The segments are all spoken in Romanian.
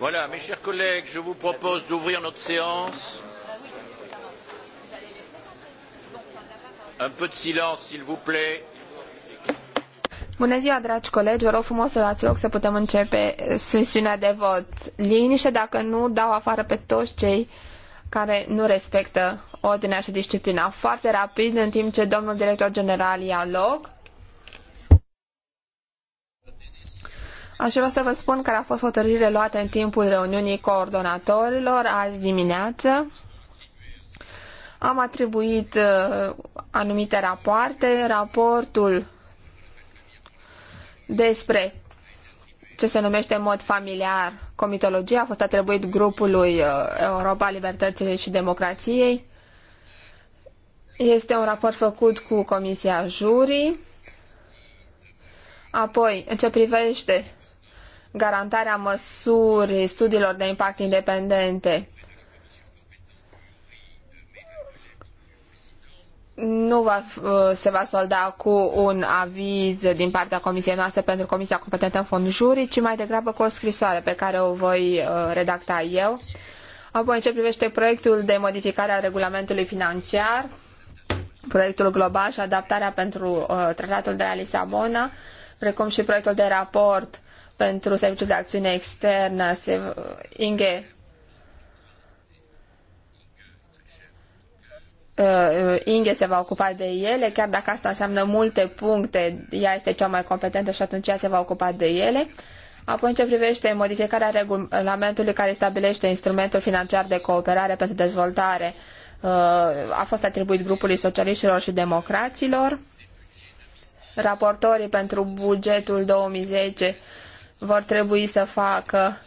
Voilà, mes chers collègues, je vous propose d'ouvrir notre séance. Un peu de silence, s'il vous plaît. Bună ziua, dragi colegi, vă rog frumos să dați loc să putem începe sesiunea de vot. Liniște, dacă nu, dau afară pe toți cei care nu respectă ordinea și disciplina. Foarte rapid, în timp ce domnul director general ia loc, Aș vrea să vă spun care a fost hotărârile luate în timpul reuniunii coordonatorilor azi dimineață. Am atribuit uh, anumite rapoarte, raportul despre ce se numește în mod familiar comitologia a fost atribuit grupului uh, Europa Libertății și Democrației. Este un raport făcut cu Comisia Jurii. Apoi, în ce privește garantarea măsurii studiilor de impact independente. nu va, uh, se va solda cu un aviz din partea comisiei noastre pentru Comisia Competentă în Fond Juri, ci mai degrabă cu o scrisoare pe care o voi uh, redacta eu. Apoi, în ce privește proiectul de modificare a regulamentului financiar, proiectul global și adaptarea pentru uh, tratatul de la Lisabona, precum și proiectul de raport pentru Serviciul de Acțiune Externă, se, Inge uh, Inge se va ocupa de ele, chiar dacă asta înseamnă multe puncte, ea este cea mai competentă și atunci ea se va ocupa de ele. Apoi, în ce privește modificarea regulamentului care stabilește instrumentul financiar de cooperare pentru dezvoltare, uh, a fost atribuit grupului socialiștilor și democraților. Raportorii pentru bugetul 2010 vor trebui să facă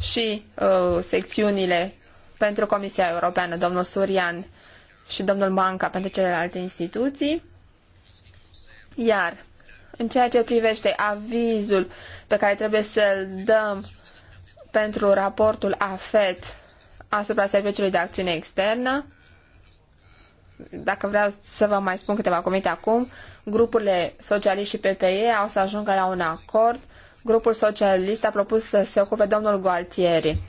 și uh, secțiunile pentru Comisia Europeană, domnul Surian și domnul Banca pentru celelalte instituții. Iar în ceea ce privește avizul pe care trebuie să-l dăm pentru raportul AFET asupra serviciului de acțiune externă, dacă vreau să vă mai spun câteva cuvinte acum, grupurile socialiști și PPE au să ajungă la un acord grupul socialist a propus să se ocupe domnul Gualtieri.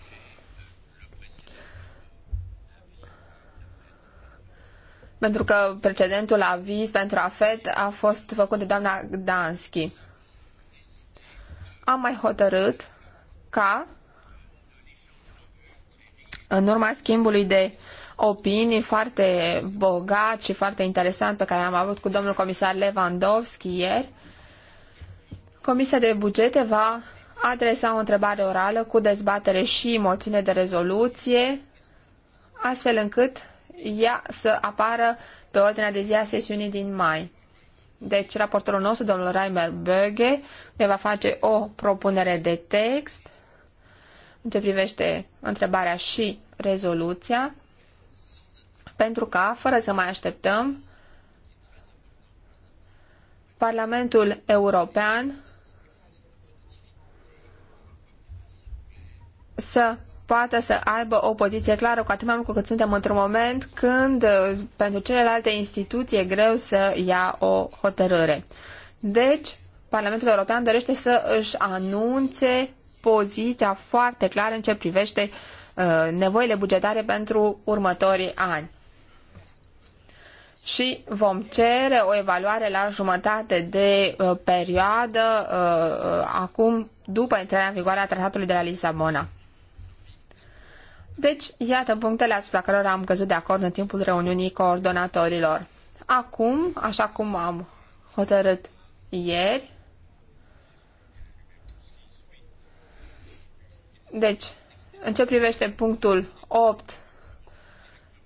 Pentru că precedentul aviz pentru AFET a fost făcut de doamna Gdanski. Am mai hotărât ca în urma schimbului de opinii foarte bogat și foarte interesant pe care l-am avut cu domnul comisar Lewandowski ieri, Comisia de Bugete va adresa o întrebare orală cu dezbatere și moțiune de rezoluție, astfel încât ea să apară pe ordinea de zi a sesiunii din mai. Deci, raportorul nostru, domnul Reimer Böge, ne va face o propunere de text în ce privește întrebarea și rezoluția, pentru ca, fără să mai așteptăm, Parlamentul European să poată să aibă o poziție clară, cu atât mai mult cu cât suntem într-un moment când uh, pentru celelalte instituții e greu să ia o hotărâre. Deci, Parlamentul European dorește să își anunțe poziția foarte clară în ce privește uh, nevoile bugetare pentru următorii ani. Și vom cere o evaluare la jumătate de uh, perioadă uh, uh acum după intrarea în vigoare a tratatului de la Lisabona. Deci, iată punctele asupra cărora am căzut de acord în timpul reuniunii coordonatorilor. Acum, așa cum am hotărât ieri, deci, în ce privește punctul 8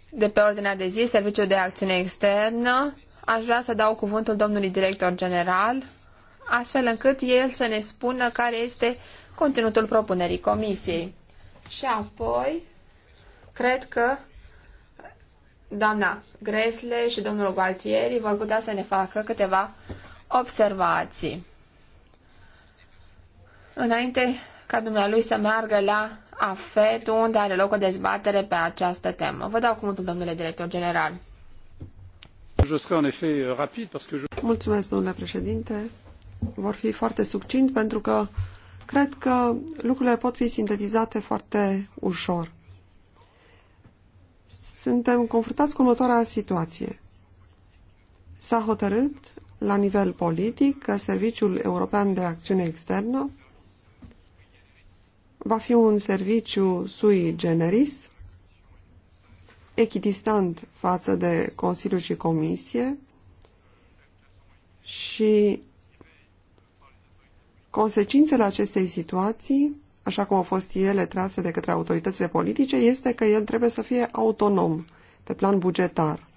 de pe ordinea de zi, Serviciul de Acțiune Externă, aș vrea să dau cuvântul domnului director general, astfel încât el să ne spună care este conținutul propunerii comisiei. Și apoi Cred că doamna Gresle și domnul Gualtieri vor putea să ne facă câteva observații. Înainte ca dumnealui să meargă la AFET, unde are loc o dezbatere pe această temă. Vă dau cuvântul, domnule director general. Euh, Mulțumesc, domnule președinte. Vor fi foarte succint pentru că cred că lucrurile pot fi sintetizate foarte ușor suntem confruntați cu următoarea situație. S-a hotărât la nivel politic că Serviciul European de Acțiune Externă va fi un serviciu sui generis, echidistant față de Consiliu și Comisie și consecințele acestei situații așa cum au fost ele trase de către autoritățile politice, este că el trebuie să fie autonom pe plan bugetar.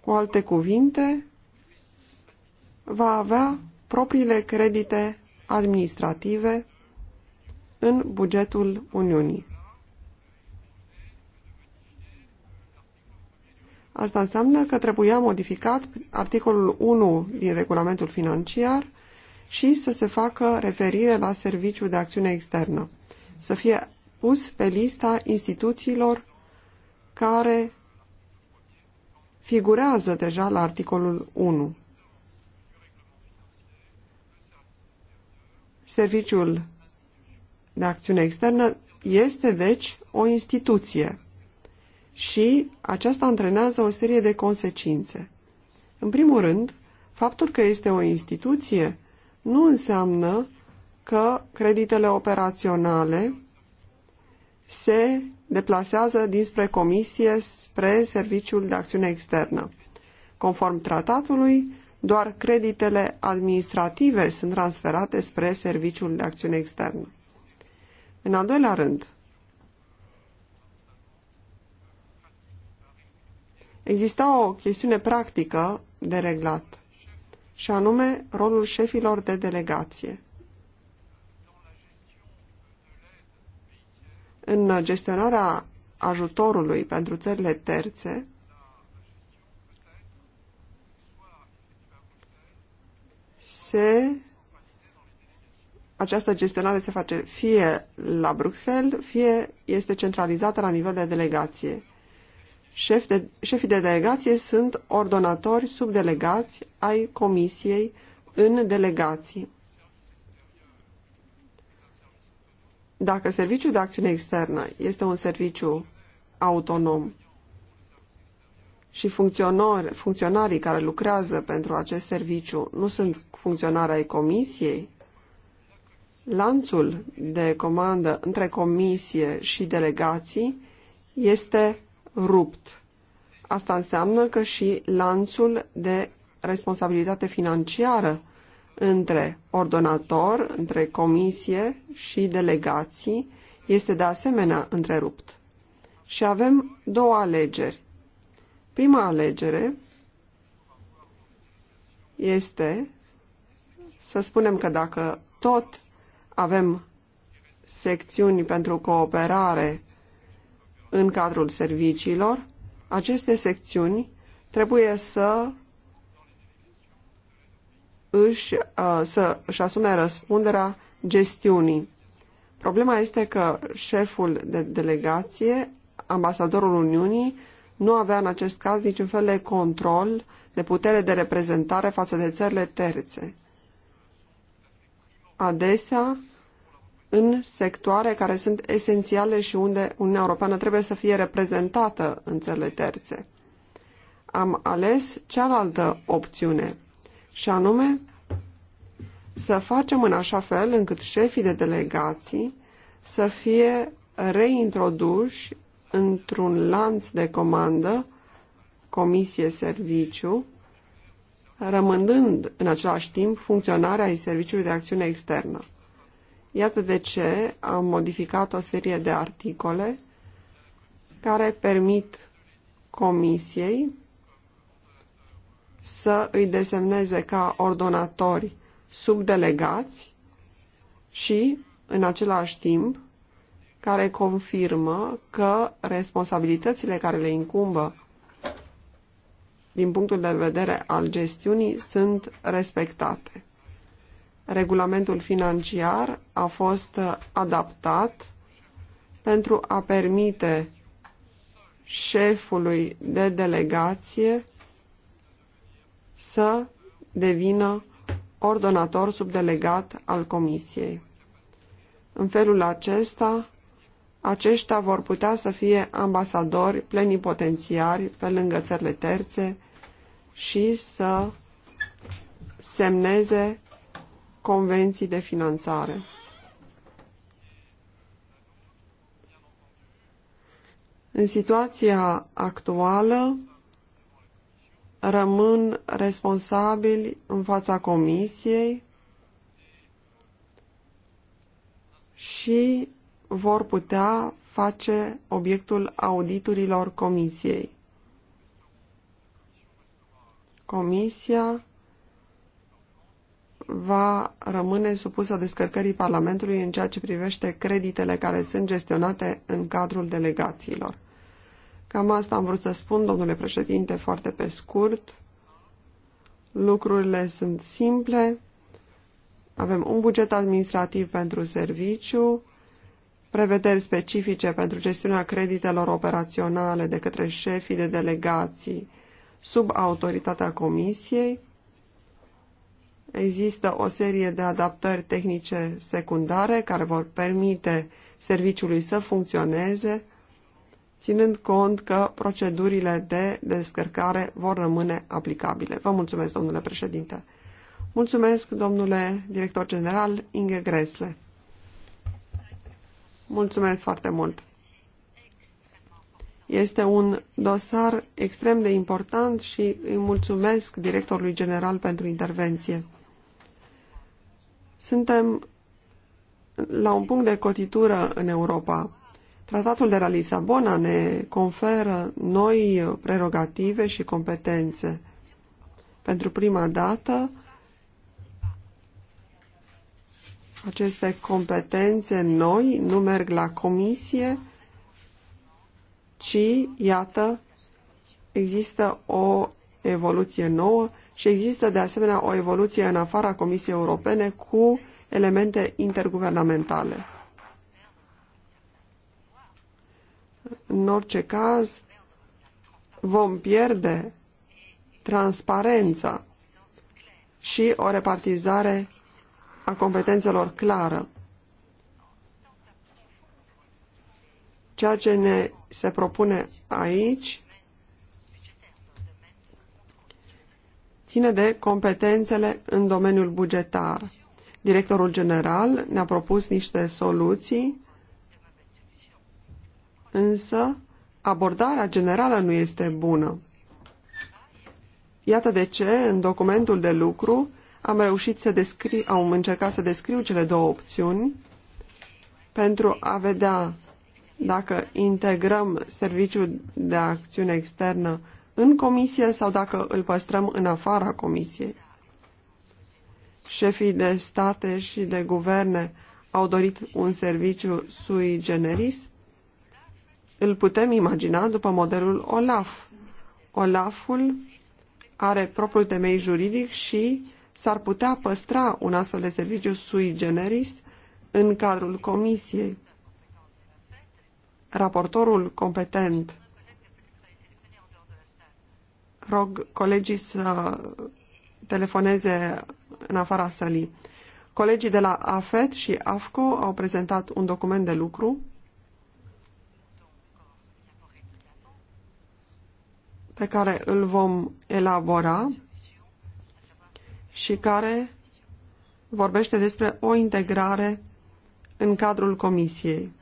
Cu alte cuvinte, va avea propriile credite administrative în bugetul Uniunii. Asta înseamnă că trebuia modificat articolul 1 din regulamentul financiar și să se facă referire la Serviciul de Acțiune Externă, să fie pus pe lista instituțiilor care figurează deja la articolul 1. Serviciul de acțiune externă este, deci, o instituție și aceasta antrenează o serie de consecințe. În primul rând, faptul că este o instituție nu înseamnă că creditele operaționale se deplasează dinspre Comisie spre Serviciul de Acțiune Externă. Conform tratatului, doar creditele administrative sunt transferate spre Serviciul de Acțiune Externă. În al doilea rând, exista o chestiune practică de reglat și anume rolul șefilor de delegație. În gestionarea ajutorului pentru țările terțe, se această gestionare se face fie la Bruxelles, fie este centralizată la nivel de delegație. Șef de, șefii de delegație sunt ordonatori subdelegați ai comisiei în delegații. Dacă serviciul de acțiune externă este un serviciu autonom și funcționarii care lucrează pentru acest serviciu nu sunt funcționari ai comisiei, lanțul de comandă între comisie și delegații este rupt. Asta înseamnă că și lanțul de responsabilitate financiară între ordonator, între comisie și delegații este de asemenea întrerupt. Și avem două alegeri. Prima alegere este să spunem că dacă tot avem secțiuni pentru cooperare în cadrul serviciilor, aceste secțiuni trebuie să își, uh, să își asume răspunderea gestiunii. Problema este că șeful de delegație, ambasadorul Uniunii, nu avea în acest caz niciun fel de control de putere de reprezentare față de țările terțe. Adesea, în sectoare care sunt esențiale și unde Uniunea Europeană trebuie să fie reprezentată în țările terțe. Am ales cealaltă opțiune și anume să facem în așa fel încât șefii de delegații să fie reintroduși într-un lanț de comandă, comisie-serviciu, rămânând în același timp funcționarea ai Serviciului de Acțiune Externă. Iată de ce am modificat o serie de articole care permit comisiei să îi desemneze ca ordonatori subdelegați și, în același timp, care confirmă că responsabilitățile care le incumbă din punctul de vedere al gestiunii sunt respectate regulamentul financiar a fost adaptat pentru a permite șefului de delegație să devină ordonator subdelegat al comisiei. În felul acesta, aceștia vor putea să fie ambasadori plenipotențiari pe lângă țările terțe și să semneze convenții de finanțare. În situația actuală, rămân responsabili în fața comisiei și vor putea face obiectul auditurilor comisiei. Comisia va rămâne supusă descărcării Parlamentului în ceea ce privește creditele care sunt gestionate în cadrul delegațiilor. Cam asta am vrut să spun, domnule președinte, foarte pe scurt. Lucrurile sunt simple. Avem un buget administrativ pentru serviciu, prevederi specifice pentru gestiunea creditelor operaționale de către șefii de delegații sub autoritatea Comisiei, Există o serie de adaptări tehnice secundare care vor permite serviciului să funcționeze, ținând cont că procedurile de descărcare vor rămâne aplicabile. Vă mulțumesc, domnule președinte. Mulțumesc, domnule director general Inge Gresle. Mulțumesc foarte mult. Este un dosar extrem de important și îi mulțumesc directorului general pentru intervenție. Suntem la un punct de cotitură în Europa. Tratatul de la Lisabona ne conferă noi prerogative și competențe. Pentru prima dată, aceste competențe noi nu merg la comisie, ci, iată, există o evoluție nouă și există de asemenea o evoluție în afara Comisiei Europene cu elemente interguvernamentale. În orice caz, vom pierde transparența și o repartizare a competențelor clară. Ceea ce ne se propune aici ține de competențele în domeniul bugetar. Directorul general ne-a propus niște soluții, însă abordarea generală nu este bună. Iată de ce, în documentul de lucru, am reușit să descriu, am încercat să descriu cele două opțiuni pentru a vedea dacă integrăm serviciul de acțiune externă în comisie sau dacă îl păstrăm în afara comisiei. Șefii de state și de guverne au dorit un serviciu sui generis. Îl putem imagina după modelul OLAF. OLAF-ul are propriul temei juridic și s-ar putea păstra un astfel de serviciu sui generis în cadrul comisiei. Raportorul competent rog colegii să telefoneze în afara sălii. Colegii de la AFET și AFCO au prezentat un document de lucru pe care îl vom elabora și care vorbește despre o integrare în cadrul comisiei.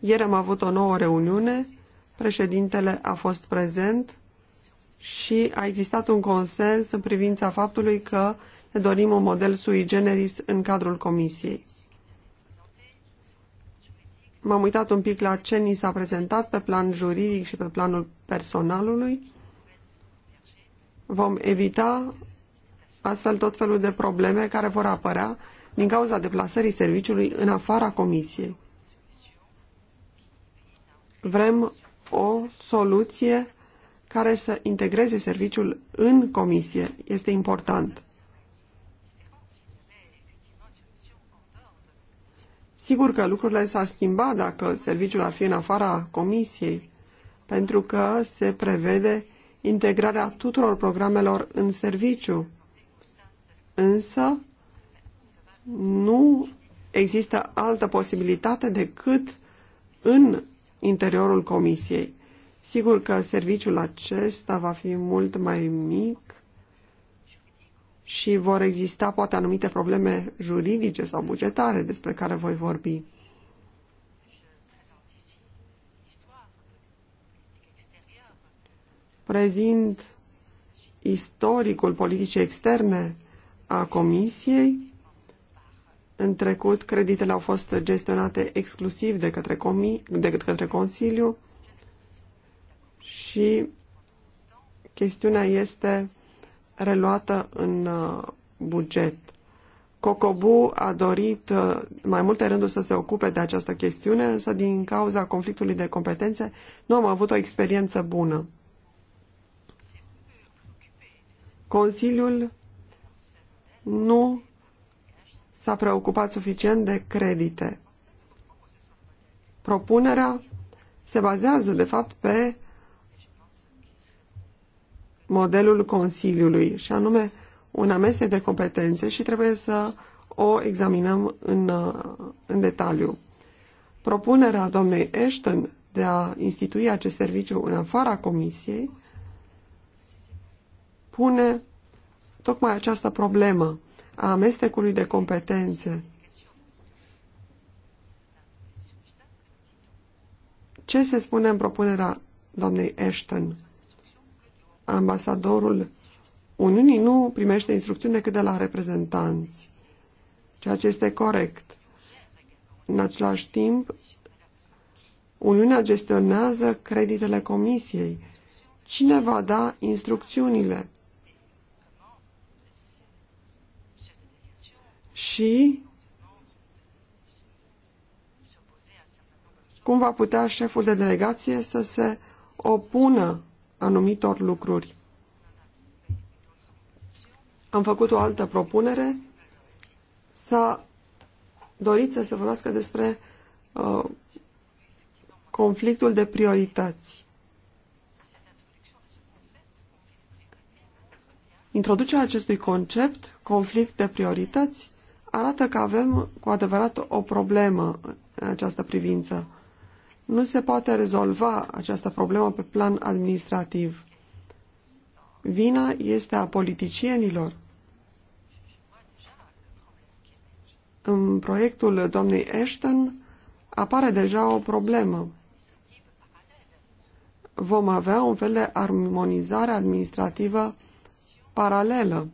Ieri am avut o nouă reuniune, președintele a fost prezent, și a existat un consens în privința faptului că ne dorim un model sui generis în cadrul comisiei. M-am uitat un pic la ce ni s-a prezentat pe plan juridic și pe planul personalului. Vom evita astfel tot felul de probleme care vor apărea din cauza deplasării serviciului în afara comisiei. Vrem o soluție care să integreze serviciul în comisie este important. Sigur că lucrurile s-ar schimba dacă serviciul ar fi în afara comisiei, pentru că se prevede integrarea tuturor programelor în serviciu. Însă, nu există altă posibilitate decât în interiorul comisiei. Sigur că serviciul acesta va fi mult mai mic și vor exista poate anumite probleme juridice sau bugetare despre care voi vorbi. Prezint istoricul politicii externe a Comisiei. În trecut, creditele au fost gestionate exclusiv de către, comi de către Consiliu și chestiunea este reluată în uh, buget. Cocobu a dorit uh, mai multe rânduri să se ocupe de această chestiune, însă din cauza conflictului de competențe nu am avut o experiență bună. Consiliul nu s-a preocupat suficient de credite. Propunerea se bazează, de fapt, pe modelul Consiliului, și anume un amestec de competențe și trebuie să o examinăm în, uh, în detaliu. Propunerea doamnei Ashton de a institui acest serviciu în afara comisiei pune tocmai această problemă a amestecului de competențe. Ce se spune în propunerea doamnei Ashton? ambasadorul Uniunii nu primește instrucțiuni decât de la reprezentanți, ceea ce este corect. În același timp, Uniunea gestionează creditele Comisiei. Cine va da instrucțiunile? Și cum va putea șeful de delegație să se opună anumitor lucruri. Am făcut o altă propunere. S-a dorit să se vorbească despre uh, conflictul de priorități. Introducerea acestui concept, conflict de priorități, arată că avem cu adevărat o problemă în această privință nu se poate rezolva această problemă pe plan administrativ. Vina este a politicienilor. În proiectul doamnei Ashton apare deja o problemă. Vom avea un fel de armonizare administrativă paralelă.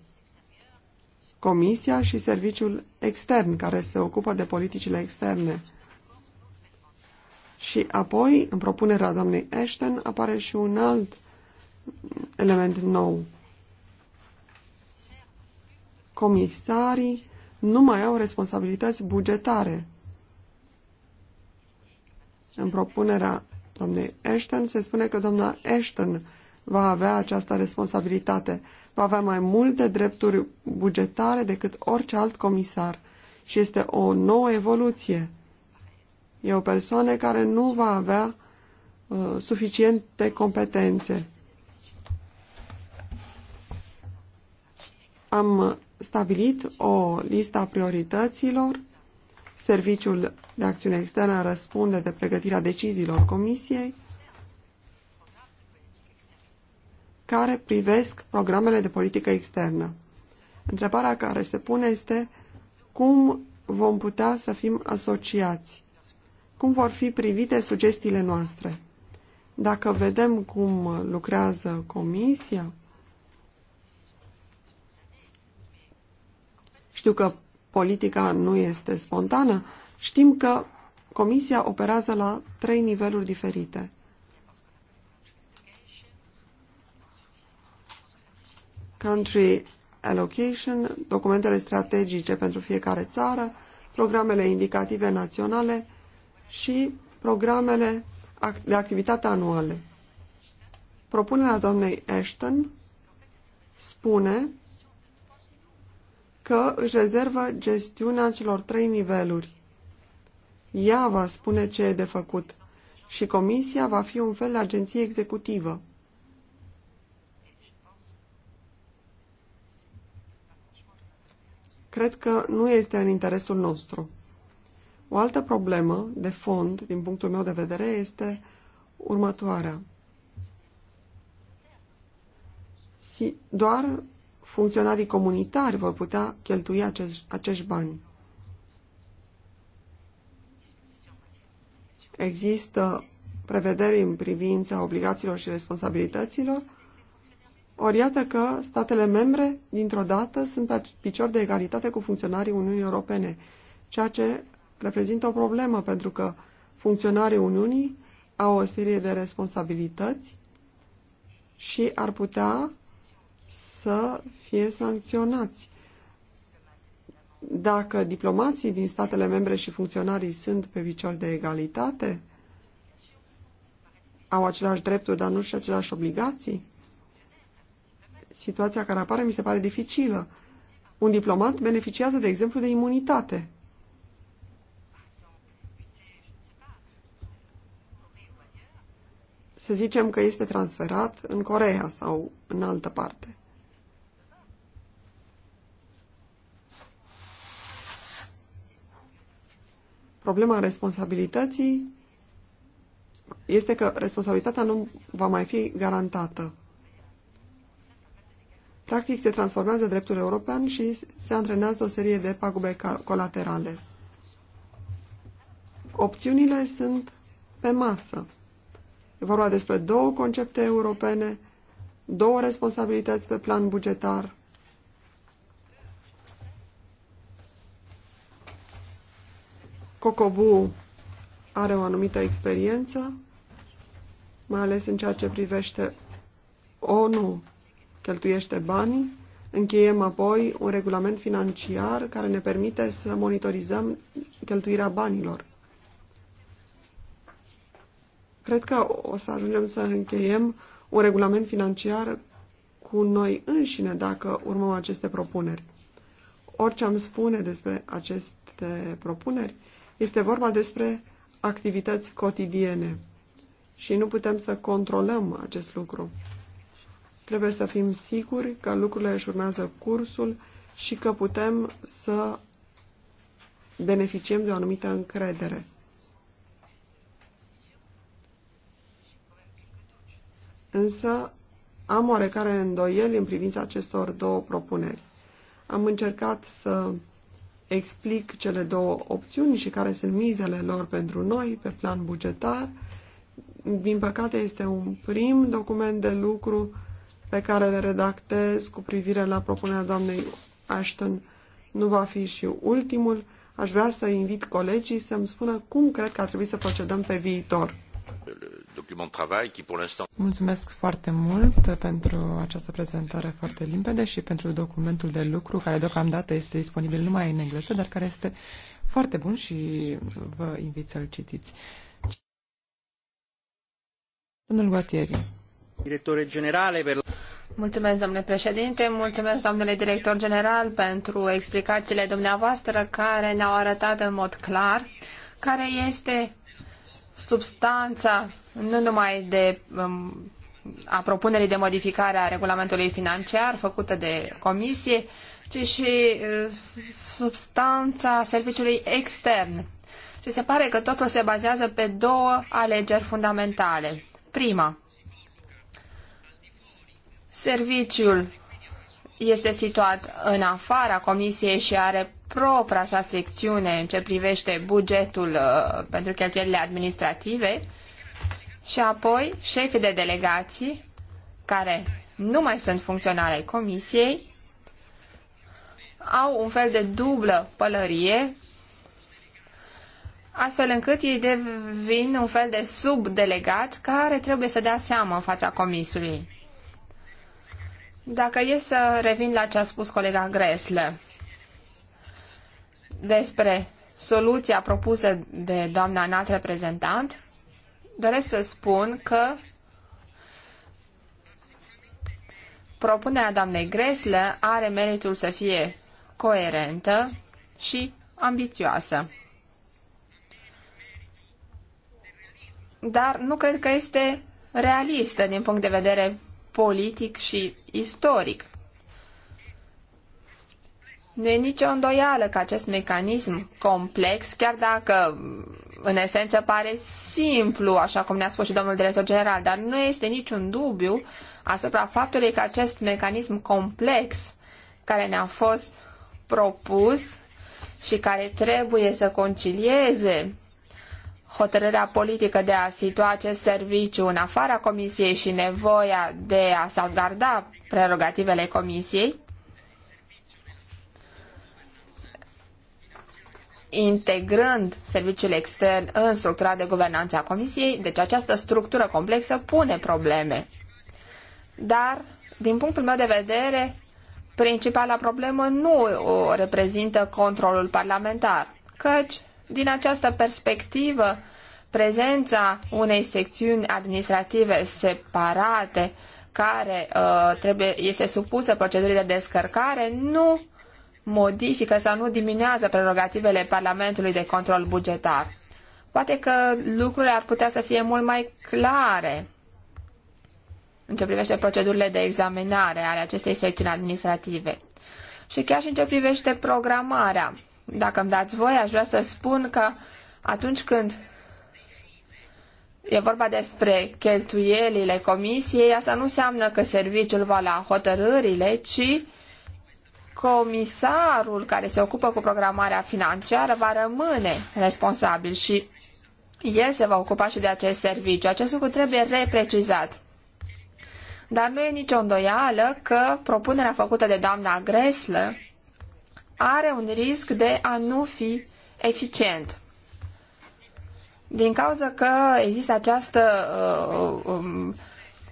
Comisia și serviciul extern care se ocupă de politicile externe și apoi, în propunerea doamnei Ashton, apare și un alt element nou. Comisarii nu mai au responsabilități bugetare. În propunerea doamnei Ashton se spune că doamna Ashton va avea această responsabilitate, va avea mai multe drepturi bugetare decât orice alt comisar și este o nouă evoluție. E o persoană care nu va avea uh, suficiente competențe. Am stabilit o listă a priorităților. Serviciul de acțiune externă răspunde de pregătirea deciziilor Comisiei care privesc programele de politică externă. Întrebarea care se pune este cum vom putea să fim asociați cum vor fi privite sugestiile noastre. Dacă vedem cum lucrează Comisia, știu că politica nu este spontană, știm că Comisia operează la trei niveluri diferite. Country Allocation, documentele strategice pentru fiecare țară, programele indicative naționale și programele de activitate anuale. Propunerea doamnei Ashton spune că își rezervă gestiunea celor trei niveluri. Ea va spune ce e de făcut și comisia va fi un fel de agenție executivă. Cred că nu este în interesul nostru. O altă problemă de fond, din punctul meu de vedere, este următoarea. Doar funcționarii comunitari vor putea cheltui acești, acești bani. Există prevederi în privința obligațiilor și responsabilităților, ori iată că statele membre, dintr-o dată, sunt pe picior de egalitate cu funcționarii Uniunii Europene, ceea ce reprezintă o problemă pentru că funcționarii Uniunii au o serie de responsabilități și ar putea să fie sancționați. Dacă diplomații din statele membre și funcționarii sunt pe picior de egalitate, au aceleași drepturi, dar nu și aceleași obligații, situația care apare mi se pare dificilă. Un diplomat beneficiază, de exemplu, de imunitate. să zicem că este transferat în Corea sau în altă parte. Problema responsabilității este că responsabilitatea nu va mai fi garantată. Practic se transformează dreptul european și se antrenează o serie de pagube colaterale. Opțiunile sunt pe masă. E vorba despre două concepte europene, două responsabilități pe plan bugetar. Cocobu are o anumită experiență, mai ales în ceea ce privește ONU cheltuiește banii, încheiem apoi un regulament financiar care ne permite să monitorizăm cheltuirea banilor. Cred că o să ajungem să încheiem un regulament financiar cu noi înșine dacă urmăm aceste propuneri. Orice am spune despre aceste propuneri este vorba despre activități cotidiene și nu putem să controlăm acest lucru. Trebuie să fim siguri că lucrurile își urmează cursul și că putem să beneficiem de o anumită încredere. însă am oarecare îndoieli în privința acestor două propuneri. Am încercat să explic cele două opțiuni și care sunt mizele lor pentru noi pe plan bugetar. Din păcate este un prim document de lucru pe care le redactez cu privire la propunerea doamnei Ashton. Nu va fi și ultimul. Aș vrea să invit colegii să-mi spună cum cred că ar trebui să procedăm pe viitor document de travail qui pour l'instant. Mulțumesc foarte mult pentru această prezentare foarte limpede și pentru documentul de lucru care deocamdată este disponibil numai în engleză, dar care este foarte bun și vă invit să-l citiți. Domnul Guatieri. director general per... Mulțumesc, domnule președinte, mulțumesc, domnule director general, pentru explicațiile dumneavoastră care ne-au arătat în mod clar care este substanța nu numai de um, a propunerii de modificare a regulamentului financiar făcută de comisie, ci și uh, substanța serviciului extern. Și se pare că totul se bazează pe două alegeri fundamentale. Prima, serviciul este situat în afara comisiei și are propria sa secțiune în ce privește bugetul uh, pentru cheltuielile administrative și apoi șefii de delegații care nu mai sunt funcționale ai comisiei au un fel de dublă pălărie astfel încât ei devin un fel de subdelegat care trebuie să dea seamă în fața comisiei. Dacă e să revin la ce a spus colega Gresle, despre soluția propusă de doamna înalt reprezentant, doresc să spun că propunerea doamnei Gresle are meritul să fie coerentă și ambițioasă. Dar nu cred că este realistă din punct de vedere politic și istoric. Nu e nicio îndoială că acest mecanism complex, chiar dacă în esență pare simplu, așa cum ne-a spus și domnul director general, dar nu este niciun dubiu asupra faptului că acest mecanism complex care ne-a fost propus și care trebuie să concilieze hotărârea politică de a situa acest serviciu în afara Comisiei și nevoia de a salvgarda prerogativele Comisiei, integrând serviciul extern în structura de guvernanță a Comisiei, deci această structură complexă pune probleme. Dar, din punctul meu de vedere, principala problemă nu o reprezintă controlul parlamentar, căci, din această perspectivă, prezența unei secțiuni administrative separate care uh, trebuie, este supusă procedurii de descărcare nu modifică sau nu diminuează prerogativele Parlamentului de control bugetar. Poate că lucrurile ar putea să fie mult mai clare în ce privește procedurile de examinare ale acestei secțiuni administrative. Și chiar și în ce privește programarea. Dacă îmi dați voie, aș vrea să spun că atunci când e vorba despre cheltuielile comisiei, asta nu înseamnă că serviciul va la hotărârile, ci comisarul care se ocupă cu programarea financiară va rămâne responsabil și el se va ocupa și de acest serviciu. Acest lucru trebuie reprecizat. Dar nu e nicio îndoială că propunerea făcută de doamna Greslă are un risc de a nu fi eficient. Din cauza că există această uh, um,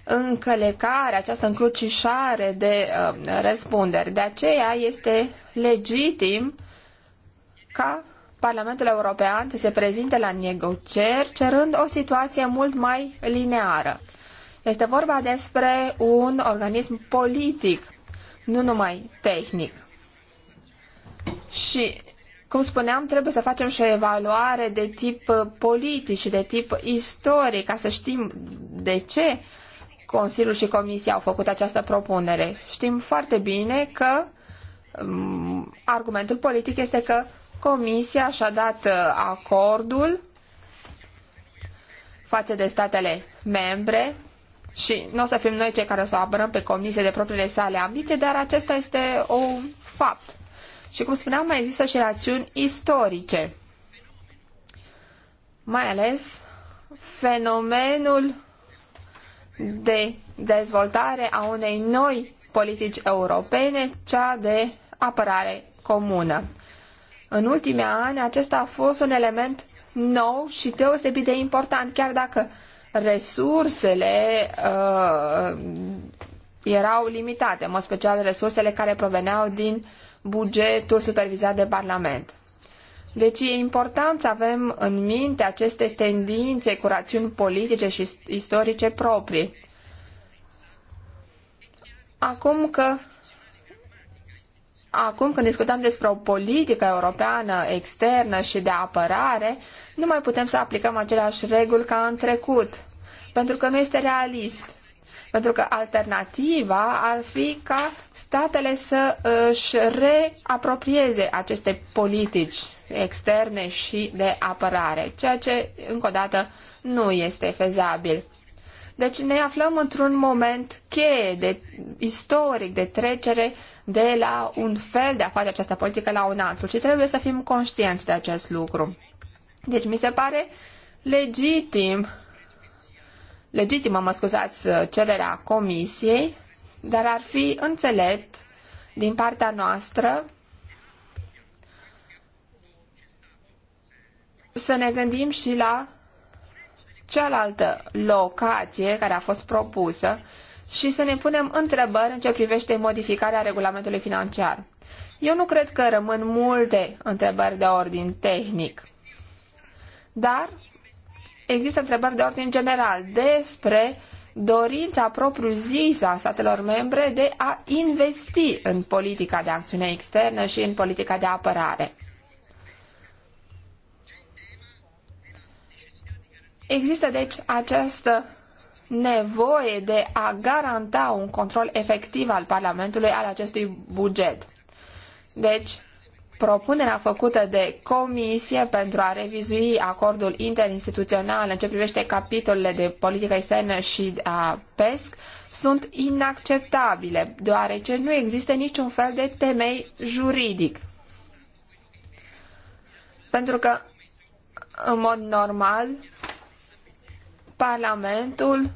încălecare, această încrucișare de uh, răspunderi. De aceea este legitim ca Parlamentul European să se prezinte la negocieri cerând o situație mult mai lineară. Este vorba despre un organism politic, nu numai tehnic. Și, cum spuneam, trebuie să facem și o evaluare de tip politic și de tip istoric, ca să știm de ce Consiliul și Comisia au făcut această propunere. Știm foarte bine că mm, argumentul politic este că Comisia și-a dat uh, acordul față de statele membre și nu o să fim noi cei care o să o apărăm pe comisie de propriile sale ambiție, dar acesta este un fapt. Și cum spuneam, mai există și rațiuni istorice. Mai ales fenomenul de dezvoltare a unei noi politici europene, cea de apărare comună. În ultimii ani, acesta a fost un element nou și deosebit de important, chiar dacă resursele uh, erau limitate, în mod special resursele care proveneau din bugetul supervizat de Parlament. Deci e important să avem în minte aceste tendințe cu rațiuni politice și istorice proprii. Acum că Acum când discutăm despre o politică europeană externă și de apărare, nu mai putem să aplicăm aceleași reguli ca în trecut, pentru că nu este realist. Pentru că alternativa ar fi ca statele să își reaproprieze aceste politici externe și de apărare, ceea ce, încă o dată, nu este fezabil. Deci ne aflăm într-un moment cheie de, istoric de trecere de la un fel de a face această politică la un altul și trebuie să fim conștienți de acest lucru. Deci mi se pare legitim, legitimă, mă scuzați, cererea comisiei, dar ar fi înțelept din partea noastră să ne gândim și la cealaltă locație care a fost propusă și să ne punem întrebări în ce privește modificarea regulamentului financiar. Eu nu cred că rămân multe întrebări de ordin tehnic, dar există întrebări de ordin general despre dorința propriu-zisă a statelor membre de a investi în politica de acțiune externă și în politica de apărare. Există deci această nevoie de a garanta un control efectiv al Parlamentului al acestui buget. Deci, propunerea făcută de comisie pentru a revizui acordul interinstituțional în ce privește capitolele de politică externă și a PESC sunt inacceptabile, deoarece nu există niciun fel de temei juridic. Pentru că, în mod normal, Parlamentul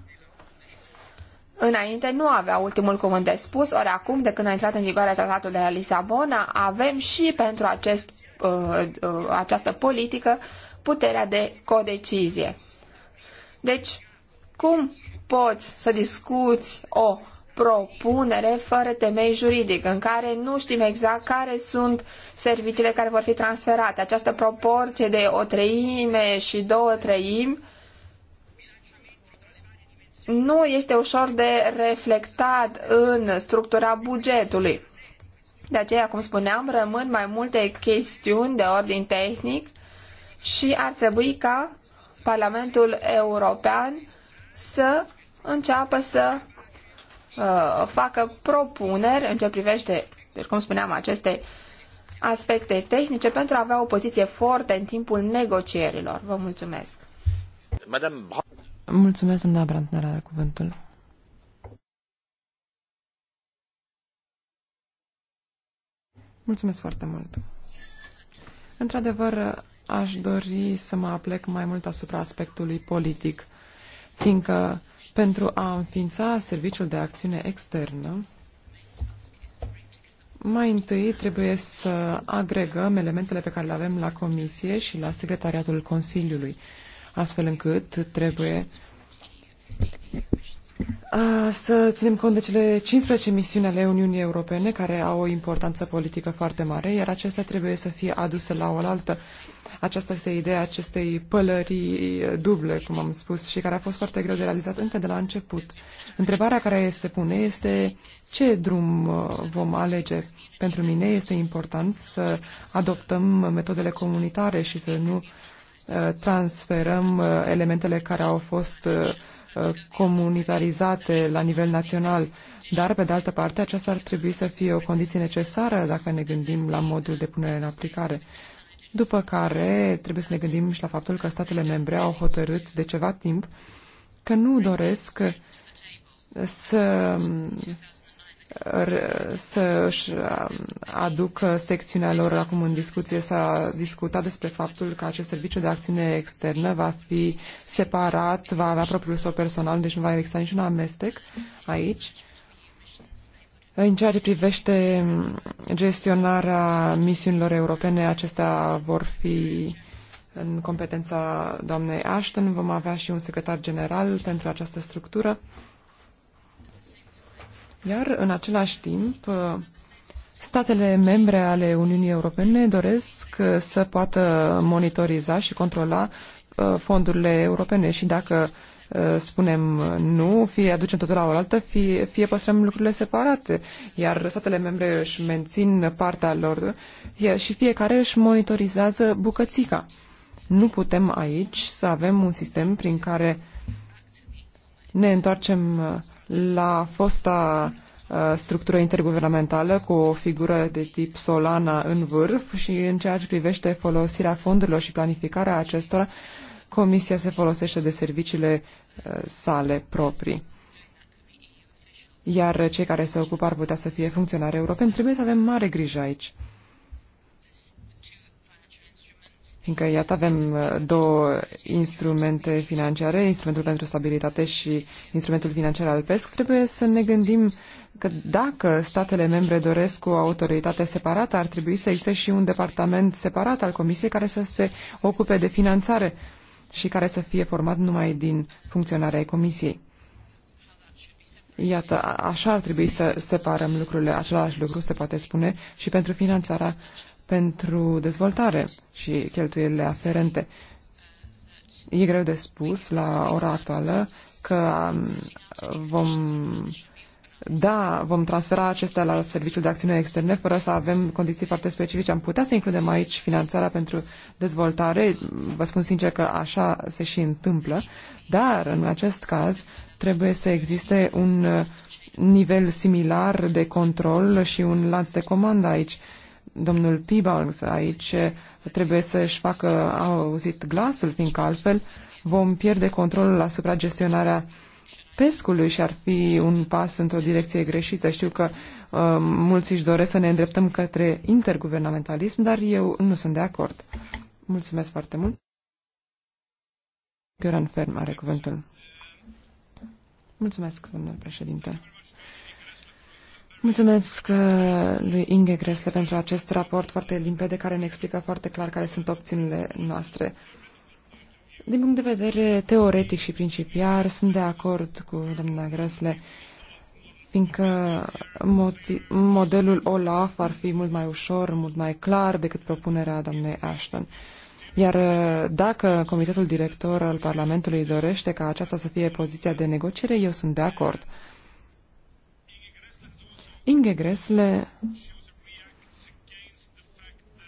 înainte nu avea ultimul cuvânt de spus, ori acum, de când a intrat în vigoare tratatul de la Lisabona, avem și pentru acest, uh, uh, această politică puterea de codecizie. Deci, cum poți să discuți o propunere fără temei juridic, în care nu știm exact care sunt serviciile care vor fi transferate. Această proporție de o treime și două treimi nu este ușor de reflectat în structura bugetului. De aceea, cum spuneam, rămân mai multe chestiuni de ordin tehnic și ar trebui ca Parlamentul European să înceapă să uh, facă propuneri în ce privește, deci cum spuneam, aceste aspecte tehnice pentru a avea o poziție forte în timpul negocierilor. Vă mulțumesc. Mulțumesc, doamna Brantner, are cuvântul. Mulțumesc foarte mult. Într-adevăr, aș dori să mă aplec mai mult asupra aspectului politic, fiindcă pentru a înființa serviciul de acțiune externă, mai întâi trebuie să agregăm elementele pe care le avem la Comisie și la Secretariatul Consiliului astfel încât trebuie uh, să ținem cont de cele 15 misiuni ale Uniunii Europene care au o importanță politică foarte mare, iar acestea trebuie să fie aduse la oaltă. Aceasta este ideea acestei pălării duble, cum am spus, și care a fost foarte greu de realizat încă de la început. Întrebarea care se pune este ce drum uh, vom alege. Pentru mine este important să adoptăm metodele comunitare și să nu uh, Uh, transferăm uh, elementele care au fost uh, comunitarizate la nivel național. Dar, pe de altă parte, aceasta ar trebui să fie o condiție necesară dacă ne gândim la modul de punere în aplicare. După care trebuie să ne gândim și la faptul că statele membre au hotărât de ceva timp că nu doresc să să își um, aducă secțiunea lor acum în discuție. S-a discutat despre faptul că acest serviciu de acțiune externă va fi separat, va avea propriul său personal, deci nu va exista niciun amestec aici. În ceea ce privește gestionarea misiunilor europene, acestea vor fi în competența doamnei Ashton. Vom avea și un secretar general pentru această structură. Iar, în același timp, statele membre ale Uniunii Europene doresc să poată monitoriza și controla uh, fondurile europene și dacă uh, spunem nu, fie aducem totul la oaltă, fie, fie păstrăm lucrurile separate, iar statele membre își mențin partea lor și fiecare își monitorizează bucățica. Nu putem aici să avem un sistem prin care ne întoarcem uh, la fosta uh, structură interguvernamentală cu o figură de tip Solana în vârf și în ceea ce privește folosirea fondurilor și planificarea acestora, Comisia se folosește de serviciile uh, sale proprii. Iar cei care se ocupă ar putea să fie funcționari europeni. Trebuie să avem mare grijă aici. fiindcă, iată, avem uh, două instrumente financiare, instrumentul pentru stabilitate și instrumentul financiar al PESC, trebuie să ne gândim că dacă statele membre doresc o autoritate separată, ar trebui să existe și un departament separat al Comisiei care să se ocupe de finanțare și care să fie format numai din funcționarea Comisiei. Iată, așa ar trebui să separăm lucrurile. Același lucru se poate spune și pentru finanțarea uh, pentru dezvoltare și cheltuielile aferente. E greu de spus la ora actuală că um, vom da, vom transfera acestea la serviciul de acțiune externe fără să avem condiții foarte specifice. Am putea să includem aici finanțarea pentru dezvoltare. Vă spun sincer că așa se și întâmplă, dar în acest caz trebuie să existe un uh, nivel similar de control și un lanț de comandă aici domnul Peebles aici trebuie să-și facă auzit glasul, fiindcă altfel vom pierde controlul asupra gestionarea pescului și ar fi un pas într-o direcție greșită. Știu că uh, mulți își doresc să ne îndreptăm către interguvernamentalism, dar eu nu sunt de acord. Mulțumesc foarte mult. Gioran Ferm are cuvântul. Mulțumesc, domnule președinte. Mulțumesc uh, lui Inge Gresle pentru acest raport foarte limpede care ne explică foarte clar care sunt opțiunile noastre. Din punct de vedere teoretic și principiar, sunt de acord cu doamna Gresle, fiindcă modelul OLAF ar fi mult mai ușor, mult mai clar decât propunerea doamnei Ashton. Iar uh, dacă Comitetul Director al Parlamentului dorește ca aceasta să fie poziția de negociere, eu sunt de acord. Ingegresle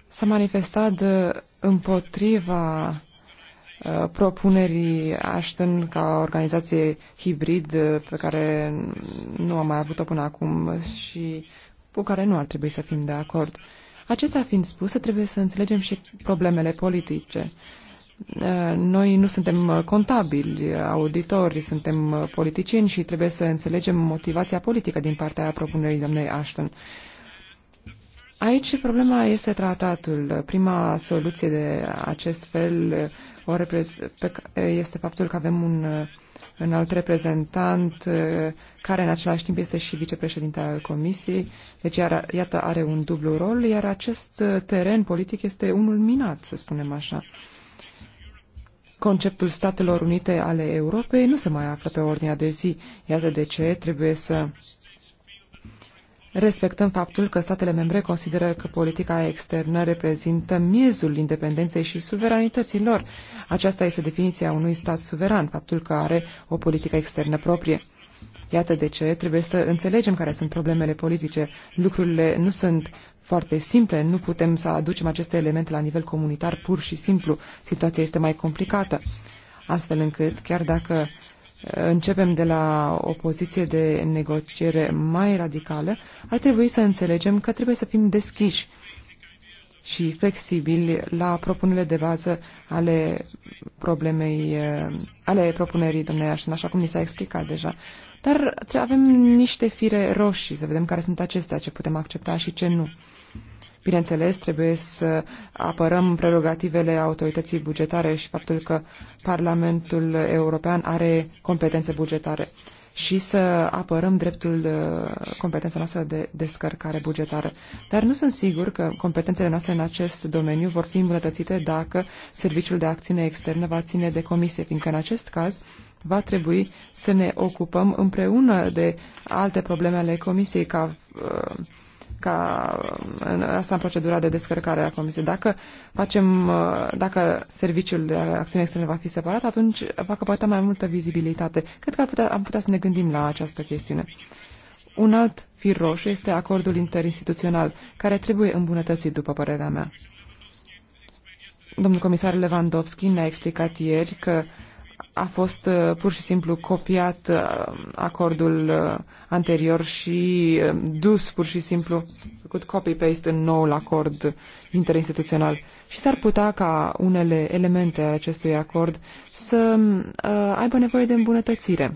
s-a manifestat uh, împotriva uh, propunerii Ashton ca organizație hibrid uh, pe care nu am mai avut-o până acum și cu care nu ar trebui să fim de acord. Acestea fiind spuse, trebuie să înțelegem și problemele politice. Eh, noi nu suntem eh, contabili, auditori, suntem eh, politicieni și trebuie să înțelegem motivația politică din partea propunerii doamnei Ashton. Aici problema este tratatul. Prima soluție de acest fel o este faptul că avem un un alt reprezentant care în același timp este și vicepreședinte al Comisiei, deci iar, iată are un dublu rol, iar acest teren politic este unul minat, să spunem așa conceptul Statelor Unite ale Europei nu se mai află pe ordinea de zi. Iată de ce trebuie să respectăm faptul că statele membre consideră că politica externă reprezintă miezul independenței și suveranității lor. Aceasta este definiția unui stat suveran, faptul că are o politică externă proprie. Iată de ce trebuie să înțelegem care sunt problemele politice. Lucrurile nu sunt foarte simple. Nu putem să aducem aceste elemente la nivel comunitar pur și simplu. Situația este mai complicată. Astfel încât, chiar dacă uh, începem de la o poziție de negociere mai radicală, ar trebui să înțelegem că trebuie să fim deschiși și flexibili la propunerile de bază ale problemei, uh, ale propunerii domnului așa cum ni s-a explicat deja. Dar avem niște fire roșii, să vedem care sunt acestea, ce putem accepta și ce nu. Bineînțeles, trebuie să apărăm prerogativele autorității bugetare și faptul că Parlamentul European are competențe bugetare și să apărăm dreptul, uh, competența noastră de descărcare bugetară. Dar nu sunt sigur că competențele noastre în acest domeniu vor fi îmbunătățite dacă Serviciul de Acțiune Externă va ține de comisie, fiindcă în acest caz va trebui să ne ocupăm împreună de alte probleme ale comisiei, ca uh, ca în, asta în procedura de descărcare a comisiei. Dacă facem, uh, dacă serviciul de acțiune externe va fi separat, atunci va căpăta mai multă vizibilitate. Cred că ar putea, am putea să ne gândim la această chestiune. Un alt fir roșu este acordul interinstituțional, care trebuie îmbunătățit, după părerea mea. Domnul comisar Lewandowski ne-a explicat ieri că uh, a fost uh, pur și simplu copiat uh, acordul uh, anterior și dus pur și simplu, făcut copy-paste în noul acord interinstituțional. Și s-ar putea ca unele elemente ale acestui acord să aibă nevoie de îmbunătățire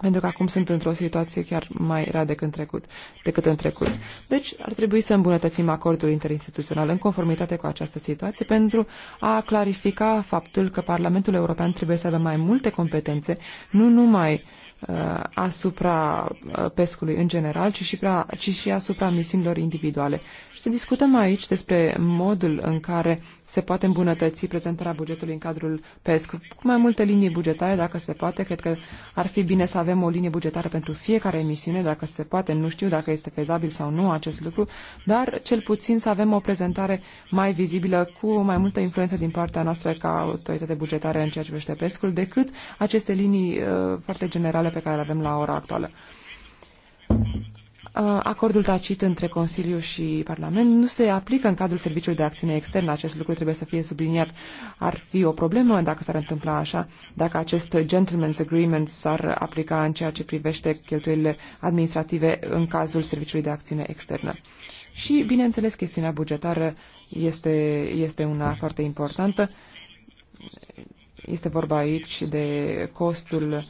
pentru că acum sunt într-o situație chiar mai rea decât în, trecut, decât în trecut. Deci ar trebui să îmbunătățim acordul interinstituțional în conformitate cu această situație pentru a clarifica faptul că Parlamentul European trebuie să aibă mai multe competențe, nu numai uh, asupra uh, pescului în general, ci și, pra, ci și asupra misiunilor individuale. Și să discutăm aici despre modul în care se poate îmbunătăți prezentarea bugetului în cadrul PESC. Cu mai multe linii bugetare, dacă se poate, cred că ar fi bine să avem o linie bugetară pentru fiecare emisiune, dacă se poate, nu știu dacă este fezabil sau nu acest lucru, dar cel puțin să avem o prezentare mai vizibilă cu mai multă influență din partea noastră ca autoritate bugetară în ceea ce privește pesc decât aceste linii uh, foarte generale pe care le avem la ora actuală acordul tacit între Consiliu și Parlament nu se aplică în cadrul Serviciului de Acțiune Externă. Acest lucru trebuie să fie subliniat. Ar fi o problemă dacă s-ar întâmpla așa, dacă acest gentleman's agreement s-ar aplica în ceea ce privește cheltuielile administrative în cazul Serviciului de Acțiune Externă. Și, bineînțeles, chestiunea bugetară este, este una foarte importantă. Este vorba aici de costul uh,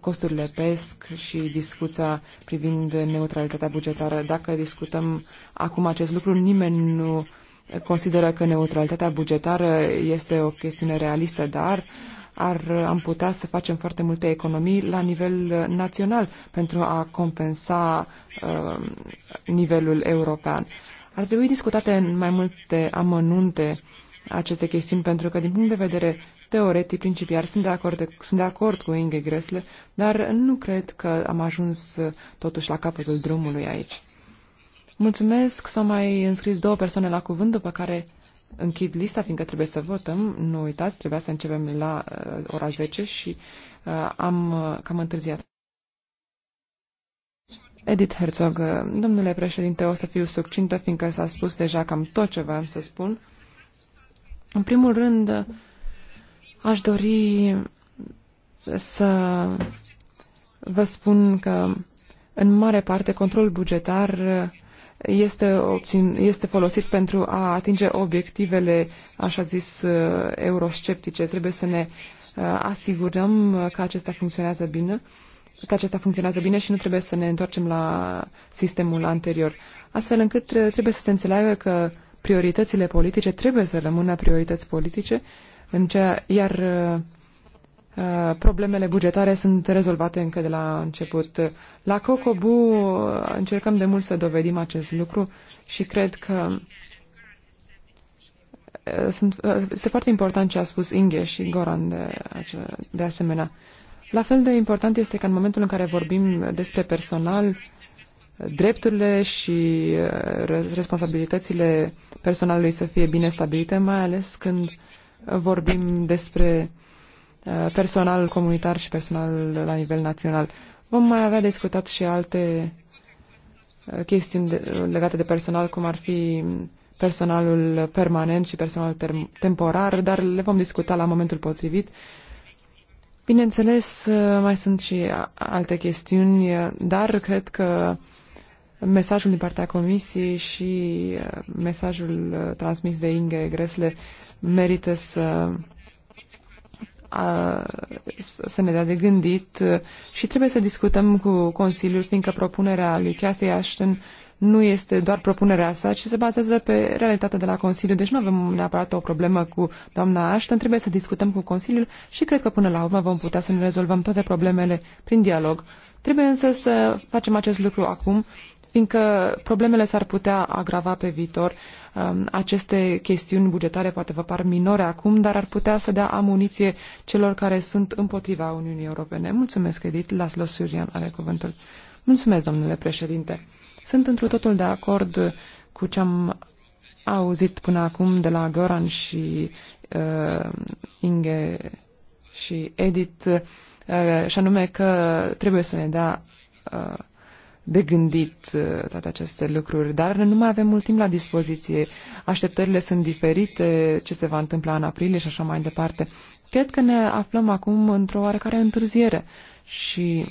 costurile PESC și discuția privind neutralitatea bugetară. Dacă discutăm acum acest lucru, nimeni nu consideră că neutralitatea bugetară este o chestiune realistă, dar ar, am putea să facem foarte multe economii la nivel național pentru a compensa uh, nivelul european. Ar trebui discutate în mai multe amănunte aceste chestiuni, pentru că din punct de vedere Teoretic, principiar, sunt de acord, de, sunt de acord cu Inge Gresle, dar nu cred că am ajuns uh, totuși la capătul drumului aici. Mulțumesc, s-au mai înscris două persoane la cuvânt, după care închid lista, fiindcă trebuie să votăm. Nu uitați, trebuia să începem la uh, ora 10 și uh, am uh, cam întârziat. Edith Herzog, uh, domnule președinte, o să fiu succintă, fiindcă s-a spus deja cam tot ce am să spun. În primul rând, Aș dori să vă spun că în mare parte controlul bugetar este, obțin, este folosit pentru a atinge obiectivele, așa zis, eurosceptice. Trebuie să ne uh, asigurăm că acesta funcționează bine, că acesta funcționează bine și nu trebuie să ne întoarcem la sistemul anterior. Astfel încât uh, trebuie să se înțeleagă că prioritățile politice trebuie să rămână priorități politice în ceea, iar uh, uh, problemele bugetare sunt rezolvate încă de la început. La Cocobu uh, încercăm de mult să dovedim acest lucru și cred că sunt, este foarte important ce a spus Inge și Goran de, de asemenea. La fel de important este că în momentul în care vorbim despre personal, drepturile și responsabilitățile personalului să fie bine stabilite, mai ales când uh, vorbim despre uh, personal comunitar și personal la nivel național. Vom mai avea discutat și alte uh, chestiuni legate de personal, cum ar fi personalul permanent și personalul temporar, dar le vom discuta la momentul potrivit. Bineînțeles, uh, mai sunt și alte chestiuni, dar cred că mesajul din partea Comisiei și mesajul transmis de Inge Gresle merită să a, să ne dea de gândit și trebuie să discutăm cu Consiliul, fiindcă propunerea lui Cathy Ashton nu este doar propunerea sa, ci se bazează pe realitatea de la Consiliu. Deci nu avem neapărat o problemă cu doamna Ashton, trebuie să discutăm cu Consiliul și cred că până la urmă vom putea să ne rezolvăm toate problemele prin dialog. Trebuie însă să facem acest lucru acum, fiindcă problemele s-ar putea agrava pe viitor. Um, aceste chestiuni bugetare poate vă par minore acum, dar ar putea să dea amuniție celor care sunt împotriva Uniunii Europene. Mulțumesc, Edith. Laslo Surian are cuvântul. Mulțumesc, domnule președinte. Sunt întru totul de acord cu ce am auzit până acum de la Goran și uh, Inge și Edith, uh, și anume că trebuie să ne dea uh, de gândit uh, toate aceste lucruri, dar nu mai avem mult timp la dispoziție. Așteptările sunt diferite, ce se va întâmpla în aprilie și așa mai departe. Cred că ne aflăm acum într-o oarecare întârziere și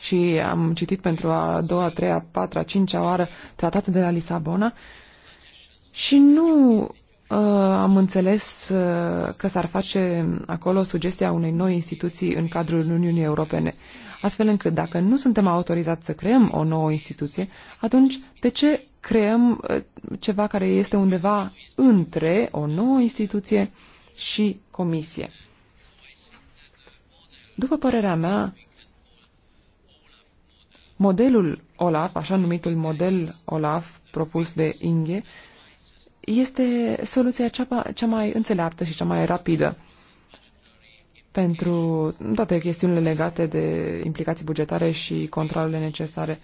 și am citit pentru a doua, a treia, a patra, a cincea oară tratatul de la Lisabona și nu Uh, am înțeles uh, că s-ar face acolo sugestia unei noi instituții în cadrul Uniunii Europene, astfel încât dacă nu suntem autorizați să creăm o nouă instituție, atunci de ce creăm uh, ceva care este undeva între o nouă instituție și comisie? După părerea mea, modelul OLAF, așa numitul model OLAF propus de Inge, uh, este soluția cea, cea mai înțeleaptă și cea mai rapidă pentru toate chestiunile legate de implicații bugetare și controlele necesare.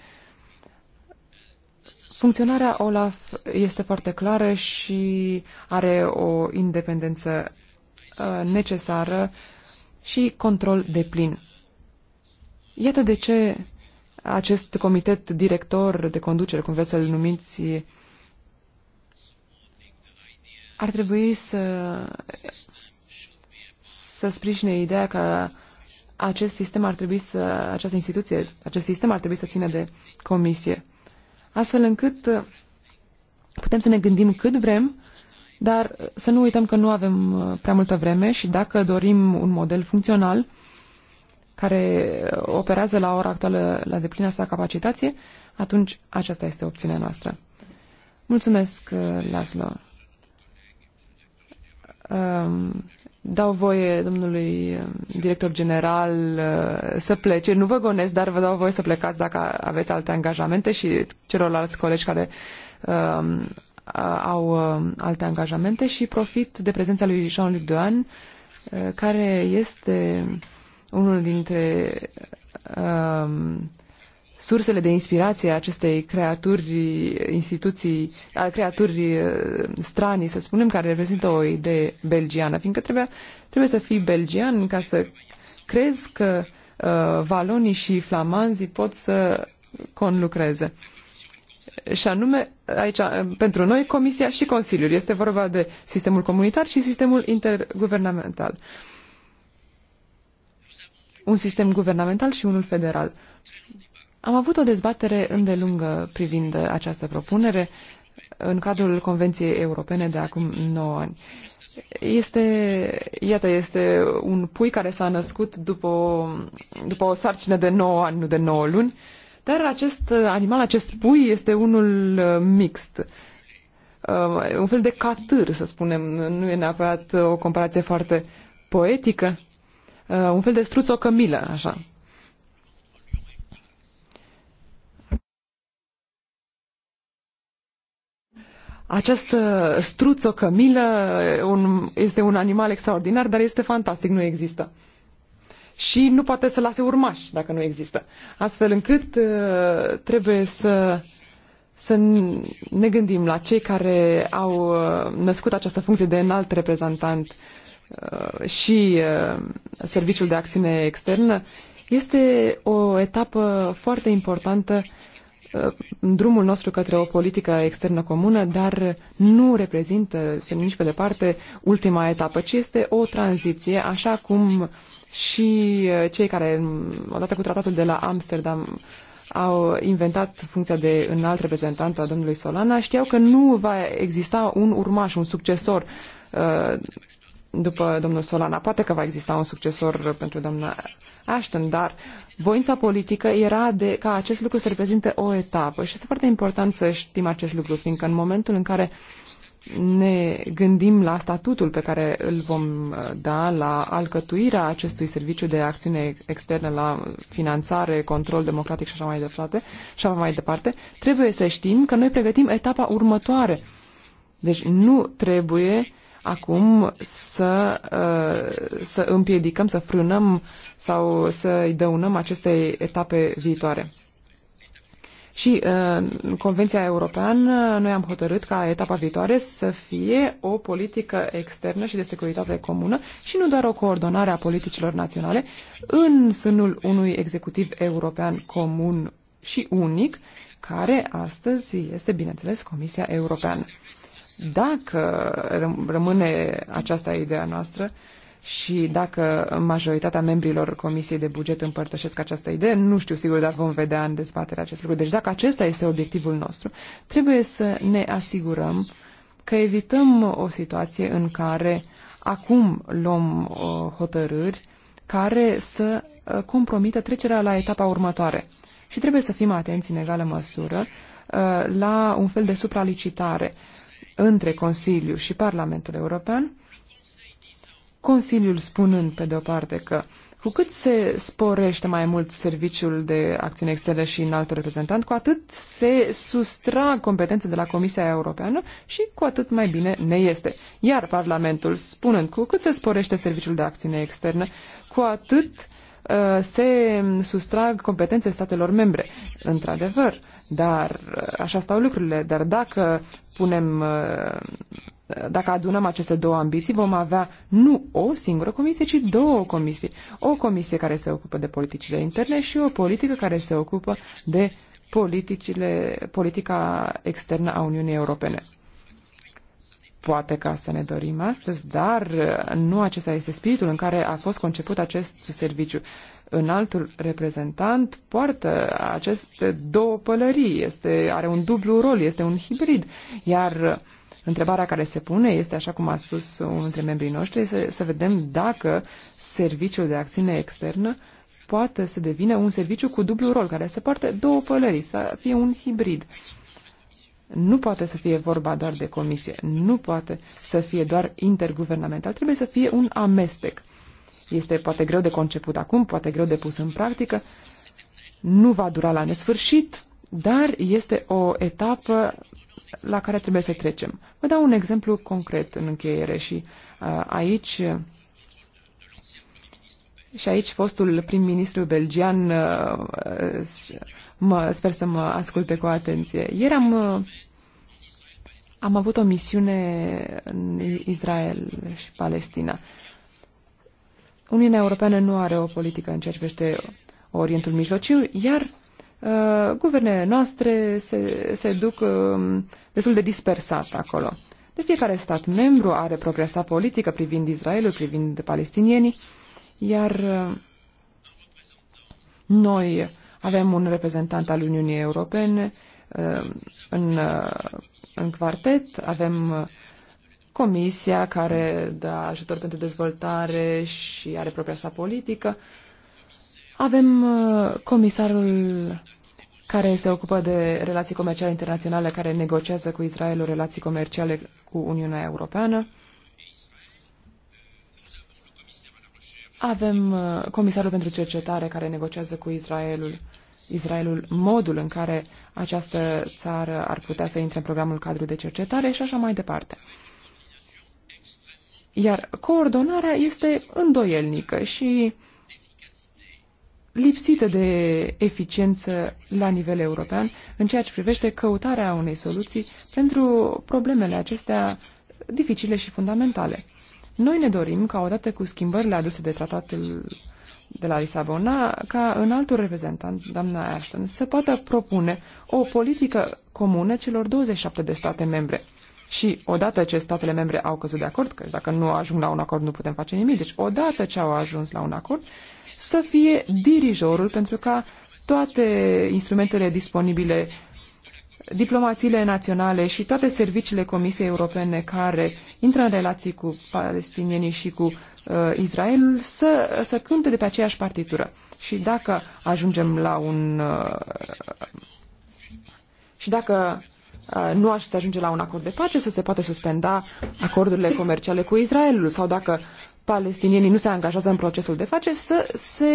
Funcționarea OLAF este foarte clară și are o independență uh, necesară și control de plin. Iată de ce acest comitet director de conducere, cum vreți să-l numiți, ar trebui să, să sprijine ideea că acest sistem ar trebui să, această instituție, acest sistem ar trebui să țină de comisie. Astfel încât uh, putem să ne gândim cât vrem, dar să nu uităm că nu avem uh, prea multă vreme și dacă dorim un model funcțional care operează la ora actuală la deplina sa capacitație, atunci aceasta este opțiunea noastră. Mulțumesc, uh, Laslo dau voie domnului um, director general uh, să plece. Nu vă gonesc, dar vă dau voie să plecați dacă aveți alte angajamente și celorlalți colegi care um, au um, alte angajamente și profit de prezența lui Jean-Luc Doan, uh, care este unul dintre sursele de inspirație a acestei creaturi, instituții, a creaturi uh, stranii, să spunem, care reprezintă o idee belgiană, fiindcă trebuie, trebuie să fii belgian ca să crezi că uh, valonii și flamanzii pot să conlucreze. Și anume, aici, uh, pentru noi, Comisia și Consiliul. Este vorba de sistemul comunitar și sistemul interguvernamental. Un sistem guvernamental și unul federal. Am avut o dezbatere îndelungă privind această propunere în cadrul Convenției Europene de acum 9 ani. Este, iată, este un pui care s-a născut după o, după o sarcină de 9 ani, nu de 9 luni, dar acest animal, acest pui, este unul uh, mixt. Uh, un fel de catâr, să spunem. Nu e neapărat o comparație foarte poetică. Uh, un fel de struț o cămilă, așa. Această struță cămilă un, este un animal extraordinar, dar este fantastic, nu există. Și nu poate să lase urmași dacă nu există. Astfel încât uh, trebuie să să ne gândim la cei care au uh, născut această funcție de înalt reprezentant uh, și Serviciul de Acțiune Externă, este o etapă foarte importantă Uh, drumul nostru către o politică externă comună, dar nu reprezintă nici pe departe ultima etapă, ci este o tranziție, așa cum și uh, cei care, odată cu tratatul de la Amsterdam, au inventat funcția de înalt reprezentant a domnului Solana, știau că nu va exista un urmaș, un succesor uh, după domnul Solana. Poate că va exista un succesor pentru doamna Ashton, dar voința politică era de ca acest lucru să reprezinte o etapă și este foarte important să știm acest lucru, fiindcă în momentul în care ne gândim la statutul pe care îl vom uh, da, la alcătuirea acestui serviciu de acțiune externă, la finanțare, control democratic și așa mai departe, și așa mai departe, trebuie să știm că noi pregătim etapa următoare. Deci nu trebuie acum să, uh, să împiedicăm, să frânăm sau să-i dăunăm aceste etape viitoare. Și uh, în Convenția Europeană noi am hotărât ca etapa viitoare să fie o politică externă și de securitate comună și nu doar o coordonare a politicilor naționale în sânul unui executiv european comun și unic, care astăzi este, bineînțeles, Comisia Europeană. Dacă rămâne aceasta ideea noastră și dacă majoritatea membrilor Comisiei de Buget împărtășesc această idee, nu știu sigur, dar vom vedea în dezbatere acest lucru. Deci dacă acesta este obiectivul nostru, trebuie să ne asigurăm că evităm o situație în care acum luăm hotărâri care să ă, compromită trecerea la etapa următoare. Și trebuie să fim atenți în egală măsură ă, la un fel de supralicitare între Consiliu și Parlamentul European, Consiliul spunând, pe de o parte, că cu cât se sporește mai mult serviciul de acțiune externă și în altul reprezentant, cu atât se sustrag competențe de la Comisia Europeană și cu atât mai bine ne este. Iar Parlamentul, spunând cu cât se sporește serviciul de acțiune externă, cu atât uh, se sustrag competențe statelor membre. Într-adevăr, dar uh, așa stau lucrurile. Dar dacă punem, uh, dacă adunăm aceste două ambiții, vom avea nu o singură comisie, ci două comisii. O comisie care se ocupă de politicile interne și o politică care se ocupă de politicile, politica externă a Uniunii Europene poate ca să ne dorim astăzi, dar uh, nu acesta este spiritul în care a fost conceput acest serviciu. În altul reprezentant poartă aceste două pălării, este, are un dublu rol, este un hibrid, iar uh, Întrebarea care se pune este, așa cum a spus unul dintre membrii noștri, este să vedem dacă serviciul de acțiune externă poate să devină un serviciu cu dublu rol, care să poarte două pălării, să fie un hibrid. Nu poate să fie vorba doar de comisie, nu poate să fie doar interguvernamental, trebuie să fie un amestec. Este poate greu de conceput acum, poate greu de pus în practică, nu va dura la nesfârșit, dar este o etapă la care trebuie să trecem. Vă dau un exemplu concret în încheiere și uh, aici și aici fostul prim-ministru belgian uh, uh, mă, sper să mă asculte cu atenție. Ieri am, uh, am avut o misiune în Israel și Palestina. Uniunea Europeană nu are o politică în ceea ce privește Orientul Mijlociu, iar uh, guvernele noastre se, se duc uh, destul de dispersat acolo. De deci fiecare stat membru are propria sa politică privind Israelul, privind palestinienii, iar uh, noi avem un reprezentant al Uniunii Europene uh, în, uh, în quartet, avem uh, comisia care dă ajutor pentru dezvoltare și are propria sa politică. Avem comisarul care se ocupă de relații comerciale internaționale, care negociază cu Israelul relații comerciale cu Uniunea Europeană. Avem uh, comisarul pentru cercetare care negociază cu Israelul, Israelul modul în care această țară ar putea să intre în programul cadru de cercetare și așa mai departe. Iar coordonarea este îndoielnică și lipsită de eficiență la nivel european în ceea ce privește căutarea unei soluții pentru problemele acestea dificile și fundamentale. Noi ne dorim ca odată cu schimbările aduse de tratatul de la Lisabona, ca în altul reprezentant, doamna Ashton, să poată propune o politică comună celor 27 de state membre. Și odată ce statele membre au căzut de acord, că dacă nu ajung la un acord nu putem face nimic, deci odată ce au ajuns la un acord, să fie dirijorul pentru ca toate instrumentele disponibile diplomațiile naționale și toate serviciile Comisiei Europene care intră în relații cu palestinienii și cu uh, Israelul să, să cânte de pe aceeași partitură. Și dacă ajungem la un. Uh, și dacă uh, nu aș să ajunge la un acord de pace, să se poate suspenda acordurile comerciale cu Israelul sau dacă palestinienii nu se angajează în procesul de pace, să se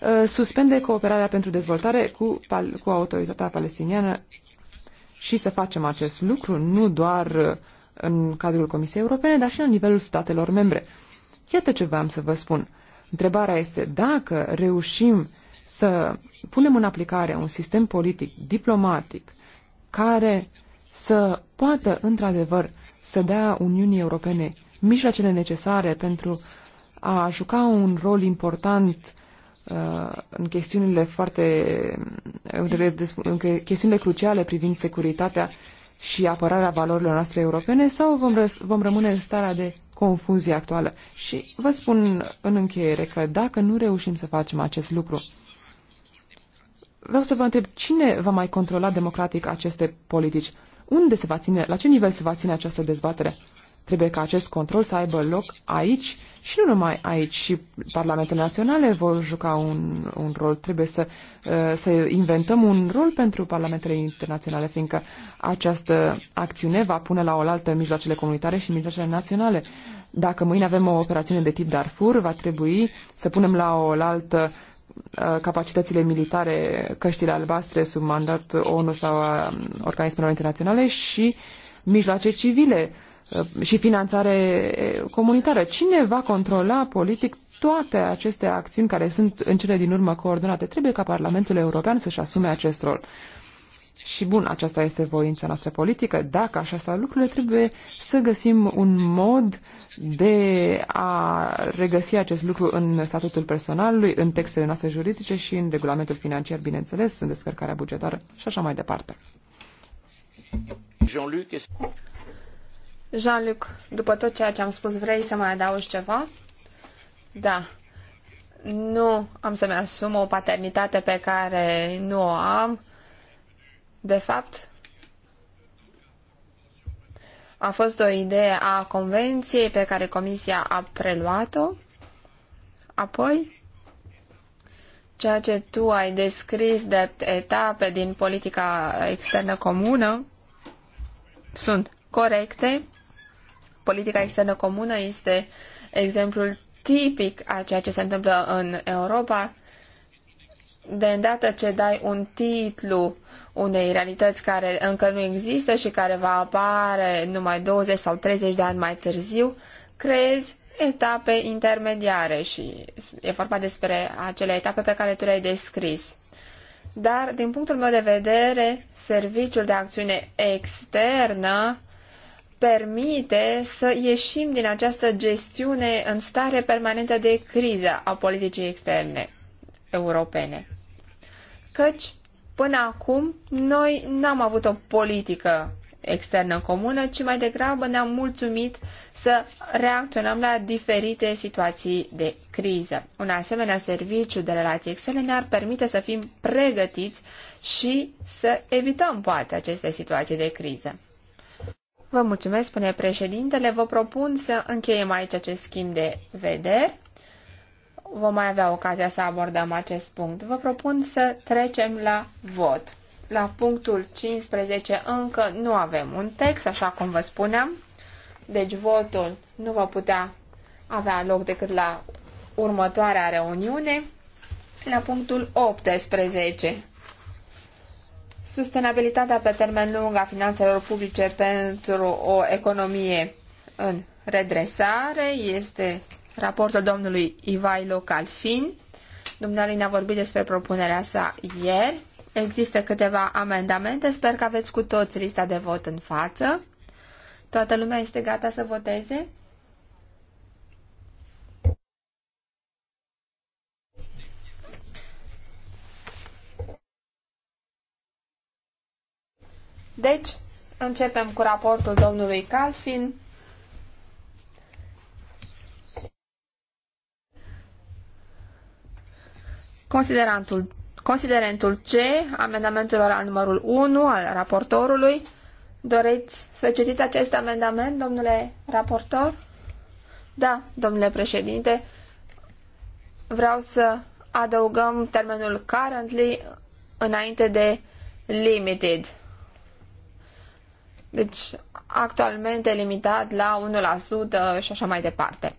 uh, suspende cooperarea pentru dezvoltare cu, cu autoritatea palestiniană și să facem acest lucru nu doar uh, în cadrul Comisiei Europene, dar și la nivelul statelor membre. Iată ce v-am să vă spun. Întrebarea este dacă reușim să punem în aplicare un sistem politic, diplomatic, care să poată, într-adevăr, să dea Uniunii Europene mijloacele necesare pentru a juca un rol important Uh, în chestiunile foarte uh, în chestiunile cruciale privind securitatea și apărarea valorilor noastre europene sau vom, răs, vom rămâne în starea de confuzie actuală? Și vă spun în încheiere că dacă nu reușim să facem acest lucru, vreau să vă întreb cine va mai controla democratic aceste politici? Unde se va ține, la ce nivel se va ține această dezbatere? Trebuie ca acest control să aibă loc aici și nu numai aici. Și parlamentele naționale vor juca un, un rol. Trebuie să, uh, să inventăm un rol pentru parlamentele internaționale, fiindcă această acțiune va pune la oaltă mijloacele comunitare și mijloacele naționale. Dacă mâine avem o operațiune de tip Darfur, va trebui să punem la oaltă uh, capacitățile militare, căștile albastre sub mandat ONU sau uh, organismelor internaționale și mijloace civile Uh, și finanțare uh, comunitară. Cine va controla politic toate aceste acțiuni care sunt în cele din urmă coordonate? Trebuie ca Parlamentul European să-și asume acest rol. Și bun, aceasta este voința noastră politică. Dacă așa stau lucrurile, trebuie să găsim un mod de a regăsi acest lucru în statutul personalului, în textele noastre juridice și în regulamentul financiar, bineînțeles, în descărcarea bugetară și așa mai departe. Jean-Luc Jean-Luc, după tot ceea ce am spus, vrei să mai adaugi ceva? Da. Nu am să-mi asum o paternitate pe care nu o am. De fapt, a fost o idee a convenției pe care Comisia a preluat-o. Apoi, ceea ce tu ai descris de etape din politica externă comună sunt corecte politica externă comună este exemplul tipic a ceea ce se întâmplă în Europa. De îndată ce dai un titlu unei realități care încă nu există și care va apare numai 20 sau 30 de ani mai târziu, creezi etape intermediare și e vorba despre acele etape pe care tu le-ai descris. Dar, din punctul meu de vedere, serviciul de acțiune externă permite să ieșim din această gestiune în stare permanentă de criză a politicii externe europene. Căci, până acum, noi n-am avut o politică externă comună, ci mai degrabă ne-am mulțumit să reacționăm la diferite situații de criză. Un asemenea serviciu de relații externe ne-ar permite să fim pregătiți și să evităm, poate, aceste situații de criză. Vă mulțumesc, spune președintele. Vă propun să încheiem aici acest schimb de vederi. Vom mai avea ocazia să abordăm acest punct. Vă propun să trecem la vot. La punctul 15 încă nu avem un text, așa cum vă spuneam. Deci votul nu va putea avea loc decât la următoarea reuniune. La punctul 18 Sustenabilitatea pe termen lung a finanțelor publice pentru o economie în redresare este raportul domnului Ivailo Calfin. Dumnealui ne-a vorbit despre propunerea sa ieri. Există câteva amendamente, sper că aveți cu toți lista de vot în față. Toată lumea este gata să voteze? Deci, începem cu raportul domnului Calfin. Considerantul, considerentul C, amendamentul oral numărul 1 al raportorului. doreți să citiți acest amendament, domnule raportor? Da, domnule președinte. Vreau să adăugăm termenul currently înainte de limited. Deci, actualmente limitat la 1% și așa mai departe.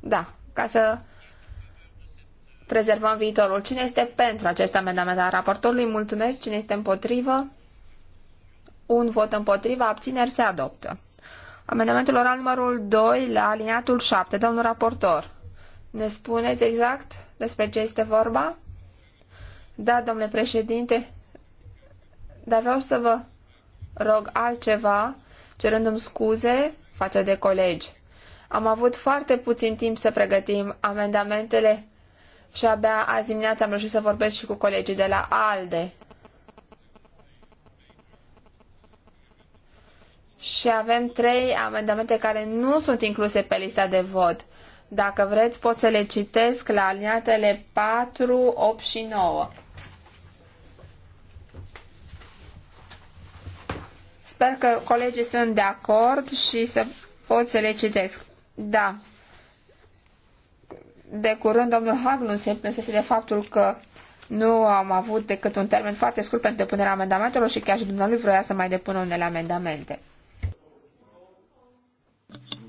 Da, ca să prezervăm viitorul. Cine este pentru acest amendament al raportorului? Mulțumesc. Cine este împotrivă? Un vot împotrivă. Abțineri se adoptă. Amendamentul oral numărul 2 la aliniatul 7. Domnul raportor, ne spuneți exact despre ce este vorba? Da, domnule președinte, dar vreau să vă rog altceva, cerându-mi scuze față de colegi. Am avut foarte puțin timp să pregătim amendamentele și abia azi dimineața am reușit să vorbesc și cu colegii de la ALDE. Și avem trei amendamente care nu sunt incluse pe lista de vot. Dacă vreți, pot să le citesc la aliniatele 4, 8 și 9. Sper că colegii sunt de acord și să pot să le citesc. Da. De curând, domnul Haglund se plânsese de faptul că nu am avut decât un termen foarte scurt pentru depunerea amendamentelor și chiar și dumnealui vroia să mai depună unele amendamente.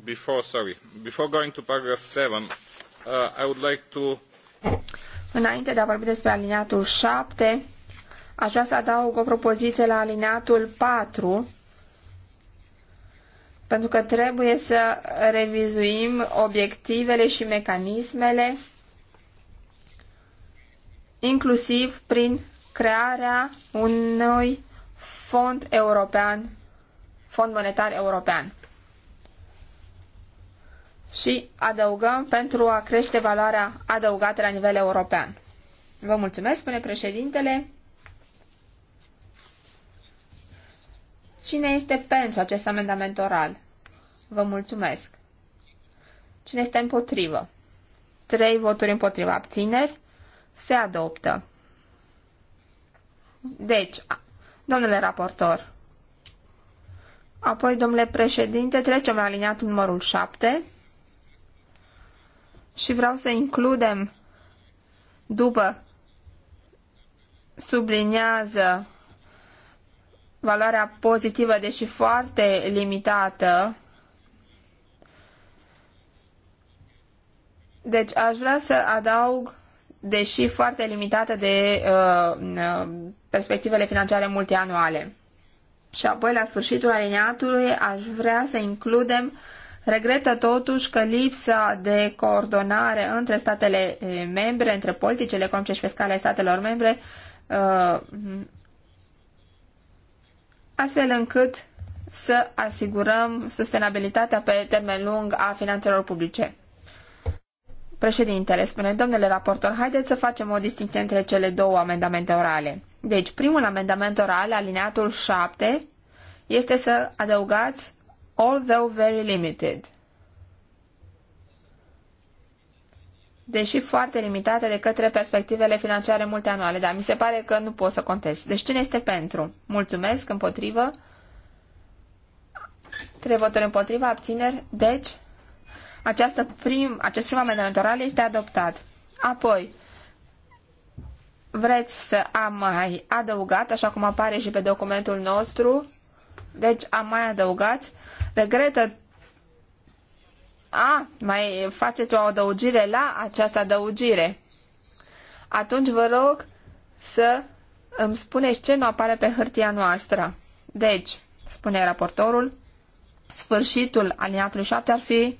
Before, sorry, before going to paragraph 7, uh, I would like to... Înainte de a vorbi despre aliniatul 7, aș vrea să adaug o propoziție la aliniatul 4, pentru că trebuie să revizuim obiectivele și mecanismele, inclusiv prin crearea unui fond european, fond monetar european. Și adăugăm pentru a crește valoarea adăugată la nivel european. Vă mulțumesc, spune președintele. Cine este pentru acest amendament oral? Vă mulțumesc. Cine este împotrivă? Trei voturi împotriva abțineri. Se adoptă. Deci, domnule raportor, apoi, domnule președinte, trecem la aliniatul numărul 7 și vreau să includem după subliniază valoarea pozitivă, deși foarte limitată. Deci aș vrea să adaug, deși foarte limitată de uh, uh, perspectivele financiare multianuale. Și apoi, la sfârșitul aliniatului aș vrea să includem Regretă totuși că lipsa de coordonare între statele eh, membre, între politicile economice și fiscale ale statelor membre, uh, astfel încât să asigurăm sustenabilitatea pe termen lung a finanțelor publice. Președintele spune, domnule raportor, haideți să facem o distinție între cele două amendamente orale. Deci, primul amendament oral, alineatul 7, este să adăugați although very limited. deși foarte limitate de către perspectivele financiare multianuale, dar mi se pare că nu pot să contez. Deci cine este pentru? Mulțumesc, împotrivă. Trei voturi împotrivă, abțineri. Deci, această prim, acest prim amendament oral este adoptat. Apoi, vreți să am mai adăugat, așa cum apare și pe documentul nostru, deci am mai adăugat, regretă a, mai faceți o adăugire la această adăugire, atunci vă rog să îmi spuneți ce nu apare pe hârtia noastră. Deci, spune raportorul, sfârșitul aliniatului 7 ar fi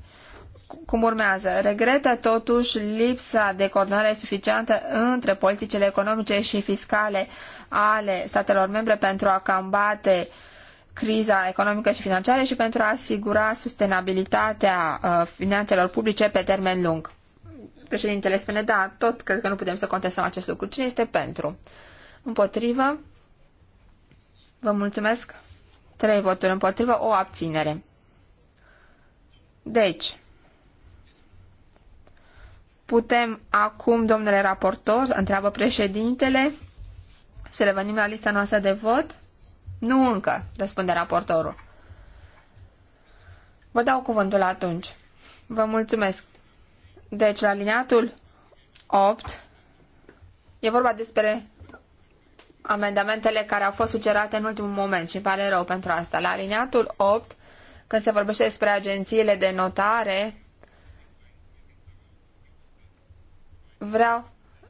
cum urmează. Regretă totuși lipsa de coordonare suficientă între politicile economice și fiscale ale statelor membre pentru a combate uh, criza economică și financiară și pentru a asigura sustenabilitatea uh, finanțelor publice pe termen lung. Președintele spune, da, tot cred că nu putem să contestăm acest lucru. Cine este pentru? Împotrivă? Vă mulțumesc. Trei voturi împotrivă, o abținere. Deci, putem acum, domnule raportor, întreabă președintele, să revenim la lista noastră de vot. Nu încă, răspunde raportorul. Vă dau cuvântul atunci. Vă mulțumesc. Deci, la liniatul 8 e vorba despre amendamentele care au fost sugerate în ultimul moment și îmi pare rău pentru asta. La aliniatul 8, când se vorbește despre agențiile de notare, vreau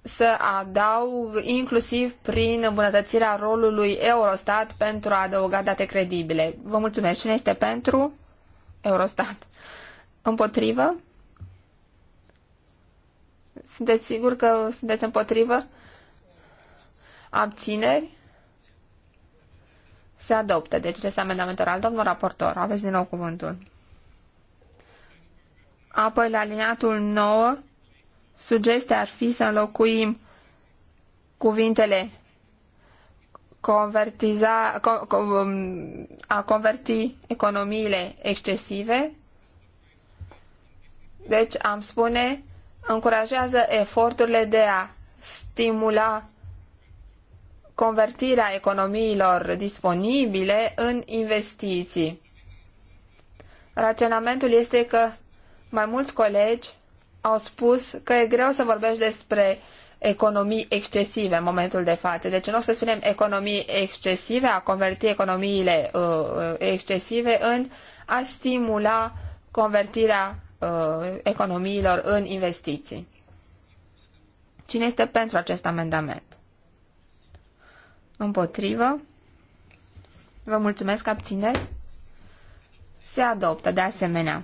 să adaug inclusiv prin îmbunătățirea rolului Eurostat pentru a adăuga date credibile. Vă mulțumesc. Cine este pentru? Eurostat. Împotrivă? Sunteți sigur că sunteți împotrivă? Abțineri? Se adoptă. Deci acest amendament oral. Domnul raportor, aveți din nou cuvântul. Apoi la alineatul 9 Sugestia ar fi să înlocuim cuvintele convertiza, co, co, um, a converti economiile excesive. Deci am spune încurajează eforturile de a stimula convertirea economiilor disponibile în investiții. Raționamentul este că mai mulți colegi au spus că e greu să vorbești despre economii excesive în momentul de față. Deci, nu o să spunem economii excesive, a converti economiile uh, uh, excesive în a stimula convertirea uh, economiilor în investiții. Cine este pentru acest amendament? Împotrivă? Vă mulțumesc, abțineri? Se adoptă de asemenea.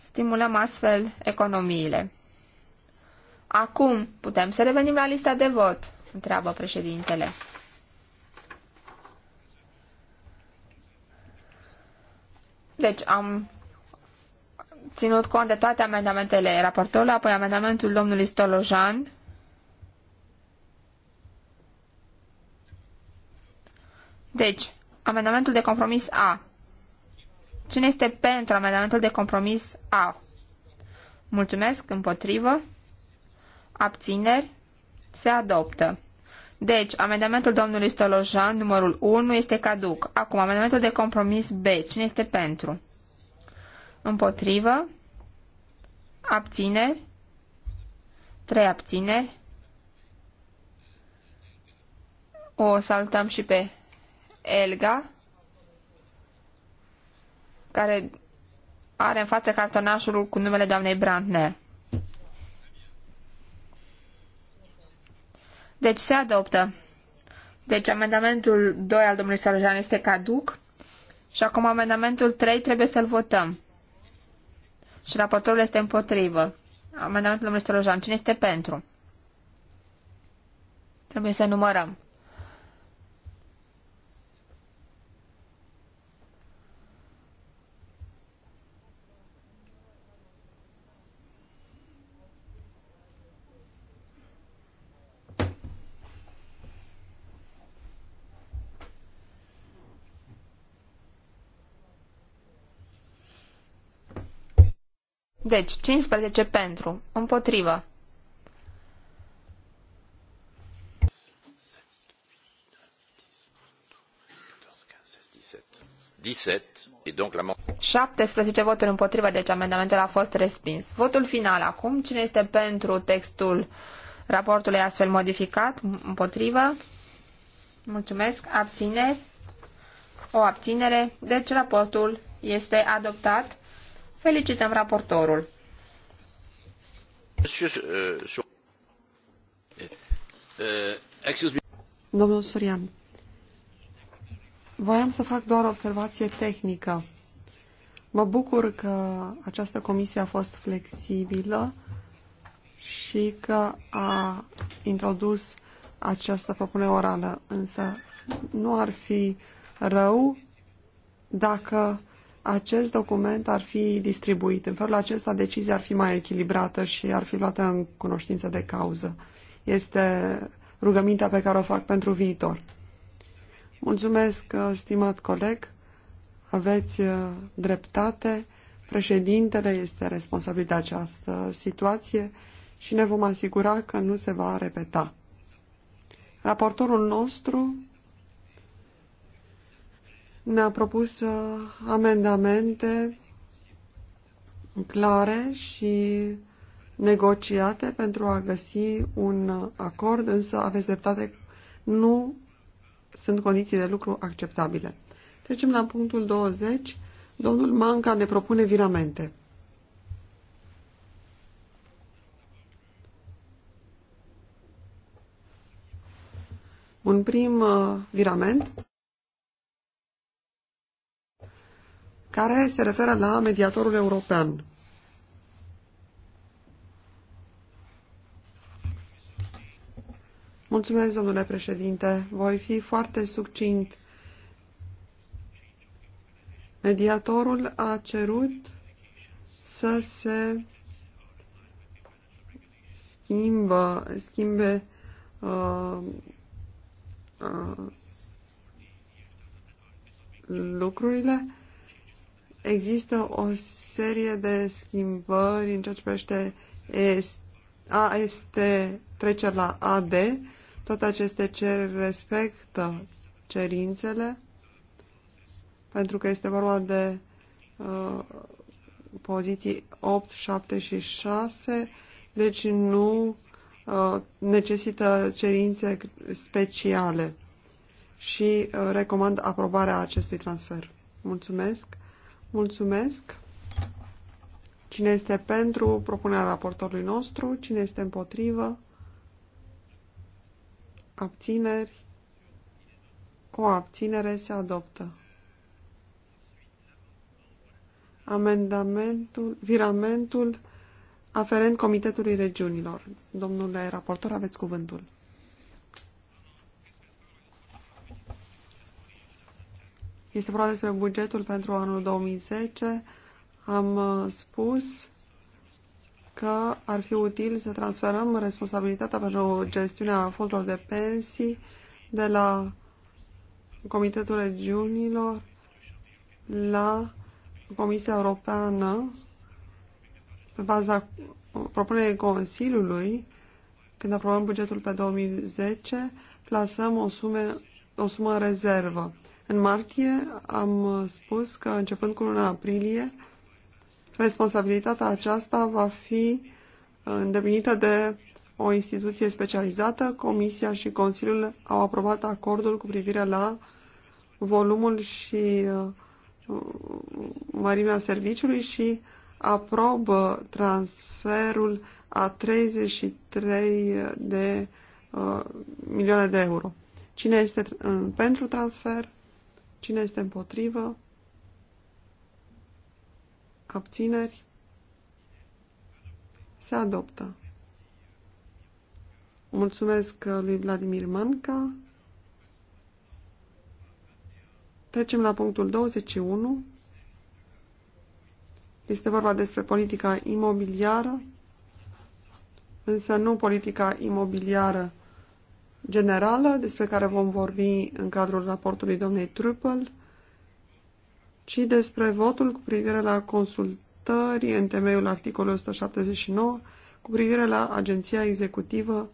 stimulăm astfel economiile. Acum putem să revenim la lista de vot, întreabă președintele. Deci am ținut cont de toate amendamentele raportorului, apoi amendamentul domnului Stolojan. Deci, amendamentul de compromis A. Cine este pentru amendamentul de compromis A? Mulțumesc, împotrivă, abțineri, se adoptă. Deci, amendamentul domnului Stolojan, numărul 1, este caduc. Acum, amendamentul de compromis B. Cine este pentru? Împotrivă, abțineri, trei abțineri. O saltăm și pe Elga care are în față cartonașul cu numele doamnei Brandner. Deci se adoptă. Deci amendamentul 2 al domnului Sorojan este caduc și acum amendamentul 3 trebuie să-l votăm. Și raportorul este împotrivă. Amendamentul domnului Sorojan, cine este pentru? Trebuie să numărăm. Deci, 15 pentru, împotrivă. Et donc la... 17 voturi împotrivă, deci amendamentul a fost respins. Votul final acum. Cine este pentru textul raportului astfel modificat? Împotrivă? Mulțumesc. Abțineri? O abținere. Deci raportul este adoptat Felicităm raportorul. Euh, euh, euh, Domnul Surian, voiam să fac doar o observație tehnică. Mă bucur că această comisie a fost flexibilă și că a introdus această propunere orală, însă nu ar fi rău dacă acest document ar fi distribuit. În felul acesta, decizia ar fi mai echilibrată și ar fi luată în cunoștință de cauză. Este rugămintea pe care o fac pentru viitor. Mulțumesc, uh, stimat coleg. Aveți uh, dreptate. Președintele este responsabil de această situație și ne vom asigura că nu se va repeta. Raportorul nostru ne-a propus uh, amendamente clare și negociate pentru a găsi un acord, însă aveți dreptate, nu sunt condiții de lucru acceptabile. Trecem la punctul 20. Domnul Manca ne propune viramente. Un prim uh, virament care se referă la mediatorul european. Mulțumesc, domnule președinte. Voi fi foarte succint. Mediatorul a cerut să se schimbă, schimbe uh, uh, lucrurile există o serie de schimbări în ceea ce privește A este trece la AD. Toate aceste cer respectă cerințele pentru că este vorba de uh, poziții 8, 7 și 6, deci nu uh, necesită cerințe speciale și uh, recomand aprobarea acestui transfer. Mulțumesc! Mulțumesc. Cine este pentru propunerea raportorului nostru? Cine este împotrivă? Abțineri? O abținere se adoptă. Amendamentul, viramentul aferent Comitetului Regiunilor. Domnule raportor, aveți cuvântul. Este vorba despre bugetul pentru anul 2010. Am uh, spus că ar fi util să transferăm responsabilitatea pentru gestiunea fondurilor de pensii de la Comitetul Regiunilor la Comisia Europeană pe baza propunerii Consiliului când aprobăm bugetul pe 2010 plasăm o, sumă, o sumă în rezervă. În martie am uh, spus că, începând cu luna aprilie, responsabilitatea aceasta va fi uh, îndeplinită de o instituție specializată. Comisia și Consiliul au aprobat acordul cu privire la volumul și uh, mărimea serviciului și aprobă transferul a 33 de uh, milioane de euro. Cine este pentru transfer? Cine este împotrivă? Abțineri? Se adoptă. Mulțumesc uh, lui Vladimir Manca. Trecem la punctul 21. Este vorba despre politica imobiliară, însă nu politica imobiliară generală despre care vom vorbi în cadrul raportului domnei Trupel, ci despre votul cu privire la consultări în temeiul articolului 179 cu privire la Agenția Executivă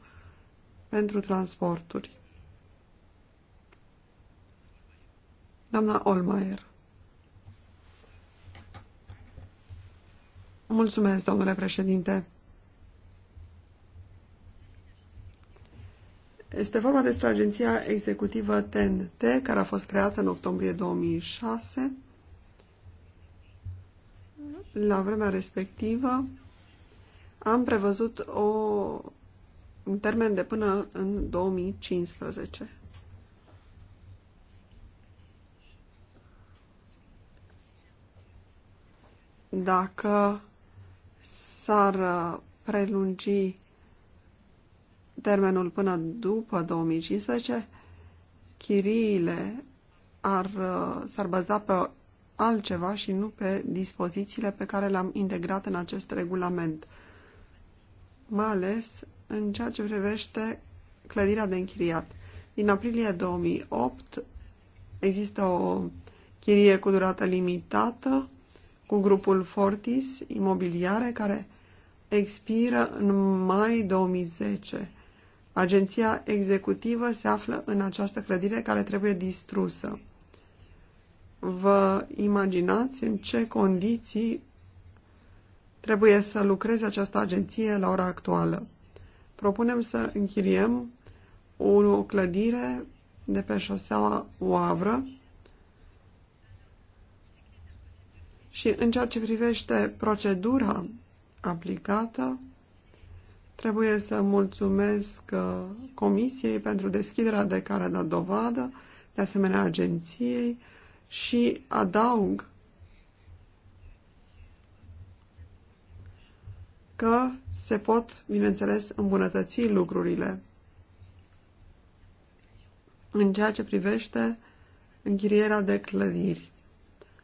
pentru Transporturi. Doamna Olmaier. Mulțumesc, domnule președinte. Este vorba despre agenția executivă TNT, care a fost creată în octombrie 2006. La vremea respectivă am prevăzut o, un termen de până în 2015. Dacă s-ar uh, prelungi termenul până după 2015, chiriile ar, uh, s-ar baza pe altceva și nu pe dispozițiile pe care le-am integrat în acest regulament, mai ales în ceea ce privește clădirea de închiriat. Din aprilie 2008 există o chirie cu durată limitată cu grupul Fortis Imobiliare care expiră în mai 2010. Agenția executivă se află în această clădire care trebuie distrusă. Vă imaginați în ce condiții trebuie să lucreze această agenție la ora actuală. Propunem să închiriem o clădire de pe șoseaua Oavră și în ceea ce privește procedura aplicată, Trebuie să mulțumesc uh, Comisiei pentru deschiderea de care a dat dovadă, de asemenea agenției și adaug că se pot, bineînțeles, îmbunătăți lucrurile în ceea ce privește închirierea de clădiri.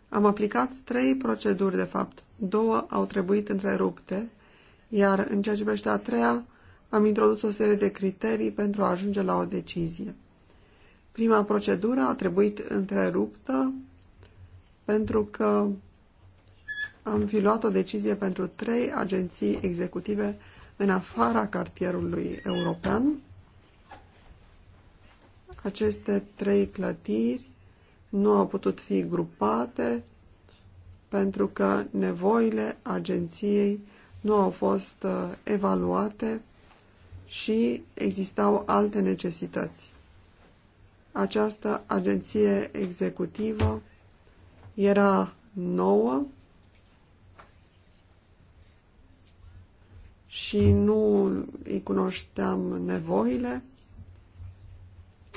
Am aplicat trei proceduri, de fapt. Două au trebuit întrerupte iar în ceea ce privește a treia, am introdus o serie de criterii pentru a ajunge la o decizie. Prima procedură a trebuit întreruptă pentru că am fi luat o decizie pentru trei agenții executive în afara cartierului european. Aceste trei clătiri nu au putut fi grupate pentru că nevoile agenției nu au fost uh, evaluate și existau alte necesități. Această agenție executivă era nouă și nu îi cunoșteam nevoile.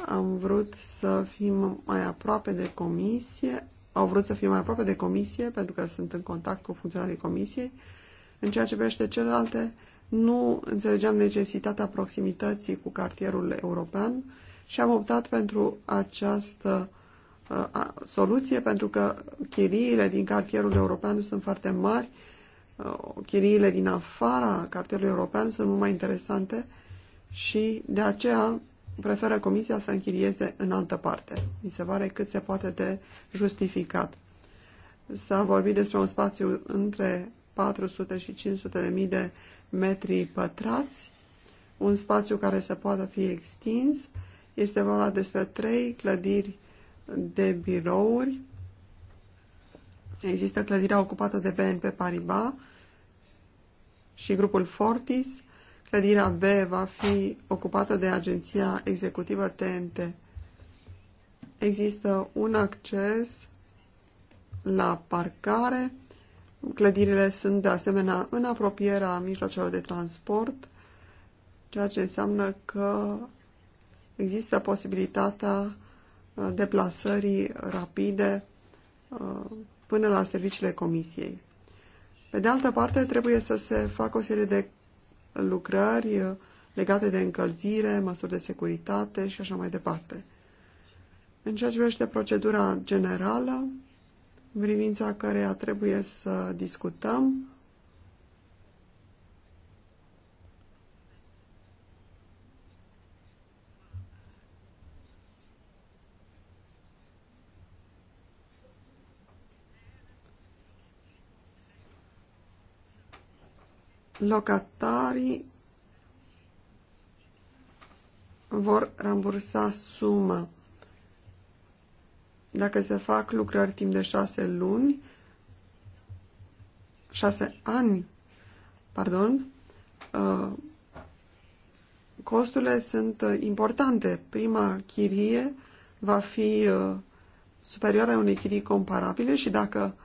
Am vrut să fim mai aproape de comisie, au vrut să fim mai aproape de comisie pentru că sunt în contact cu funcționarii comisiei în ceea ce privește celelalte, nu înțelegeam necesitatea proximității cu cartierul european și am optat pentru această uh, soluție pentru că chiriile din cartierul european sunt foarte mari, uh, chiriile din afara cartierului european sunt mult mai interesante și de aceea preferă comisia să închirieze în altă parte. Mi se pare cât se poate de justificat. S-a vorbit despre un spațiu între 400 și 500 de mii de metri pătrați, un spațiu care să poată fi extins. Este vorba despre trei clădiri de birouri. Există clădirea ocupată de BNP Paribas și grupul Fortis. Clădirea B va fi ocupată de agenția executivă TNT. Există un acces la parcare Clădirile sunt de asemenea în apropierea mijloacelor de transport, ceea ce înseamnă că există posibilitatea uh, deplasării rapide uh, până la serviciile comisiei. Pe de altă parte, trebuie să se facă o serie de lucrări uh, legate de încălzire, măsuri de securitate și așa mai departe. În ceea ce privește procedura generală, în privința care trebuie să discutăm. Locatarii vor rambursa suma. Dacă se fac lucrări timp de șase luni, șase ani, pardon, uh, costurile sunt uh, importante. Prima chirie va fi uh, superioară unei chirii comparabile și dacă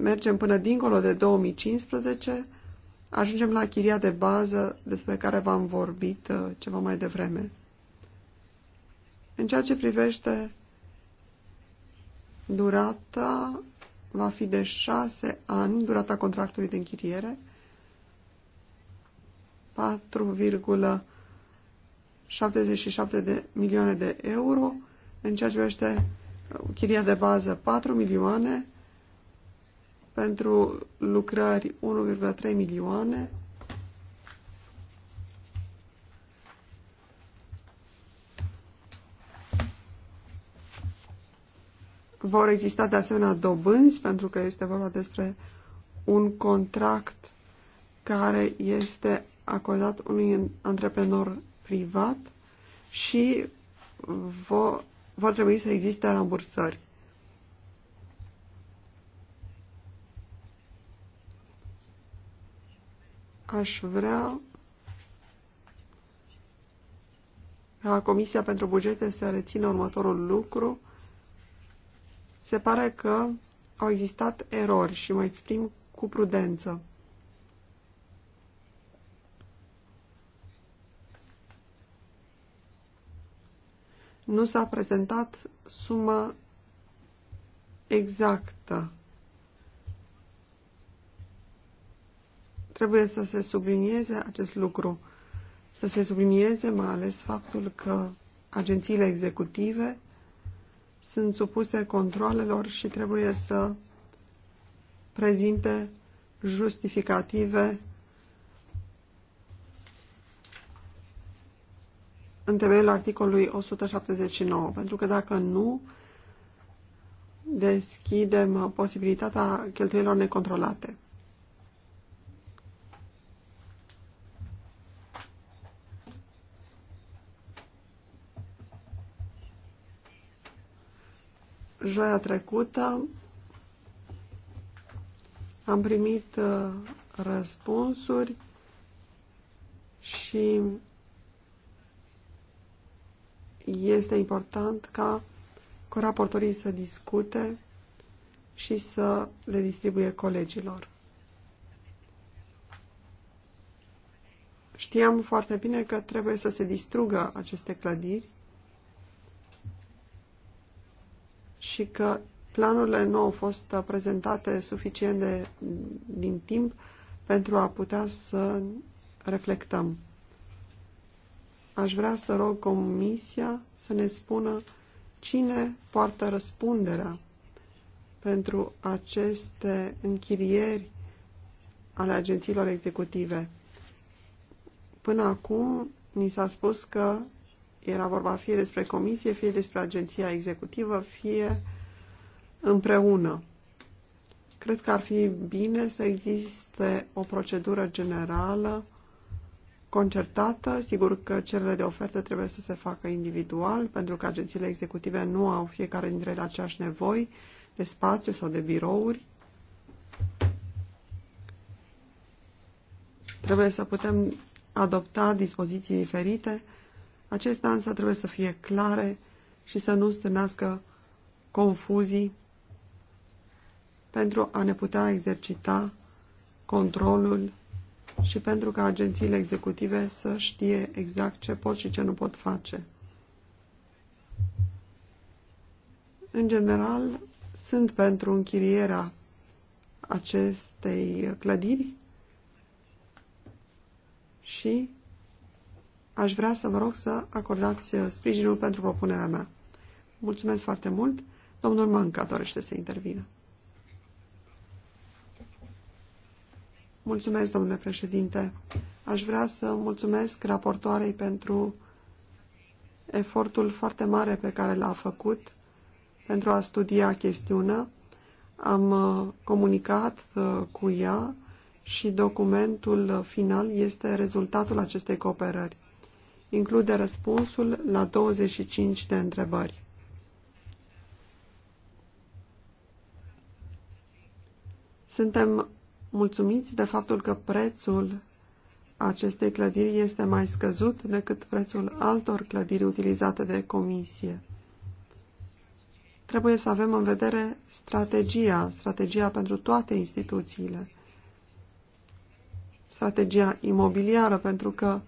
mergem până dincolo de 2015, ajungem la chiria de bază despre care v-am vorbit ceva mai devreme. În ceea ce privește Durata va fi de șase ani, durata contractului de închiriere, 4,77 de milioane de euro, în ceea ce privește chiria de bază 4 milioane, pentru lucrări 1,3 milioane, Vor exista de asemenea dobânzi, pentru că este vorba despre un contract care este acordat unui antreprenor privat și vo, vor trebui să existe rambursări. Aș vrea ca Comisia pentru Bugete să rețină următorul lucru se pare că au existat erori și mă exprim cu prudență. Nu s-a prezentat suma exactă. Trebuie să se sublinieze acest lucru, să se sublinieze mai ales faptul că agențiile executive sunt supuse controlelor și trebuie să prezinte justificative în temeiul articolului 179, pentru că dacă nu, deschidem posibilitatea cheltuielor necontrolate. joia trecută am primit uh, răspunsuri și este important ca coraportorii să discute și să le distribuie colegilor. Știam foarte bine că trebuie să se distrugă aceste clădiri și că planurile nu au fost prezentate suficient de, din timp pentru a putea să reflectăm. Aș vrea să rog Comisia să ne spună cine poartă răspunderea pentru aceste închirieri ale agențiilor executive. Până acum ni s-a spus că era vorba fie despre comisie, fie despre agenția executivă, fie împreună. Cred că ar fi bine să existe o procedură generală concertată. Sigur că cererile de ofertă trebuie să se facă individual, pentru că agențiile executive nu au fiecare dintre ele aceeași nevoi de spațiu sau de birouri. Trebuie să putem adopta dispoziții diferite aceste însă trebuie să fie clare și să nu stârnească confuzii pentru a ne putea exercita controlul și pentru ca agențiile executive să știe exact ce pot și ce nu pot face. În general, sunt pentru închirierea acestei clădiri și aș vrea să vă rog să acordați uh, sprijinul pentru propunerea mea. Mulțumesc foarte mult. Domnul Manca dorește să intervină. Mulțumesc, domnule președinte. Aș vrea să mulțumesc raportoarei pentru efortul foarte mare pe care l-a făcut pentru a studia chestiunea. Am uh, comunicat uh, cu ea și documentul final este rezultatul acestei cooperări include răspunsul la 25 de întrebări. Suntem mulțumiți de faptul că prețul acestei clădiri este mai scăzut decât prețul altor clădiri utilizate de comisie. Trebuie să avem în vedere strategia, strategia pentru toate instituțiile, strategia imobiliară, pentru că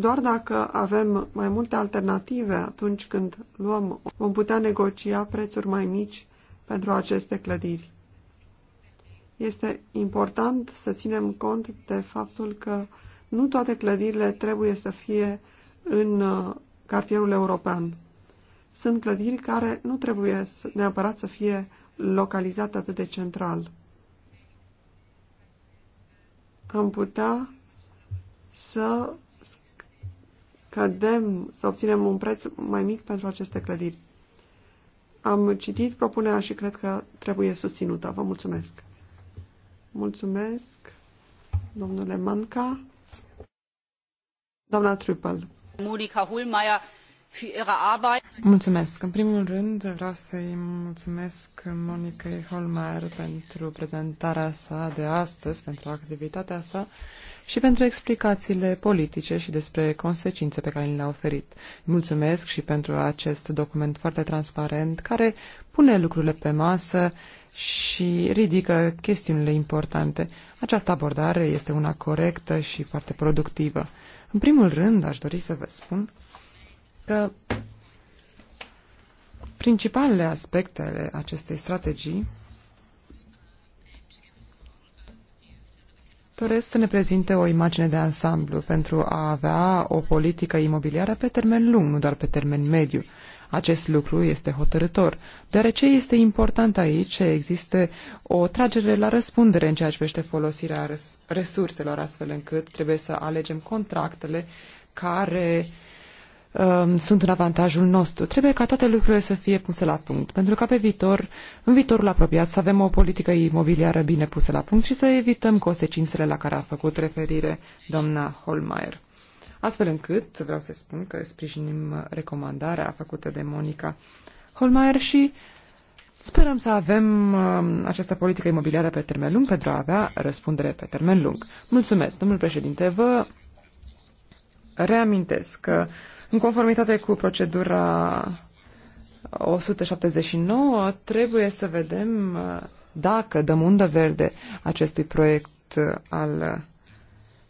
doar dacă avem mai multe alternative atunci când luăm, vom putea negocia prețuri mai mici pentru aceste clădiri. Este important să ținem cont de faptul că nu toate clădirile trebuie să fie în uh, cartierul european. Sunt clădiri care nu trebuie neapărat să fie localizate atât de central. Am putea să cădem să obținem un preț mai mic pentru aceste clădiri. Am citit propunerea și cred că trebuie susținută. Vă mulțumesc. Mulțumesc, domnule Manca. Doamna Trupel. Monica Hulmeier. Mulțumesc. În primul rând vreau să-i mulțumesc Monicăi Holmer pentru prezentarea sa de astăzi, pentru activitatea sa și pentru explicațiile politice și despre consecințe pe care le-a oferit. Mulțumesc și pentru acest document foarte transparent care pune lucrurile pe masă și ridică chestiunile importante. Această abordare este una corectă și foarte productivă. În primul rând, aș dori să vă spun că principalele aspecte ale acestei strategii doresc să ne prezinte o imagine de ansamblu pentru a avea o politică imobiliară pe termen lung, nu doar pe termen mediu. Acest lucru este hotărător, deoarece este important aici să existe o tragere la răspundere în ceea ce privește folosirea resurselor, astfel încât trebuie să alegem contractele care uh, Um, sunt în avantajul nostru. Trebuie ca toate lucrurile să fie puse la punct, pentru ca pe viitor, în viitorul apropiat, să avem o politică imobiliară bine pusă la punct și să evităm consecințele la care a făcut referire doamna Holmeier. Astfel încât, vreau să spun că sprijinim recomandarea făcută de Monica Holmeier și Sperăm să avem um, această politică imobiliară pe termen lung pentru a avea răspundere pe termen lung. Mulțumesc, domnul președinte. Vă reamintesc că în conformitate cu procedura 179, trebuie să vedem uh, dacă dăm undă verde acestui proiect uh, al uh,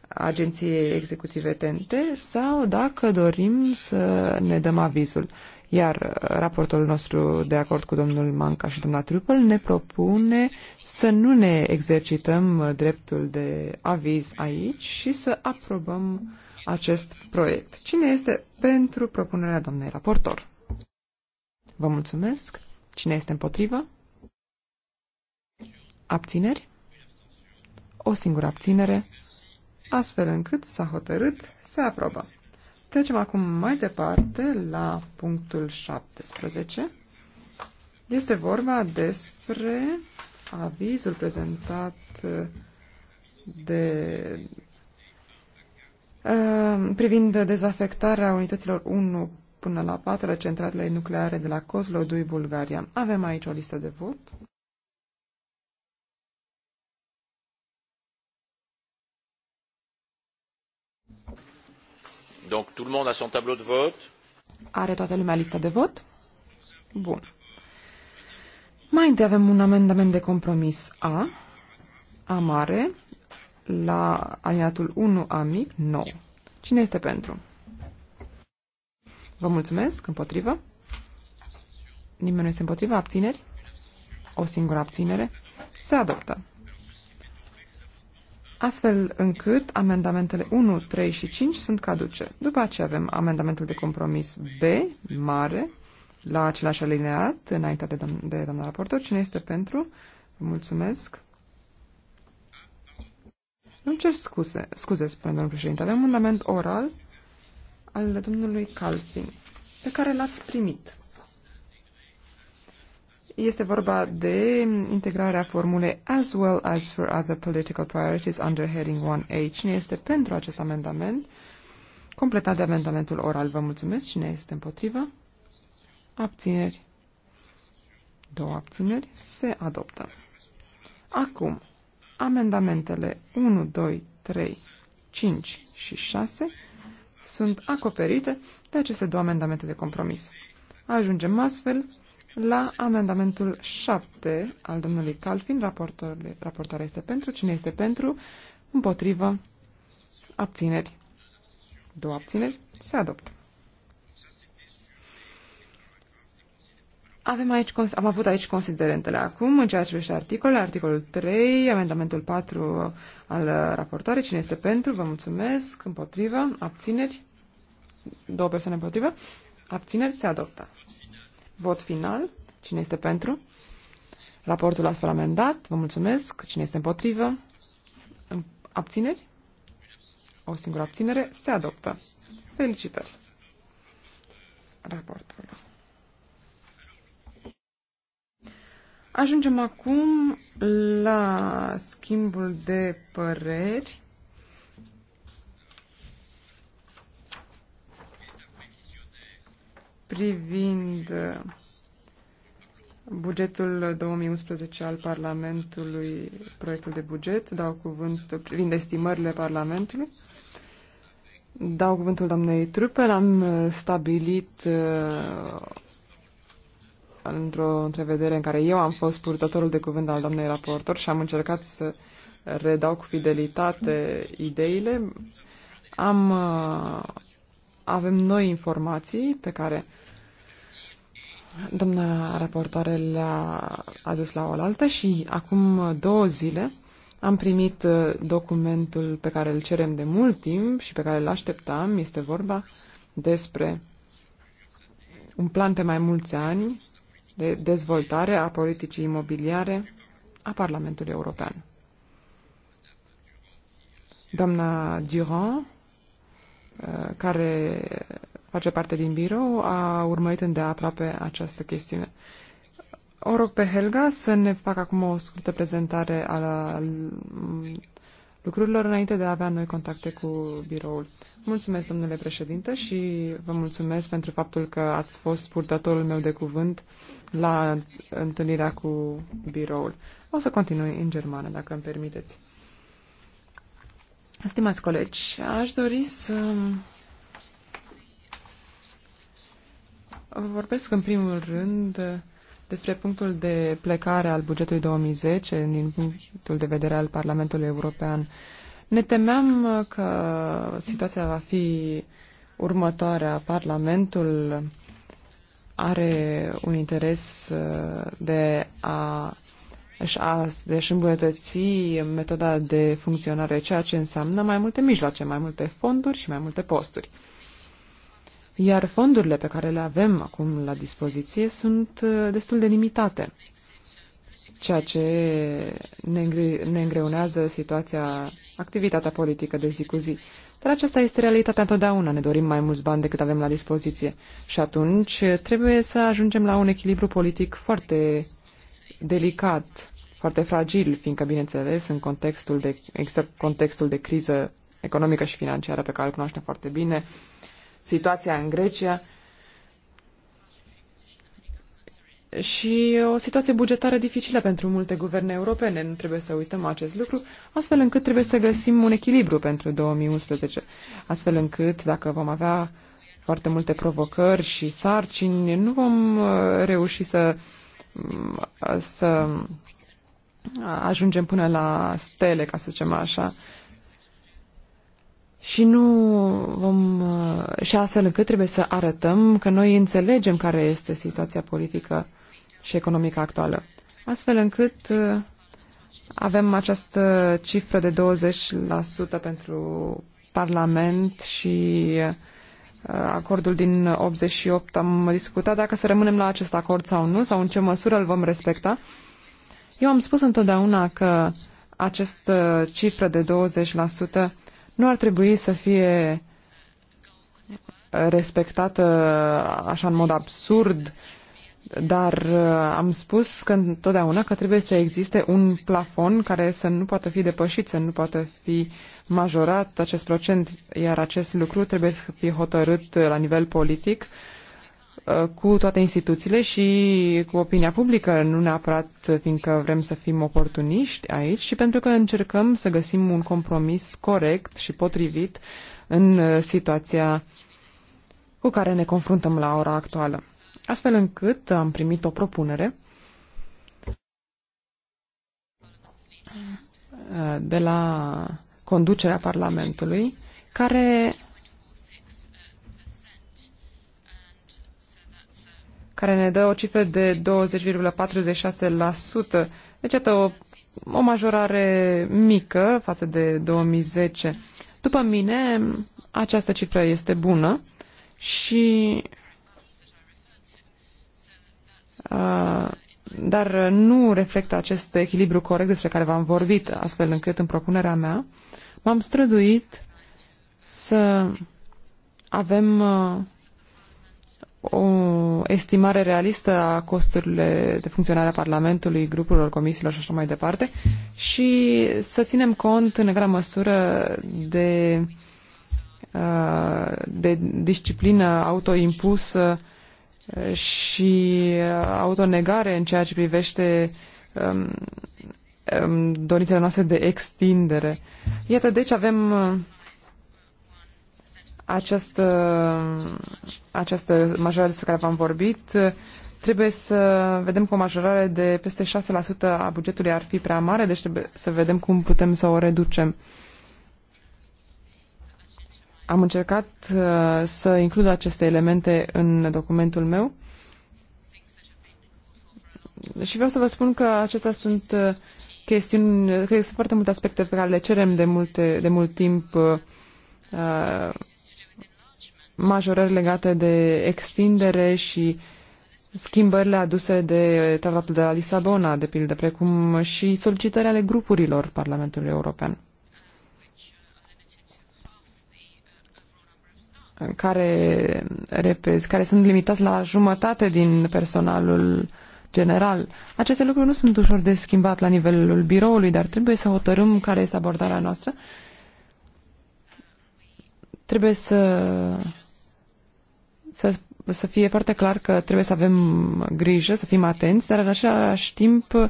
Agenției Executive TNT sau dacă dorim să ne dăm avizul. Iar raportul nostru, de acord cu domnul Manca și doamna Trupel, ne propune să nu ne exercităm dreptul de aviz aici și să aprobăm acest proiect. Cine este pentru propunerea doamnei raportor? Vă mulțumesc. Cine este împotrivă? Abțineri? O singură abținere, astfel încât s-a hotărât, se aprobă. Trecem acum mai departe la punctul 17. Este vorba despre avizul prezentat de Ehm, privind dezafectarea unităților 1 până la 4 centralele nucleare de la Kozlodui, Bulgaria. Avem aici o listă de vot. Donc tout le monde a son tableau de vote. Are toată lumea lista de vot? Bun. Mai întâi avem un amendament de compromis A, A mare, la aliniatul 1 amic 9. Cine este pentru? Vă mulțumesc. Împotrivă? Nimeni nu este împotrivă. Abțineri? O singură abținere? Se adoptă. Astfel încât amendamentele 1, 3 și 5 sunt caduce. După aceea avem amendamentul de compromis B, mare, la același alineat, înainte de, do- de doamna raportor. Cine este pentru? Vă mulțumesc. Îmi cer scuze, scuze, spune domnul președinte. Avem un amendament oral al domnului Calvin, pe care l-ați primit. Este vorba de integrarea formulei as well as for other political priorities under heading 1H. Cine este pentru acest amendament? Completat de amendamentul oral. Vă mulțumesc. Cine este împotrivă? Abțineri. Două abțineri. Se adoptă. Acum, Amendamentele 1, 2, 3, 5 și 6 sunt acoperite de aceste două amendamente de compromis. Ajungem astfel la amendamentul 7 al domnului Calfin. Raportarea este pentru. Cine este pentru? Împotrivă. Abțineri. Două abțineri. Se adoptă. Avem aici, am avut aici considerentele acum, în ceea ce privește articolele, articolul 3, amendamentul 4 al raportoarei, cine este pentru, vă mulțumesc, împotrivă, abțineri, două persoane împotrivă, abțineri, se adoptă. Vot final, cine este pentru, raportul astfel amendat, vă mulțumesc, cine este împotrivă, abțineri, o singură abținere, se adoptă. Felicitări! Raportul. Ajungem acum la schimbul de păreri. privind bugetul 2011 al Parlamentului, proiectul de buget, dau cuvânt privind estimările Parlamentului. Dau cuvântul doamnei Trupel, am stabilit într-o întrevedere în care eu am fost purtătorul de cuvânt al doamnei raportor și am încercat să redau cu fidelitate ideile. Am, uh, avem noi informații pe care doamna raportoare le-a adus la oaltă și acum două zile am primit uh, documentul pe care îl cerem de mult timp și pe care îl așteptam. Este vorba despre un plan pe mai mulți ani de dezvoltare a politicii imobiliare a Parlamentului European. Doamna Durand, uh, care face parte din birou, a urmărit îndeaproape această chestiune. O rog pe Helga să ne facă acum o scurtă prezentare a lucrurilor înainte de a avea noi contacte cu biroul. Mulțumesc, domnule președinte, și vă mulțumesc pentru faptul că ați fost purtătorul meu de cuvânt la întâlnirea cu biroul. O să continui în germană, dacă îmi permiteți. Stimați colegi, aș dori să vorbesc în primul rând despre punctul de plecare al bugetului 2010 din punctul de vedere al Parlamentului European. Ne temeam că situația va fi următoarea. Parlamentul are un interes de uh, a de a, își îmbunătăți metoda de funcționare, ceea ce înseamnă mai multe mijloace, mai multe fonduri și mai multe posturi iar fondurile pe care le avem acum la dispoziție sunt uh, destul de limitate, ceea ce ne, îngre- ne îngreunează situația, activitatea politică de zi cu zi. Dar aceasta este realitatea întotdeauna. Ne dorim mai mulți bani decât avem la dispoziție. Și atunci uh, trebuie să ajungem la un echilibru politic foarte delicat, foarte fragil, fiindcă, bineînțeles, în contextul de, exact contextul de criză economică și financiară pe care îl cunoaștem foarte bine, situația în Grecia și o situație bugetară dificilă pentru multe guverne europene. Nu trebuie să uităm acest lucru, astfel încât trebuie să găsim un echilibru pentru 2011, astfel încât dacă vom avea foarte multe provocări și sarcini, nu vom uh, reuși să, mm, să ajungem până la stele, ca să zicem așa și nu vom. Uh, și astfel încât trebuie să arătăm că noi înțelegem care este situația politică și economică actuală. Astfel încât uh, avem această cifră de 20% pentru Parlament și uh, acordul din 88 am discutat dacă să rămânem la acest acord sau nu, sau în ce măsură îl vom respecta. Eu am spus întotdeauna că această cifră de 20% nu ar trebui să fie respectată așa în mod absurd, dar uh, am spus că întotdeauna că trebuie să existe un plafon care să nu poată fi depășit, să nu poată fi majorat acest procent, iar acest lucru trebuie să fie hotărât la nivel politic cu toate instituțiile și cu opinia publică, nu neapărat fiindcă vrem să fim oportuniști aici, ci pentru că încercăm să găsim un compromis corect și potrivit în uh, situația cu care ne confruntăm la ora actuală. Astfel încât am primit o propunere uh, de la conducerea Parlamentului care care ne dă o cifră de 20,46%. Deci, iată, o, o majorare mică față de 2010. După mine, această cifră este bună și uh, dar nu reflectă acest echilibru corect despre care v-am vorbit, astfel încât în propunerea mea m-am străduit să avem uh, o estimare realistă a costurile de funcționare a Parlamentului, grupurilor, comisiilor și așa mai departe și să ținem cont în egală măsură de, uh, de disciplină autoimpusă și autonegare în ceea ce privește um, um, dorințele noastre de extindere. Iată, deci avem uh, această, uh, această majorare despre care v-am vorbit uh, trebuie să vedem că o majorare de peste 6% a bugetului ar fi prea mare, deci trebuie să vedem cum putem să o reducem. Am încercat uh, să includ aceste elemente în documentul meu și vreau să vă spun că acestea sunt chestiuni, cred că sunt foarte multe aspecte pe care le cerem de, multe, de mult timp uh, majorări legate de extindere și schimbările aduse de tratatul de la Lisabona, de pildă, precum și solicitări ale grupurilor Parlamentului European, care, repez, care sunt limitați la jumătate din personalul general. Aceste lucruri nu sunt ușor de schimbat la nivelul biroului, dar trebuie să hotărâm care este abordarea noastră. Trebuie să să, să fie foarte clar că trebuie să avem grijă, să fim atenți, dar în același timp uh,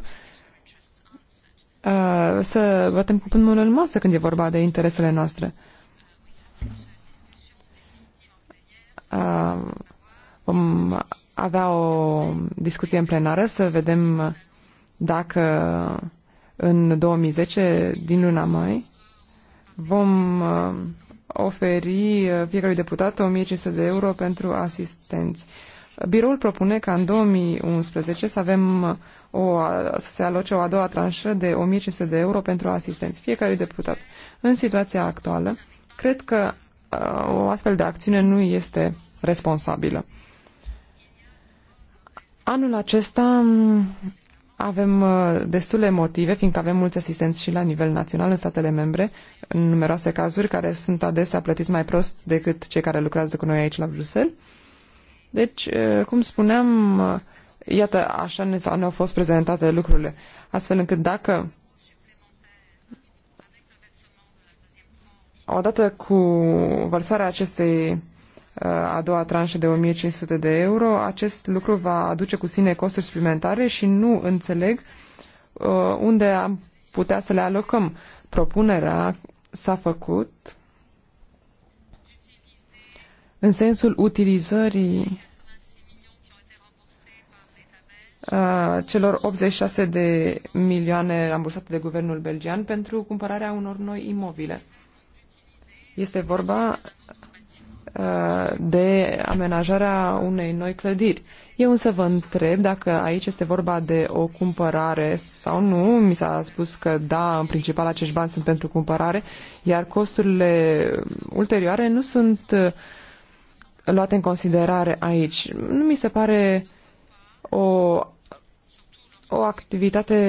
să batem cu pumnul în masă când e vorba de interesele noastre. Uh, vom avea o discuție în plenară să vedem dacă în 2010, din luna mai, vom uh, oferi uh, fiecărui deputat 1500 de euro pentru asistenți. Biroul propune ca în 2011 să avem uh, o, să se aloce o a doua tranșă de 1500 de euro pentru asistenți, fiecare deputat. În situația actuală, cred că uh, o astfel de acțiune nu este responsabilă. Anul acesta mm, avem uh, destule motive, fiindcă avem mulți asistenți și la nivel național în statele membre, în numeroase cazuri, care sunt adesea plătiți mai prost decât cei care lucrează cu noi aici la Bruxelles. Deci, uh, cum spuneam, uh, iată, așa ne-au fost prezentate lucrurile, astfel încât dacă odată cu vărsarea acestei a doua tranșă de 1500 de euro, acest lucru va aduce cu sine costuri suplimentare și nu înțeleg uh, unde am putea să le alocăm. Propunerea s-a făcut în sensul utilizării uh, celor 86 de milioane rambursate de guvernul belgian pentru cumpărarea unor noi imobile. Este vorba Uh, de amenajarea unei noi clădiri. Eu însă vă întreb dacă aici este vorba de o cumpărare sau nu. Mi s-a spus că da, în principal acești bani sunt pentru cumpărare, iar costurile ulterioare nu sunt uh, luate în considerare aici. Nu mi se pare o, o activitate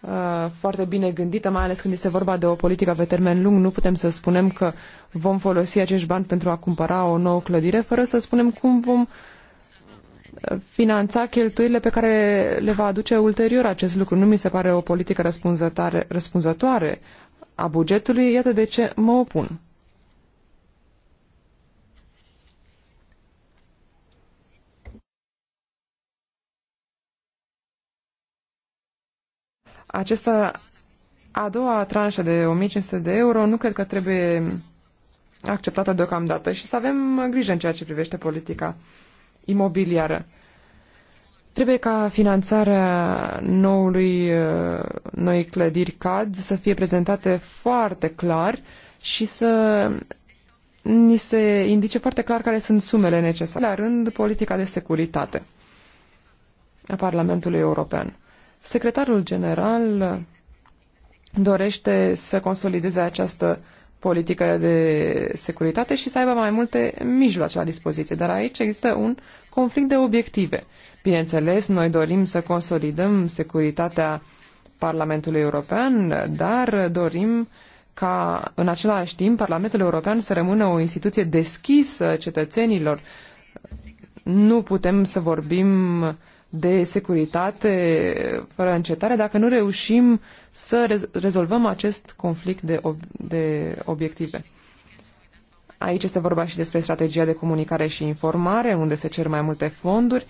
Uh, foarte bine gândită, mai ales când este vorba de o politică pe termen lung. Nu putem să spunem că vom folosi acești bani pentru a cumpăra o nouă clădire, fără să spunem cum vom uh, finanța cheltuielile pe care le va aduce ulterior acest lucru. Nu mi se pare o politică răspunzătoare a bugetului, iată de ce mă opun. Acesta a doua tranșă de 1500 de euro nu cred că trebuie acceptată deocamdată și să avem grijă în ceea ce privește politica imobiliară. Trebuie ca finanțarea noului, uh, noi clădiri CAD să fie prezentate foarte clar și să ni se indice foarte clar care sunt sumele necesare. La rând, politica de securitate a Parlamentului European. Secretarul general dorește să consolideze această politică de securitate și să aibă mai multe mijloace la dispoziție. Dar aici există un conflict de obiective. Bineînțeles, noi dorim să consolidăm securitatea Parlamentului European, dar dorim ca în același timp Parlamentul European să rămână o instituție deschisă cetățenilor. Nu putem să vorbim de securitate fără încetare dacă nu reușim să rez rezolvăm acest conflict de, ob de obiective. Aici este vorba și despre strategia de comunicare și informare, unde se cer mai multe fonduri,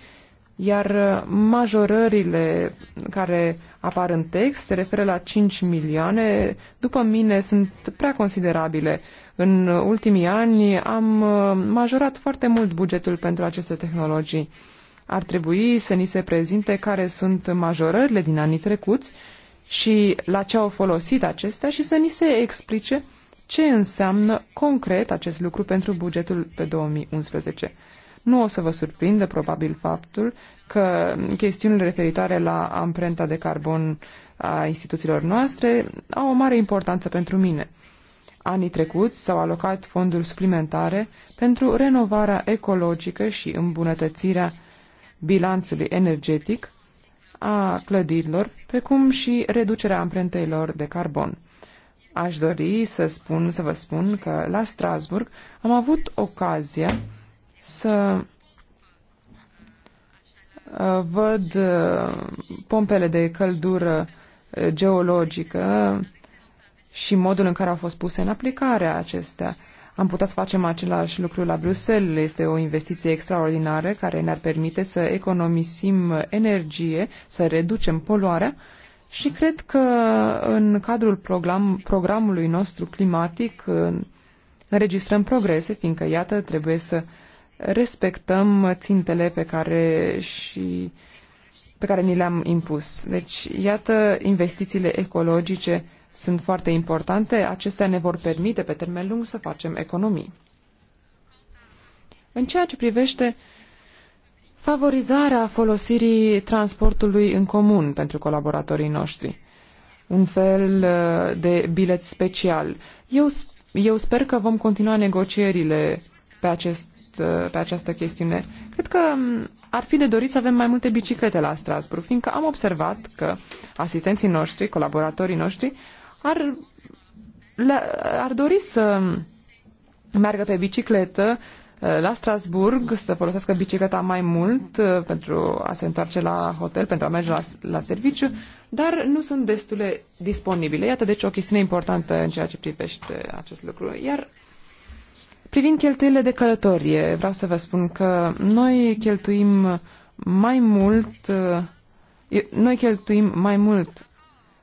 iar majorările care apar în text se referă la 5 milioane. După mine sunt prea considerabile. În ultimii ani am uh, majorat foarte mult bugetul pentru aceste tehnologii ar trebui să ni se prezinte care sunt majorările din anii trecuți și la ce au folosit acestea și să ni se explice ce înseamnă concret acest lucru pentru bugetul pe 2011. Nu o să vă surprindă probabil faptul că chestiunile referitoare la amprenta de carbon a instituțiilor noastre au o mare importanță pentru mine. Anii trecuți s-au alocat fonduri suplimentare pentru renovarea ecologică și îmbunătățirea bilanțului energetic a clădirilor, precum și reducerea amprentelor de carbon. Aș dori să, spun, să vă spun că la Strasburg am avut ocazia să uh, văd uh, pompele de căldură geologică și modul în care au fost puse în aplicare acestea. Am putea să facem același lucru la Bruxelles. Este o investiție extraordinară care ne-ar permite să economisim energie, să reducem poluarea și cred că în cadrul program, programului nostru climatic înregistrăm progrese, fiindcă, iată, trebuie să respectăm țintele pe care și pe care ni le-am impus. Deci, iată, investițiile ecologice uh, sunt foarte importante, acestea ne vor permite pe termen lung să facem economii. În ceea ce privește favorizarea folosirii transportului în comun pentru colaboratorii noștri, un fel uh, de bilet special. Eu, eu sper că vom continua negocierile pe, acest, uh, pe această chestiune. Cred că um, ar fi de dorit să avem mai multe biciclete la Strasbourg, fiindcă am observat că asistenții noștri, colaboratorii noștri, ar, le, ar dori să meargă pe bicicletă uh, la Strasburg, să folosească bicicleta mai mult uh, pentru a se întoarce la hotel, pentru a merge la, la serviciu, dar nu sunt destule disponibile. Iată, deci, o chestiune importantă în ceea ce privește acest lucru. Iar privind cheltuielile de călătorie, vreau să vă spun că noi cheltuim mai mult, uh, noi cheltuim mai mult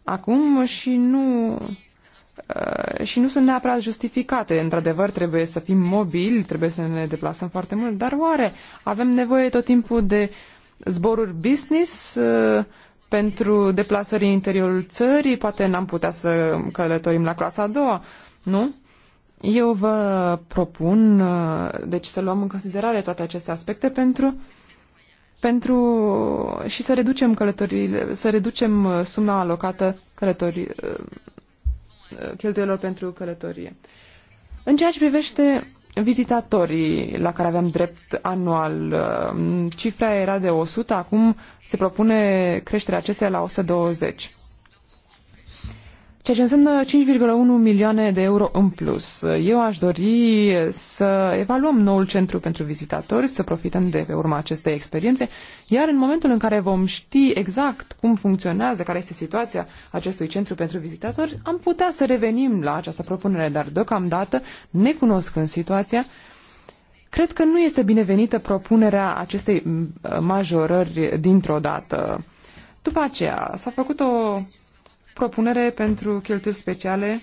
acum și nu uh, și nu sunt neapărat justificate. Într-adevăr, trebuie să fim mobili, trebuie să ne deplasăm foarte mult, dar oare avem nevoie tot timpul de zboruri business uh, pentru deplasări în interiorul țării? Poate n-am putea să călătorim la clasa a doua, nu? Eu vă propun, uh, deci, să luăm în considerare toate aceste aspecte pentru pentru și să reducem călătorile, să reducem uh, suma alocată călătorii, uh, uh, cheltuielor pentru călătorie. În ceea ce privește vizitatorii la care aveam drept anual, cifra era de 100, acum se propune creșterea acesteia la 120 ceea ce înseamnă 5,1 milioane de euro în plus. Eu aș dori să evaluăm noul centru pentru vizitatori, să profităm de pe urma acestei experiențe, iar în momentul în care vom ști exact cum funcționează, care este situația acestui centru pentru vizitatori, am putea să revenim la această propunere, dar deocamdată, necunoscând situația, cred că nu este binevenită propunerea acestei majorări dintr-o dată. După aceea, s-a făcut o propunere pentru cheltuieli speciale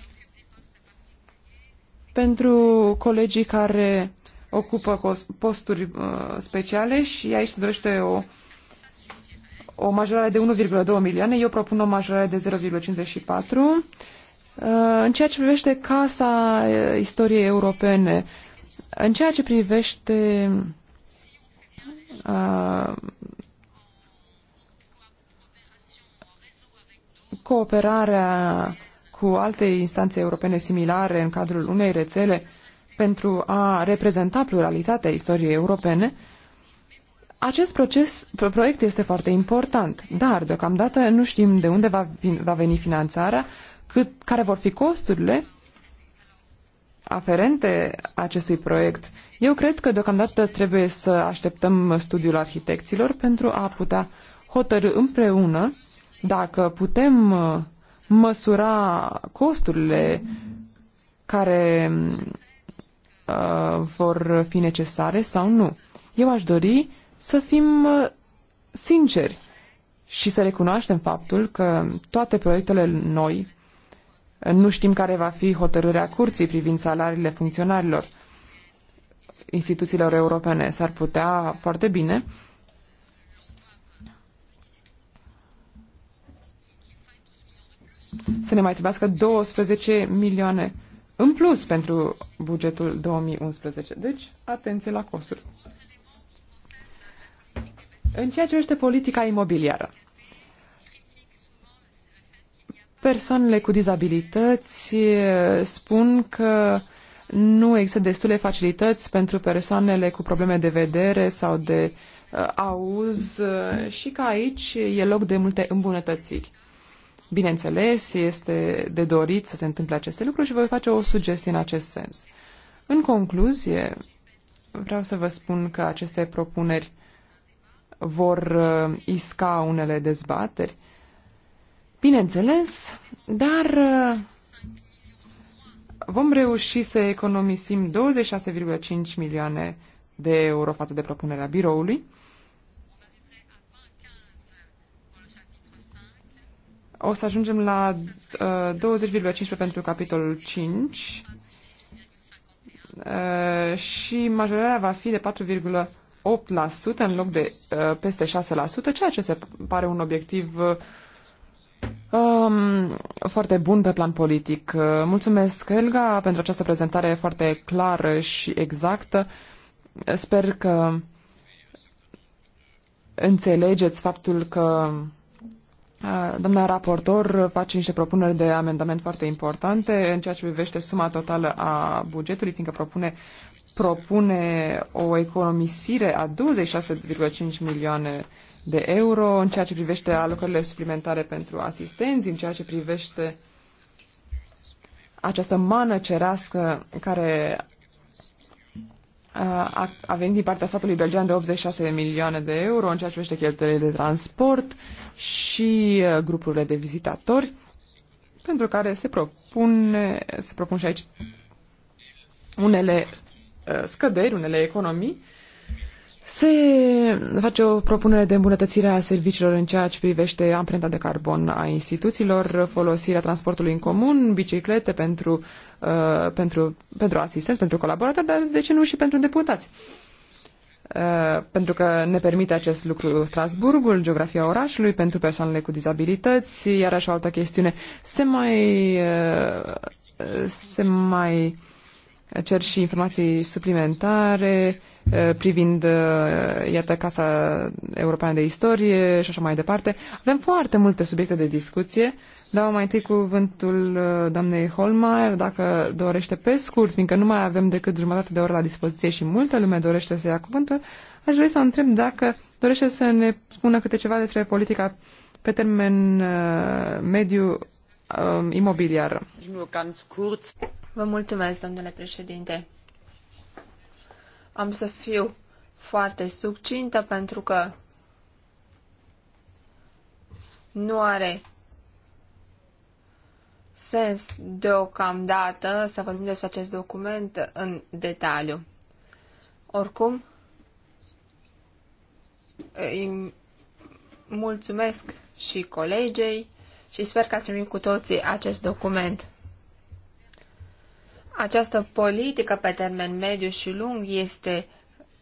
pentru colegii care ocupă posturi uh, speciale și aici se dorește o, o majorare de 1,2 milioane. Eu propun o majorare de 0,54. Uh, în ceea ce privește Casa uh, Istoriei Europene, în ceea ce privește cooperarea cu alte instanțe europene similare în cadrul unei rețele pentru a reprezenta pluralitatea istoriei europene, acest proces, proiect este foarte important, dar deocamdată nu știm de unde va, va veni finanțarea, cât, care vor fi costurile aferente acestui proiect. Eu cred că deocamdată trebuie să așteptăm studiul arhitecților pentru a putea hotărâ împreună dacă putem uh, măsura costurile care uh, vor fi necesare sau nu. Eu aș dori să fim uh, sinceri și să recunoaștem faptul că toate proiectele noi nu știm care va fi hotărârea curții privind salariile funcționarilor instituțiilor europene. S-ar putea foarte bine să ne mai trebuiască 12 milioane în plus pentru bugetul 2011. Deci, atenție la costuri. În ceea ce este politica imobiliară, persoanele cu dizabilități spun că nu există destule facilități pentru persoanele cu probleme de vedere sau de uh, auz uh, și că aici e loc de multe îmbunătățiri. Bineînțeles, este de dorit să se întâmple aceste lucruri și voi face o sugestie în acest sens. În concluzie, vreau să vă spun că aceste propuneri vor uh, isca unele dezbateri, bineînțeles, dar uh, vom reuși să economisim 26,5 milioane de euro față de propunerea biroului O să ajungem la uh, 20,5 pentru capitolul 5 uh, și majorarea va fi de 4,8% în loc de uh, peste 6%, ceea ce se pare un obiectiv uh, Um, foarte bun pe plan politic. Uh, mulțumesc, Helga, pentru această prezentare foarte clară și exactă. Sper că înțelegeți faptul că Doamna raportor face niște propuneri de amendament foarte importante în ceea ce privește suma totală a bugetului, fiindcă propune propune o economisire a 26,5 milioane de euro în ceea ce privește alocările suplimentare pentru asistenți, în ceea ce privește această mană cerească care a venit din partea statului belgian de 86 de milioane de euro în ceea ce privește cheltuielile de transport și grupurile de vizitatori, pentru care se, propune, se propun și aici unele scăderi, unele economii. Se face o propunere de îmbunătățire a serviciilor în ceea ce privește amprenta de carbon a instituțiilor, folosirea transportului în comun, biciclete pentru Uh, pentru, pentru asistenți, pentru colaboratori, dar de ce nu și pentru deputați? Uh, pentru că ne permite acest lucru Strasburgul, geografia orașului, pentru persoanele cu dizabilități, iar așa o altă chestiune. Se mai, uh, se mai cer și informații suplimentare Uh, privind, uh, iată, Casa Europeană de Istorie și așa mai departe. Avem foarte multe subiecte de discuție. Dau mai întâi cuvântul uh, doamnei Holmeier, dacă dorește pe scurt, fiindcă nu mai avem decât jumătate de oră la dispoziție și multă lume dorește să ia cuvântul, aș dori să o întreb dacă dorește să ne spună câte ceva despre politica pe termen mediu um, imobiliară. Vă mulțumesc, domnule președinte. Am să fiu foarte succintă pentru că nu are sens deocamdată să vorbim despre acest document în detaliu. Oricum, îi mulțumesc și colegei și sper că ați primit cu toții acest document. Această politică pe termen mediu și lung este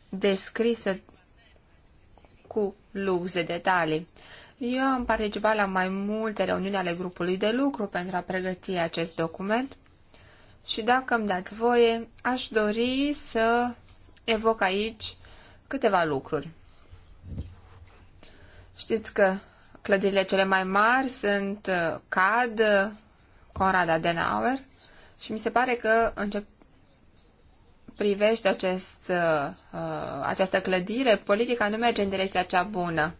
descrisă cu lux de detalii. Eu am participat la mai multe reuniuni ale grupului de lucru pentru a pregăti acest document și dacă îmi dați voie, aș dori să evoc aici câteva lucruri. Știți că clădirile cele mai mari sunt uh, CAD, uh, Conrad Adenauer, și mi se pare că în ce privește acest, uh, uh, această clădire, politica nu merge în direcția cea bună.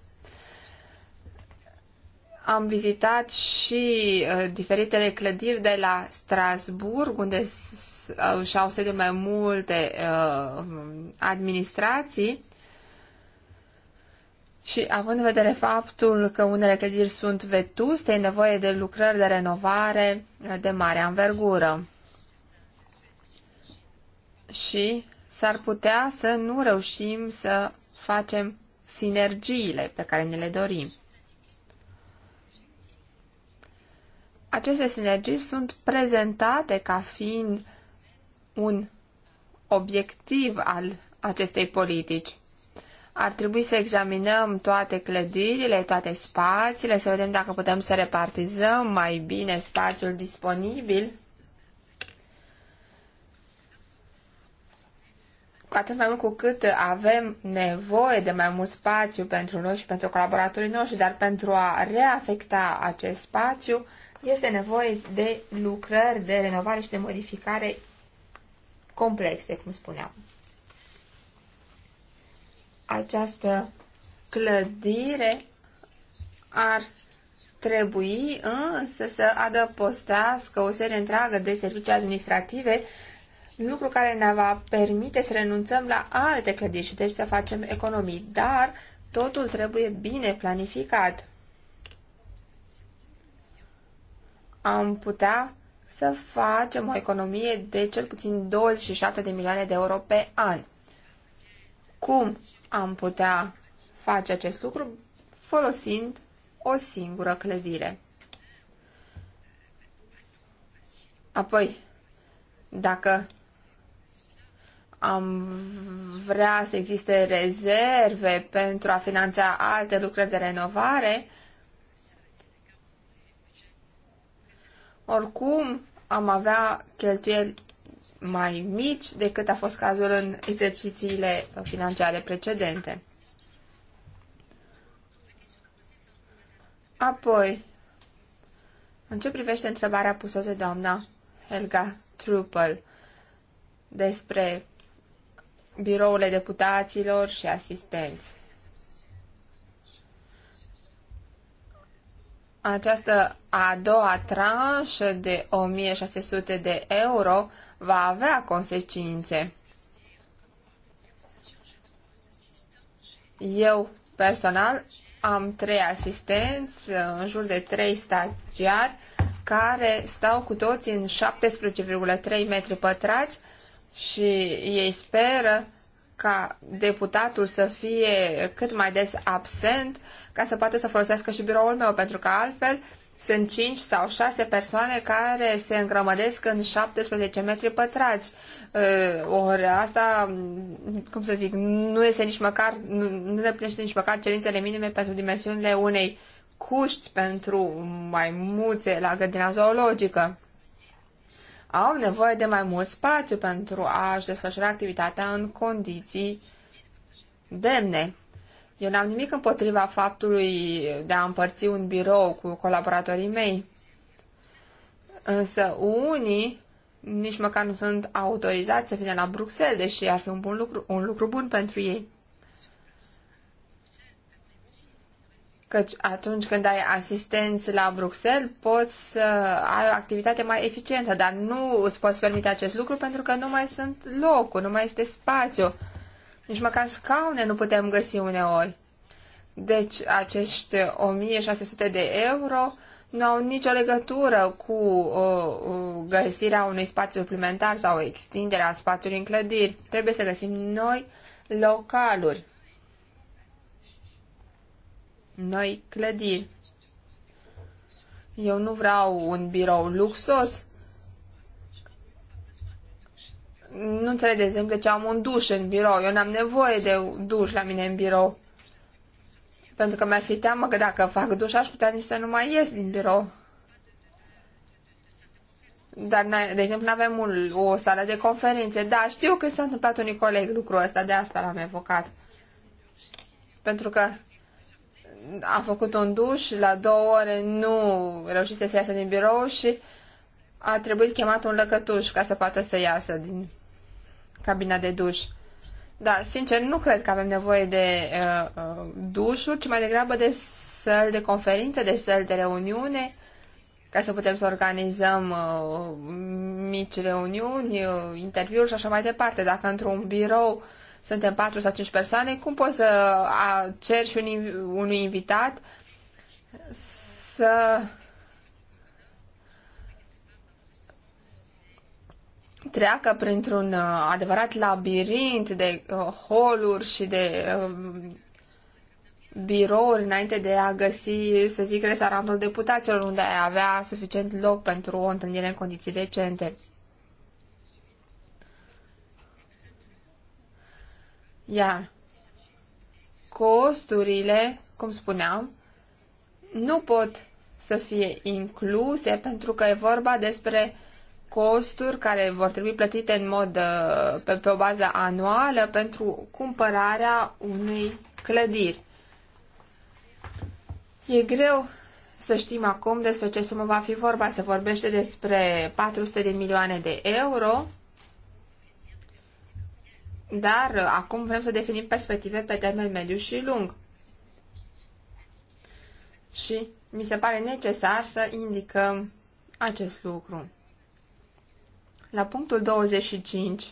Am vizitat și uh, diferitele clădiri de la Strasburg, unde și-au sediu mai multe uh, administrații și având în vedere faptul că unele clădiri sunt vetuste, e nevoie de lucrări de renovare de mare anvergură. Și s-ar putea să nu reușim să facem sinergiile pe care ne le dorim. Aceste sinergii sunt prezentate ca fiind un obiectiv al acestei politici ar trebui să examinăm toate clădirile, toate spațiile, să vedem dacă putem să repartizăm mai bine spațiul disponibil. Cu atât mai mult cu cât avem nevoie de mai mult spațiu pentru noi și pentru colaboratorii noștri, dar pentru a reafecta acest spațiu este nevoie de lucrări, de renovare și de modificare complexe, cum spuneam această clădire ar trebui însă să adăpostească o serie întreagă de servicii administrative, lucru care ne va permite să renunțăm la alte clădiri și deci să facem economii, dar totul trebuie bine planificat. Am putea să facem o economie de cel puțin 27 de milioane de euro pe an. Cum am putea face acest lucru folosind o singură clădire. Apoi, dacă am vrea să existe rezerve pentru a finanța alte lucrări de renovare, oricum am avea cheltuieli mai mici decât a fost cazul în exercițiile financiare precedente. Apoi, în ce privește întrebarea pusă de doamna Helga Truppel despre biroul deputaților și asistenți. Această a doua tranșă de 1600 de euro va avea consecințe. Eu, personal, am trei asistenți, în jur de trei stagiari, care stau cu toții în 17,3 metri pătrați și ei speră ca deputatul să fie cât mai des absent ca să poată să folosească și biroul meu, pentru că altfel sunt 5 sau 6 persoane care se îngrămădesc în 17 metri pătrați. Uh, ori asta, cum să zic, nu este nici măcar, nu, nu deplinește nici măcar cerințele minime pentru dimensiunile unei cuști pentru maimuțe la grădina zoologică. Au nevoie de mai mult spațiu pentru a-și desfășura activitatea în condiții demne. Eu n-am nimic împotriva faptului de a împărți un birou cu colaboratorii mei. Însă unii nici măcar nu sunt autorizați să vină la Bruxelles, deși ar fi un, bun lucru, un lucru bun pentru ei. Căci atunci când ai asistenți la Bruxelles, poți să ai o activitate mai eficientă, dar nu îți poți permite acest lucru pentru că nu mai sunt locuri, nu mai este spațiu nici măcar scaune nu putem găsi uneori. Deci acești 1600 de euro nu au nicio legătură cu uh, uh, găsirea unui spațiu suplimentar sau extinderea spațiului în clădiri. Trebuie să găsim noi localuri, noi clădiri. Eu nu vreau un birou luxos, nu înțeleg, de exemplu, ce am un duș în birou. Eu n-am nevoie de duș la mine în birou. Pentru că mi-ar fi teamă că dacă fac duș, aș putea nici să nu mai ies din birou. Dar, de exemplu, nu avem o sală de conferințe. Da, știu că s-a întâmplat unui coleg lucrul ăsta, de asta l-am evocat. Pentru că a făcut un duș, la două ore nu reușise să iasă din birou și a trebuit chemat un lăcătuș ca să poată să iasă din cabina de duș. Da, sincer, nu cred că avem nevoie de uh, uh, dușuri, ci mai degrabă de săli de conferințe, de săli de reuniune, ca să putem să organizăm uh, mici reuniuni, uh, interviuri și așa mai departe. Dacă într-un birou suntem 4 sau 5 persoane, cum poți să uh, ceri și unui invitat să treacă printr-un uh, adevărat labirint de uh, holuri și de um, birouri înainte de a găsi, să zic, restaurantul deputaților, unde ai avea suficient loc pentru o întâlnire în condiții decente. Iar costurile, cum spuneam, nu pot să fie incluse pentru că e vorba despre uh, costuri care vor trebui plătite în mod uh, pe, pe o bază anuală pentru cumpărarea unei clădiri. E greu să știm acum despre ce sumă va fi vorba. Se vorbește despre 400 de milioane de euro, dar acum vrem să definim perspective pe termen mediu și lung. Și mi se pare necesar să indicăm acest lucru. La punctul 25,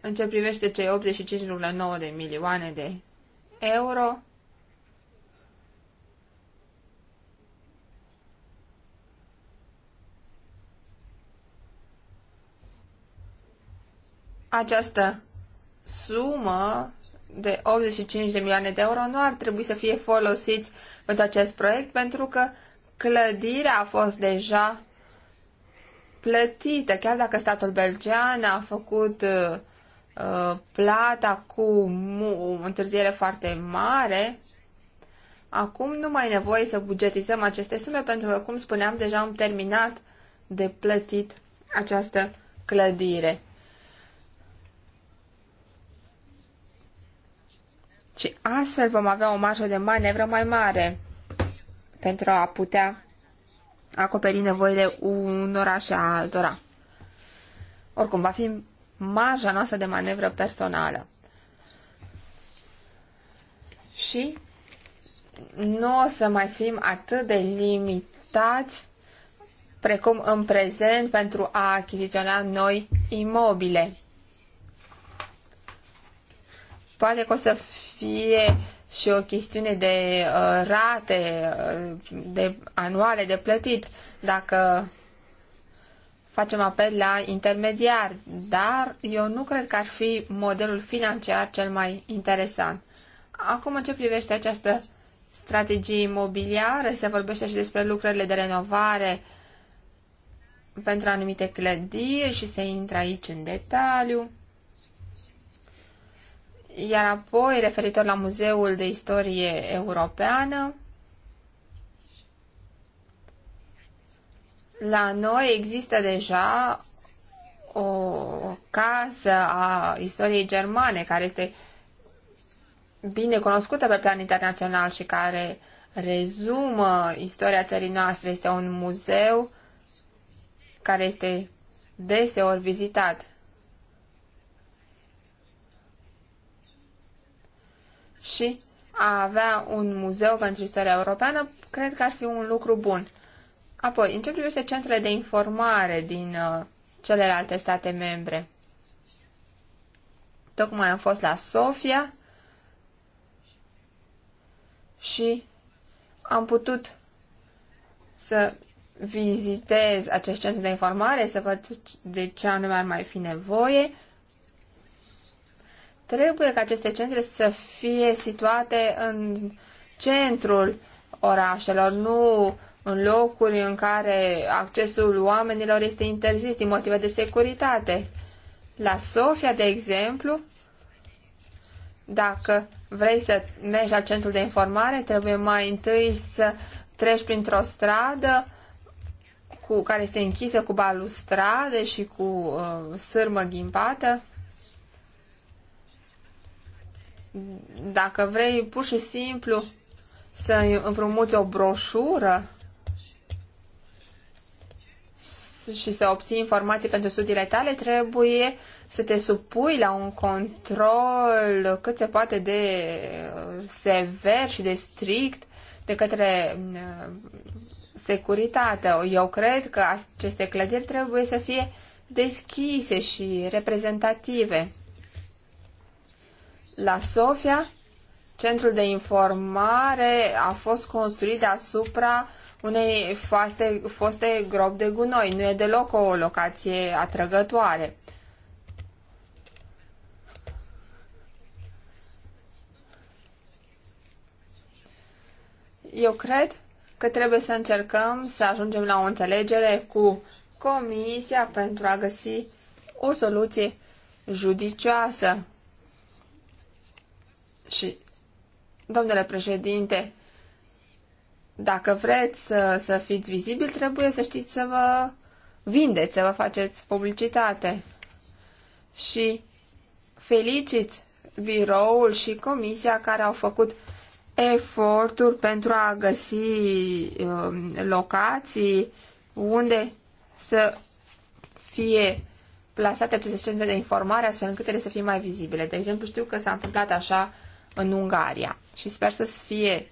în ce privește cei 85,9 de milioane de euro, această sumă de 85 de milioane de euro nu ar trebui să fie folosiți pentru acest proiect pentru că clădirea a fost deja Plătită. chiar dacă statul belgean a făcut uh, plata cu o întârziere foarte mare, acum nu mai e nevoie să bugetizăm aceste sume pentru că, cum spuneam, deja am terminat de plătit această clădire. Și astfel vom avea o marjă de manevră mai mare pentru a putea acoperi nevoile unora și a altora. Oricum, va fi marja noastră de manevră personală. Și nu o să mai fim atât de limitați precum în prezent pentru a achiziționa noi imobile. Poate că o să fie și o chestiune de uh, rate uh, de anuale de plătit, dacă facem apel la intermediari, dar eu nu cred că ar fi modelul financiar cel mai interesant. Acum, în ce privește această strategie imobiliară, se vorbește și despre lucrările de renovare pentru anumite clădiri și se intră aici în detaliu. Iar apoi, referitor la Muzeul de Istorie Europeană, la noi există deja o casă a istoriei germane care este bine cunoscută pe plan internațional și care rezumă istoria țării noastre. Este un muzeu care este deseori vizitat. și a avea un muzeu pentru istoria europeană, cred că ar fi un lucru bun. Apoi, în ce privește centrele de informare din uh, celelalte state membre? Tocmai am fost la Sofia și am putut să vizitez acest centru de informare, să văd de ce anume ar mai fi nevoie Trebuie ca aceste centre să fie situate în centrul orașelor, nu în locuri în care accesul oamenilor este interzis din motive de securitate. La Sofia, de exemplu, dacă vrei să mergi la centrul de informare, trebuie mai întâi să treci printr-o stradă cu, care este închisă cu balustrade și cu uh, sârmă ghimpată dacă vrei pur și simplu să împrumuți o broșură și să obții informații pentru studiile tale, trebuie să te supui la un control cât se poate de uh, sever și de strict de către uh, securitate. Eu cred că aceste clădiri trebuie să fie deschise și reprezentative. La Sofia, centrul de informare a fost construit asupra unei foste, foste grob de gunoi. Nu e deloc o locație atrăgătoare. Eu cred că trebuie să încercăm să ajungem la o înțelegere cu Comisia pentru a găsi o soluție judicioasă și, domnule președinte, dacă vreți să, să fiți vizibil, trebuie să știți să vă vindeți, să vă faceți publicitate. Și felicit biroul și comisia care au făcut eforturi pentru a găsi um, locații unde să fie plasate aceste centre de informare astfel încât ele să fie mai vizibile. De exemplu, știu că s-a întâmplat așa în Ungaria și sper să fie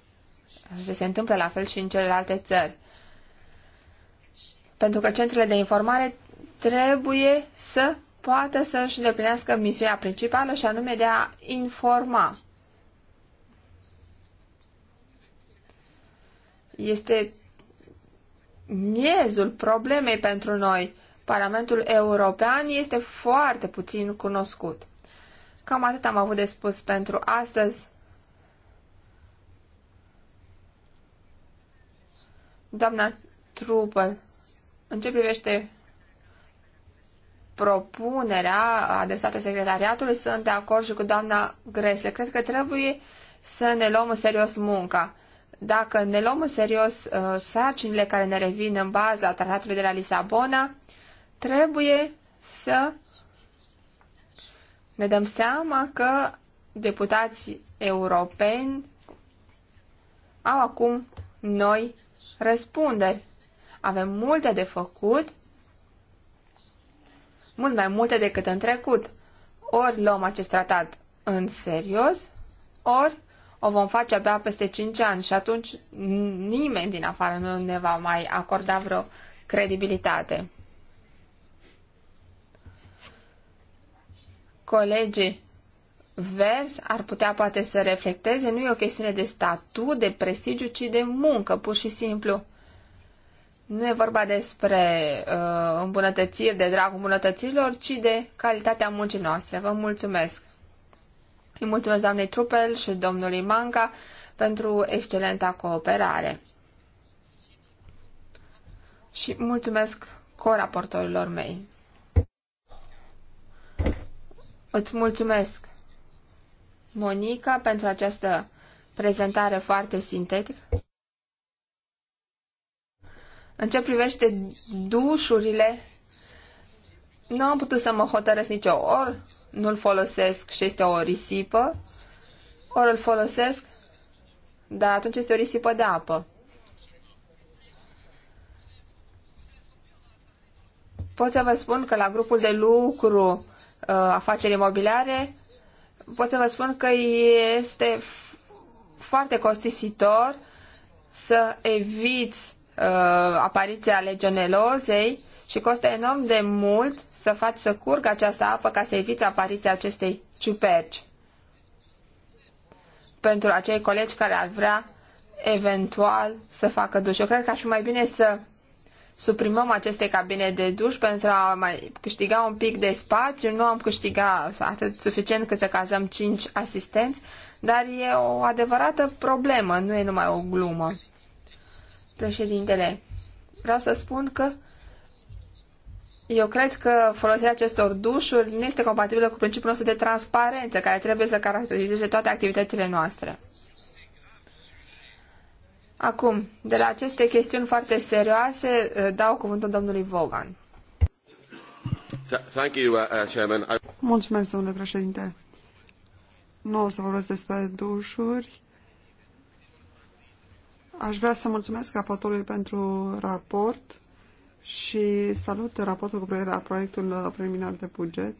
să se întâmple la fel și în celelalte țări. Pentru că centrele de informare trebuie să poată să își îndeplinească misiunea principală și anume de a informa. Este miezul problemei pentru noi. Parlamentul European este foarte puțin cunoscut. Cam atât am avut de spus pentru astăzi. Doamna Trupel, în ce privește propunerea adresată secretariatului, sunt de acord și cu doamna Gresle. Cred că trebuie să ne luăm în serios munca. Dacă ne luăm în serios uh, sarcinile care ne revin în baza tratatului de la Lisabona, trebuie să ne dăm seama că deputații europeni au acum noi răspunderi. Avem multe de făcut, mult mai multe decât în trecut. Ori luăm acest tratat în serios, ori o vom face abia peste 5 ani și atunci nimeni din afară nu ne va mai acorda vreo credibilitate. colegii vers ar putea poate să reflecteze, nu e o chestiune de statut, de prestigiu, ci de muncă, pur și simplu. Nu e vorba despre uh, îmbunătățiri, de dragul îmbunătățirilor, ci de calitatea muncii noastre. Vă mulțumesc! Îi mulțumesc doamnei Trupel și domnului Manca pentru excelenta cooperare. Și mulțumesc coraportorilor mei. Îți mulțumesc, Monica, pentru această prezentare foarte sintetică. În ce privește dușurile, nu am putut să mă hotărăsc nicio ori, nu-l folosesc și este o risipă, ori îl folosesc, dar atunci este o risipă de apă. Pot să vă spun că la grupul de lucru Uh, afaceri imobiliare, pot să vă spun că este foarte costisitor să eviți uh, apariția legionelozei și costă enorm de mult să faci să curgă această apă ca să eviți apariția acestei ciuperci. Pentru acei colegi care ar vrea eventual să facă duș. Eu cred că ar fi mai bine să suprimăm aceste cabine de duș pentru a mai câștiga un pic de spațiu. Nu am câștigat atât suficient cât să cazăm cinci asistenți, dar e o adevărată problemă, nu e numai o glumă. Președintele, vreau să spun că eu cred că folosirea acestor dușuri nu este compatibilă cu principiul nostru de transparență, care trebuie să caracterizeze toate activitățile noastre. Acum, de la aceste chestiuni foarte serioase, uh, dau cuvântul domnului Vaughan. Uh, uh, mulțumesc, domnule președinte. Nu o să vorbesc despre dușuri. Aș vrea să mulțumesc raportului pentru raport și salut raportul cu privire la proiectul preliminar de buget.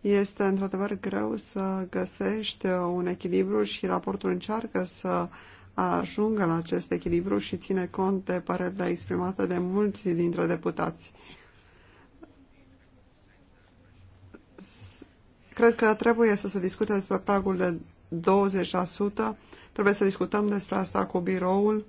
Este într-adevăr greu să găsești un echilibru și raportul încearcă să uh, ajungă la acest echilibru și ține cont de părerea exprimată de mulți dintre deputați. Cred că trebuie să se discute despre pragul de 20%, trebuie să discutăm despre asta cu biroul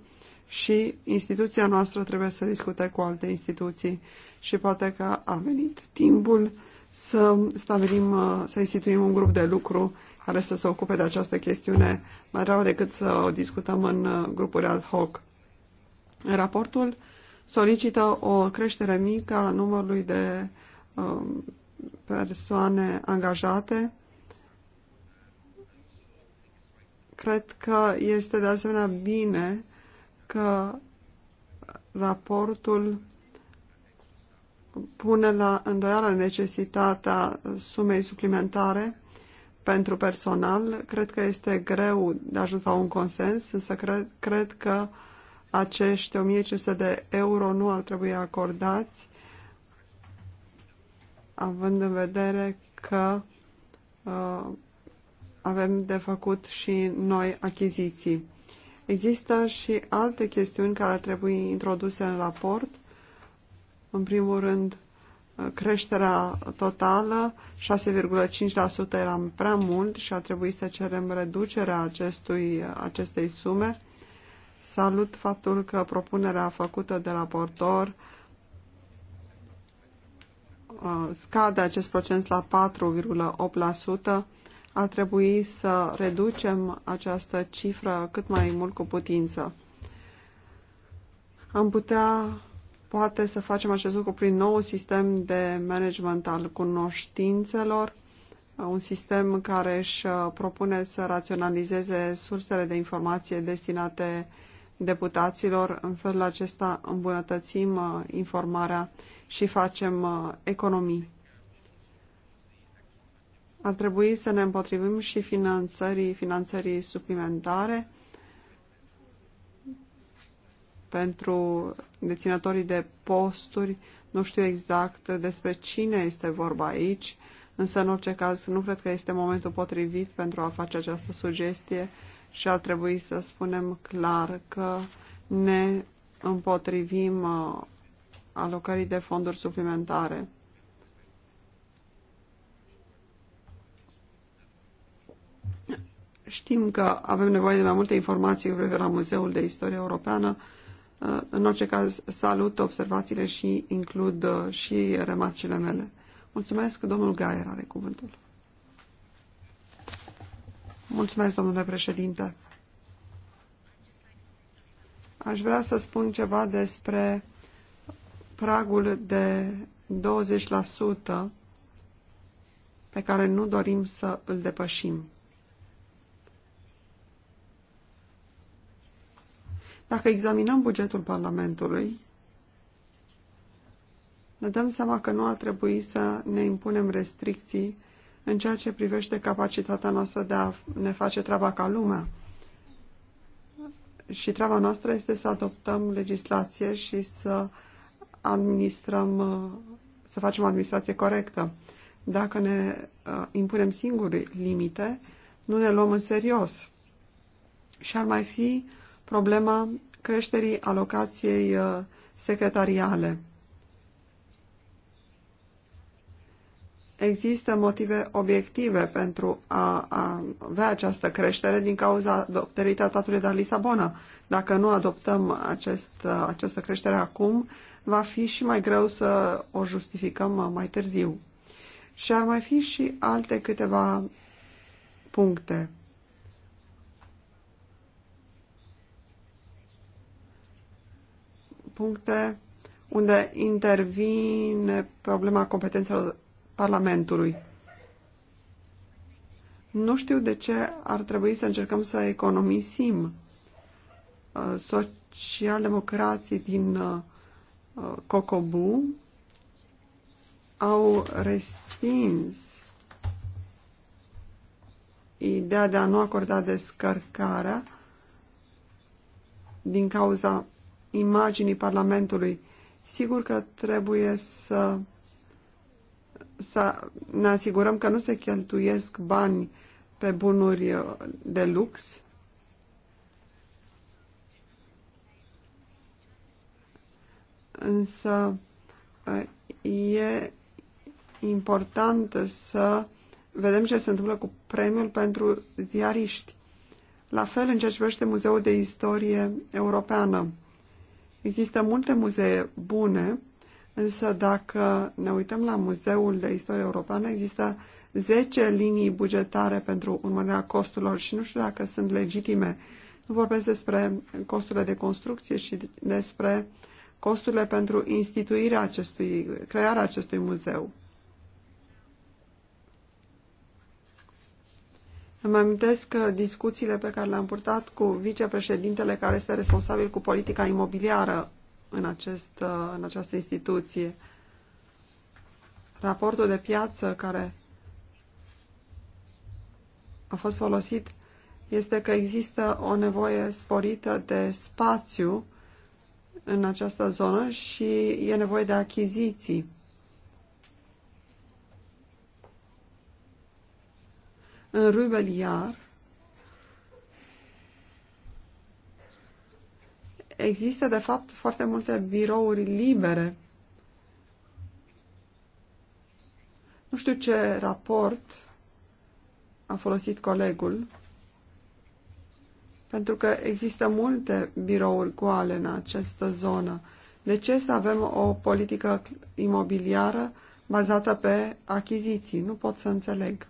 și instituția noastră trebuie să discute cu alte instituții și poate că a venit timpul să stabilim, să instituim un grup de lucru care să se ocupe de această chestiune mai rău decât să o discutăm în uh, grupuri ad hoc. Raportul solicită o creștere mică a numărului de um, persoane angajate. Cred că este de asemenea bine că raportul pune la îndoială necesitatea sumei suplimentare pentru personal, cred că este greu de ajuns la un consens, însă cred, cred că acești 1500 de euro nu ar trebui acordați, având în vedere că uh, avem de făcut și noi achiziții. Există și alte chestiuni care ar trebui introduse în raport. În primul rând, creșterea totală, 6,5% era prea mult și a trebuit să cerem reducerea acestui, acestei sume. Salut faptul că propunerea făcută de raportor uh, scade acest procent la 4,8%. A trebui să reducem această cifră cât mai mult cu putință. Am putea poate să facem acest lucru prin nou sistem de management al cunoștințelor, un sistem care își uh, propune să raționalizeze sursele de informație destinate deputaților. În felul acesta îmbunătățim uh, informarea și facem uh, economii. Ar trebui să ne împotrivim și finanțării, finanțării suplimentare pentru deținătorii de posturi. Nu știu exact despre cine este vorba aici, însă în orice caz nu cred că este momentul potrivit pentru a face această sugestie și ar trebui să spunem clar că ne împotrivim uh, alocării de fonduri suplimentare. Știm că avem nevoie de mai multe informații cu privire la Muzeul de Istorie Europeană în orice caz, salut observațiile și includ uh, și remarcile mele. Mulțumesc, domnul Gaier are cuvântul. Mulțumesc, domnule președinte. Aș vrea să spun ceva despre pragul de 20% pe care nu dorim să îl depășim. Dacă examinăm bugetul Parlamentului, ne dăm seama că nu ar trebui să ne impunem restricții în ceea ce privește capacitatea noastră de a ne face treaba ca lumea. Și treaba noastră este să adoptăm legislație și să administrăm, să facem administrație corectă. Dacă ne uh, impunem singuri limite, nu ne luăm în serios. Și ar mai fi uh, problema creșterii alocației uh, secretariale. Există motive obiective pentru a, a avea această creștere din cauza adoptării tratatului de la Lisabona. Dacă nu adoptăm acest, uh, această creștere acum, va fi și mai greu să o justificăm uh, mai târziu. Și ar mai fi și alte câteva puncte. puncte unde intervine problema competențelor Parlamentului. Nu știu de ce ar trebui să încercăm să economisim. Uh, socialdemocrații din uh, uh, Cocobu au respins ideea de a nu acorda descărcarea din cauza imaginii Parlamentului. Sigur că trebuie să, să ne asigurăm că nu se cheltuiesc bani pe bunuri de lux. Însă e important să vedem ce se întâmplă cu premiul pentru ziariști. La fel în ce privește Muzeul de Istorie Europeană. Există multe muzee bune, însă dacă ne uităm la Muzeul de Istorie Europeană, există 10 linii bugetare pentru urmărirea costurilor și nu știu dacă sunt legitime. Nu vorbesc despre costurile de construcție și despre costurile pentru instituirea acestui, crearea acestui muzeu. Îmi amintesc discuțiile pe care le-am purtat cu vicepreședintele care este responsabil cu politica imobiliară în, acest, uh, în această instituție. Raportul de piață care a fost folosit este că există o nevoie sporită de spațiu în această zonă și e nevoie de achiziții. în iar există de fapt foarte multe birouri libere. Nu știu ce raport a folosit colegul, pentru că există multe birouri goale în această zonă. De ce să avem o politică imobiliară bazată pe achiziții? Nu pot să înțeleg.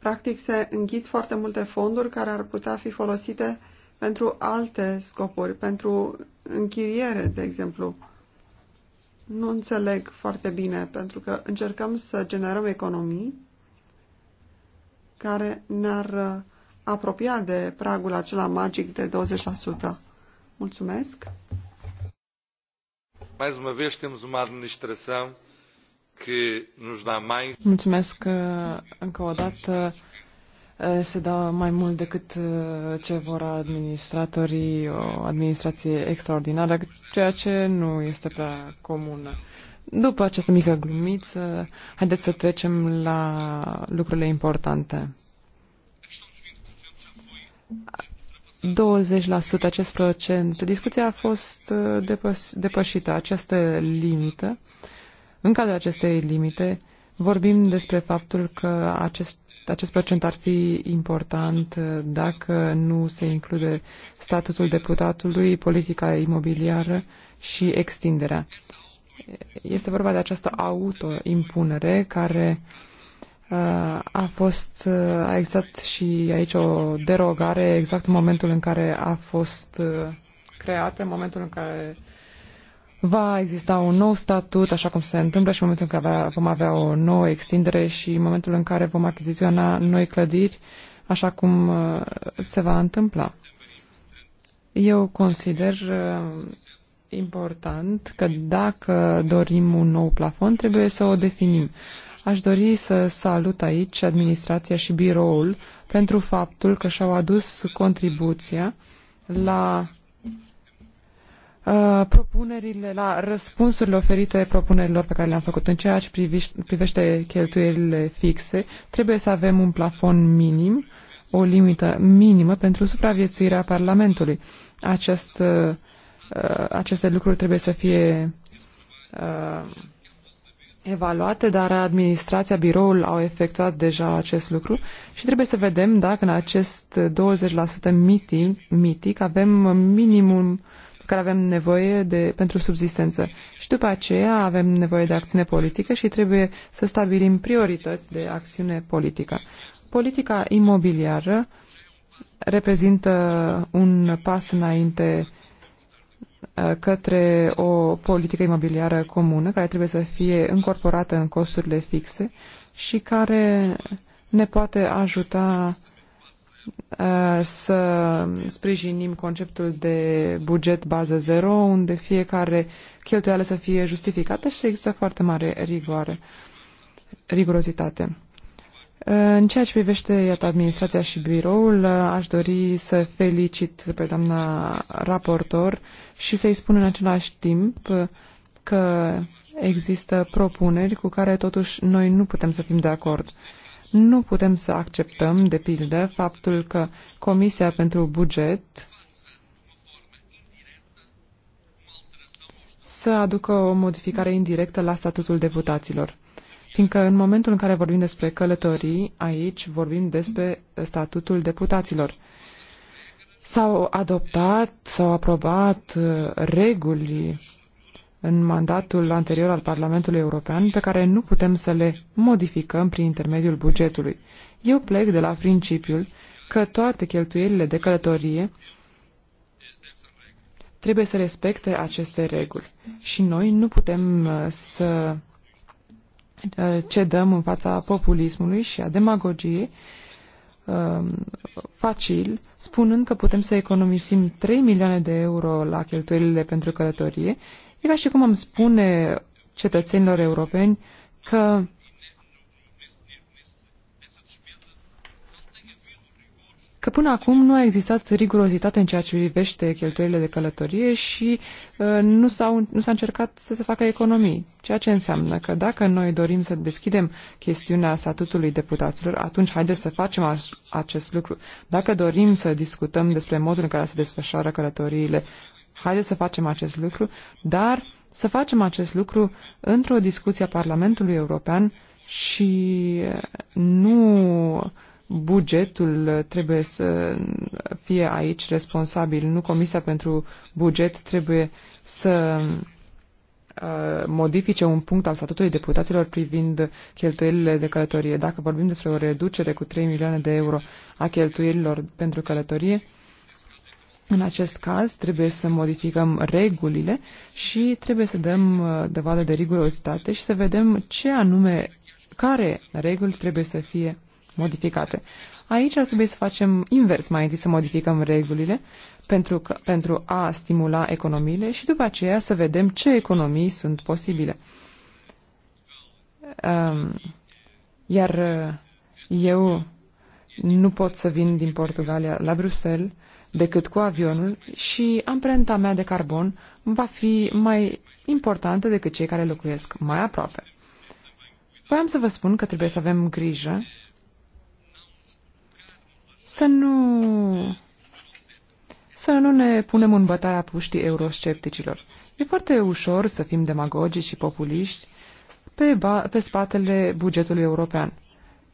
Practic se înghit foarte multe fonduri care ar putea fi folosite pentru alte scopuri, pentru închiriere, de exemplu. Nu înțeleg foarte bine, pentru că încercăm să generăm economii care ne-ar uh, apropia de pragul acela magic de 20%. Mulțumesc! Mais uma vez temos uma administração Mulțumesc uh, încă o dată. Uh, se dă mai mult decât uh, ce vor administratorii, o administrație extraordinară, ceea ce nu este prea comună. După această mică glumiță, haideți să trecem la lucrurile importante. 20% acest procent. Discuția a fost depășită, această limită. Uh, în cadrul acestei limite vorbim despre faptul că acest, acest procent ar fi important uh, dacă nu se include statutul deputatului, politica imobiliară și extinderea. Este vorba de această autoimpunere care uh, a fost, uh, a existat și aici o derogare exact în momentul în care a fost creată, în momentul în care va exista un nou statut, așa cum se întâmplă și în momentul în care vom avea o nouă extindere și în momentul în care vom achiziționa noi clădiri, așa cum uh, se va întâmpla. Eu consider uh, important că dacă dorim un nou plafon, trebuie să o definim. Aș dori să salut aici administrația și biroul pentru faptul că și-au adus contribuția la Uh, propunerile, la răspunsurile oferite propunerilor pe care le-am făcut. În ceea ce privește cheltuielile fixe, trebuie să avem un plafon minim, o limită minimă pentru supraviețuirea Parlamentului. Acest, uh, uh, aceste lucruri trebuie să fie evaluate, dar administrația, biroul au efectuat deja acest lucru și trebuie să vedem dacă în acest 20% mitic, mitic avem minimum uh, care avem nevoie de, pentru subsistență. Și după aceea avem nevoie de acțiune politică și trebuie să stabilim priorități de acțiune politică. Politica imobiliară reprezintă un pas înainte uh, către o politică imobiliară comună care trebuie să fie incorporată în costurile fixe și care ne poate ajuta Eh, să sprijinim conceptul de buget bază zero, unde fiecare cheltuială să fie justificată și există foarte mare rigoare, rigurozitate. Eh, în ceea ce privește iată, administrația și biroul, eh, aș dori să felicit pe doamna raportor și să-i spun în același timp că există propuneri cu care totuși noi nu putem să fim de acord. Nu putem să acceptăm, de pildă, faptul că Comisia pentru Buget să aducă o modificare indirectă la statutul deputaților. Fiindcă în momentul în care vorbim despre călătorii, aici vorbim despre statutul deputaților. S-au adoptat, s-au aprobat uh, reguli în mandatul anterior al Parlamentului European, pe care nu putem să le modificăm prin intermediul bugetului. Eu plec de la principiul că toate cheltuielile de călătorie trebuie să respecte aceste reguli și noi nu putem uh, să uh, cedăm în fața populismului și a demagogiei um, facil, spunând că putem să economisim 3 milioane de euro la cheltuielile pentru călătorie E ca și cum am spune cetățenilor europeni că că până acum nu a existat rigurozitate în ceea ce privește cheltuielile de călătorie și uh, nu, s-au, nu s-a încercat să se facă economii. Ceea ce înseamnă că dacă noi dorim să deschidem chestiunea statutului deputaților, atunci haideți să facem acest lucru. Dacă dorim să discutăm despre modul în care se desfășoară călătoriile Haideți să facem acest lucru, dar să facem acest lucru într-o discuție a Parlamentului European și nu bugetul trebuie să fie aici responsabil, nu Comisia pentru Buget trebuie să uh, modifice un punct al statutului deputaților privind cheltuielile de călătorie. Dacă vorbim despre o reducere cu 3 milioane de euro a cheltuielilor pentru călătorie, în acest caz trebuie să modificăm regulile și trebuie să dăm uh, dovadă de rigurozitate și să vedem ce anume, care reguli trebuie să fie modificate. Aici ar trebui să facem invers, mai întâi să modificăm regulile pentru, că, pentru a stimula economiile și după aceea să vedem ce economii sunt posibile. Um, iar uh, eu nu pot să vin din Portugalia la Bruxelles decât cu avionul și amprenta mea de carbon va fi mai importantă decât cei care locuiesc mai aproape. Voiam să vă spun că trebuie să avem grijă să nu, să nu ne punem în bătaia puștii euroscepticilor. E foarte ușor să fim demagogici și populiști pe, ba, pe spatele bugetului european.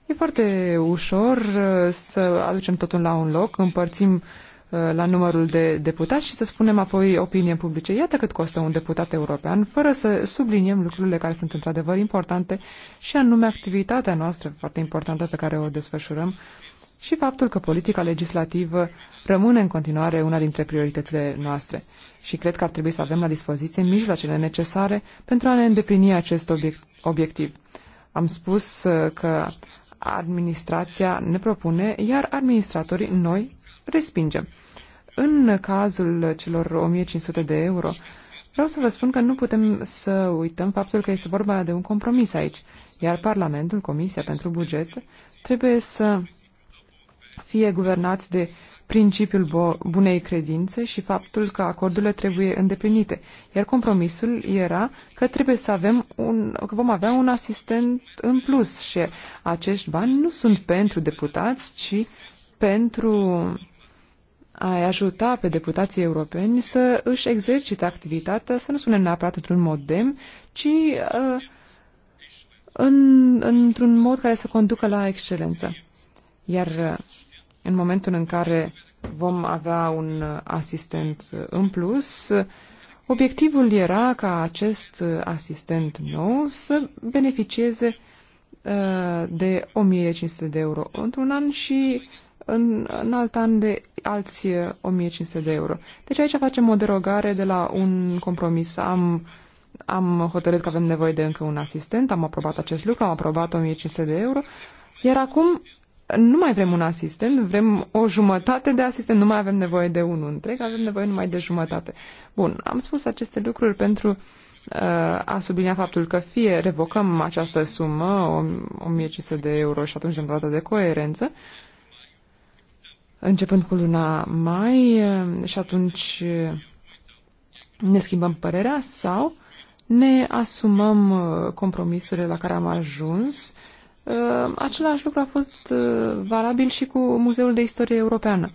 E foarte ușor uh, să aducem totul la un loc, împărțim Uh, la numărul de deputați și să spunem apoi opinie publice. Iată cât costă un deputat european, fără să subliniem lucrurile care sunt într-adevăr importante și anume activitatea noastră foarte importantă pe care o desfășurăm și faptul că politica legislativă rămâne în continuare una dintre prioritățile noastre. Și cred că ar trebui să avem la dispoziție mijloacele necesare pentru a ne îndeplini acest obiectiv. Am spus uh, că administrația ne propune, iar administratorii, noi, respingem. În cazul celor 1500 de euro, vreau să vă spun că nu putem să uităm faptul că este vorba de un compromis aici, iar Parlamentul, Comisia pentru Buget, trebuie să fie guvernați de principiul bunei credințe și faptul că acordurile trebuie îndeplinite. Iar compromisul era că trebuie să avem un, că vom avea un asistent în plus și acești bani nu sunt pentru deputați, ci pentru a ajuta pe deputații europeni să își exercite activitatea, să nu spunem neapărat într-un mod demn, ci uh, în, într-un mod care să conducă la excelență. Iar uh, în momentul în care vom avea un asistent uh, în plus, uh, obiectivul era ca acest uh, asistent nou să beneficieze uh, de 1500 de euro într-un an și în, în alt an de alți 1500 de euro. Deci aici facem o derogare de la un compromis. Am, am hotărât că avem nevoie de încă un asistent, am aprobat acest lucru, am aprobat 1500 de euro, iar acum nu mai vrem un asistent, vrem o jumătate de asistent, nu mai avem nevoie de unul întreg, avem nevoie numai de jumătate. Bun, am spus aceste lucruri pentru uh, a sublinia faptul că fie revocăm această sumă, 1500 de euro și atunci dăm dată de coerență, uh, începând cu luna mai eh, și atunci eh, ne schimbăm părerea sau ne asumăm eh, compromisurile la care am ajuns. Același lucru a fost valabil și cu Muzeul de Istorie Europeană.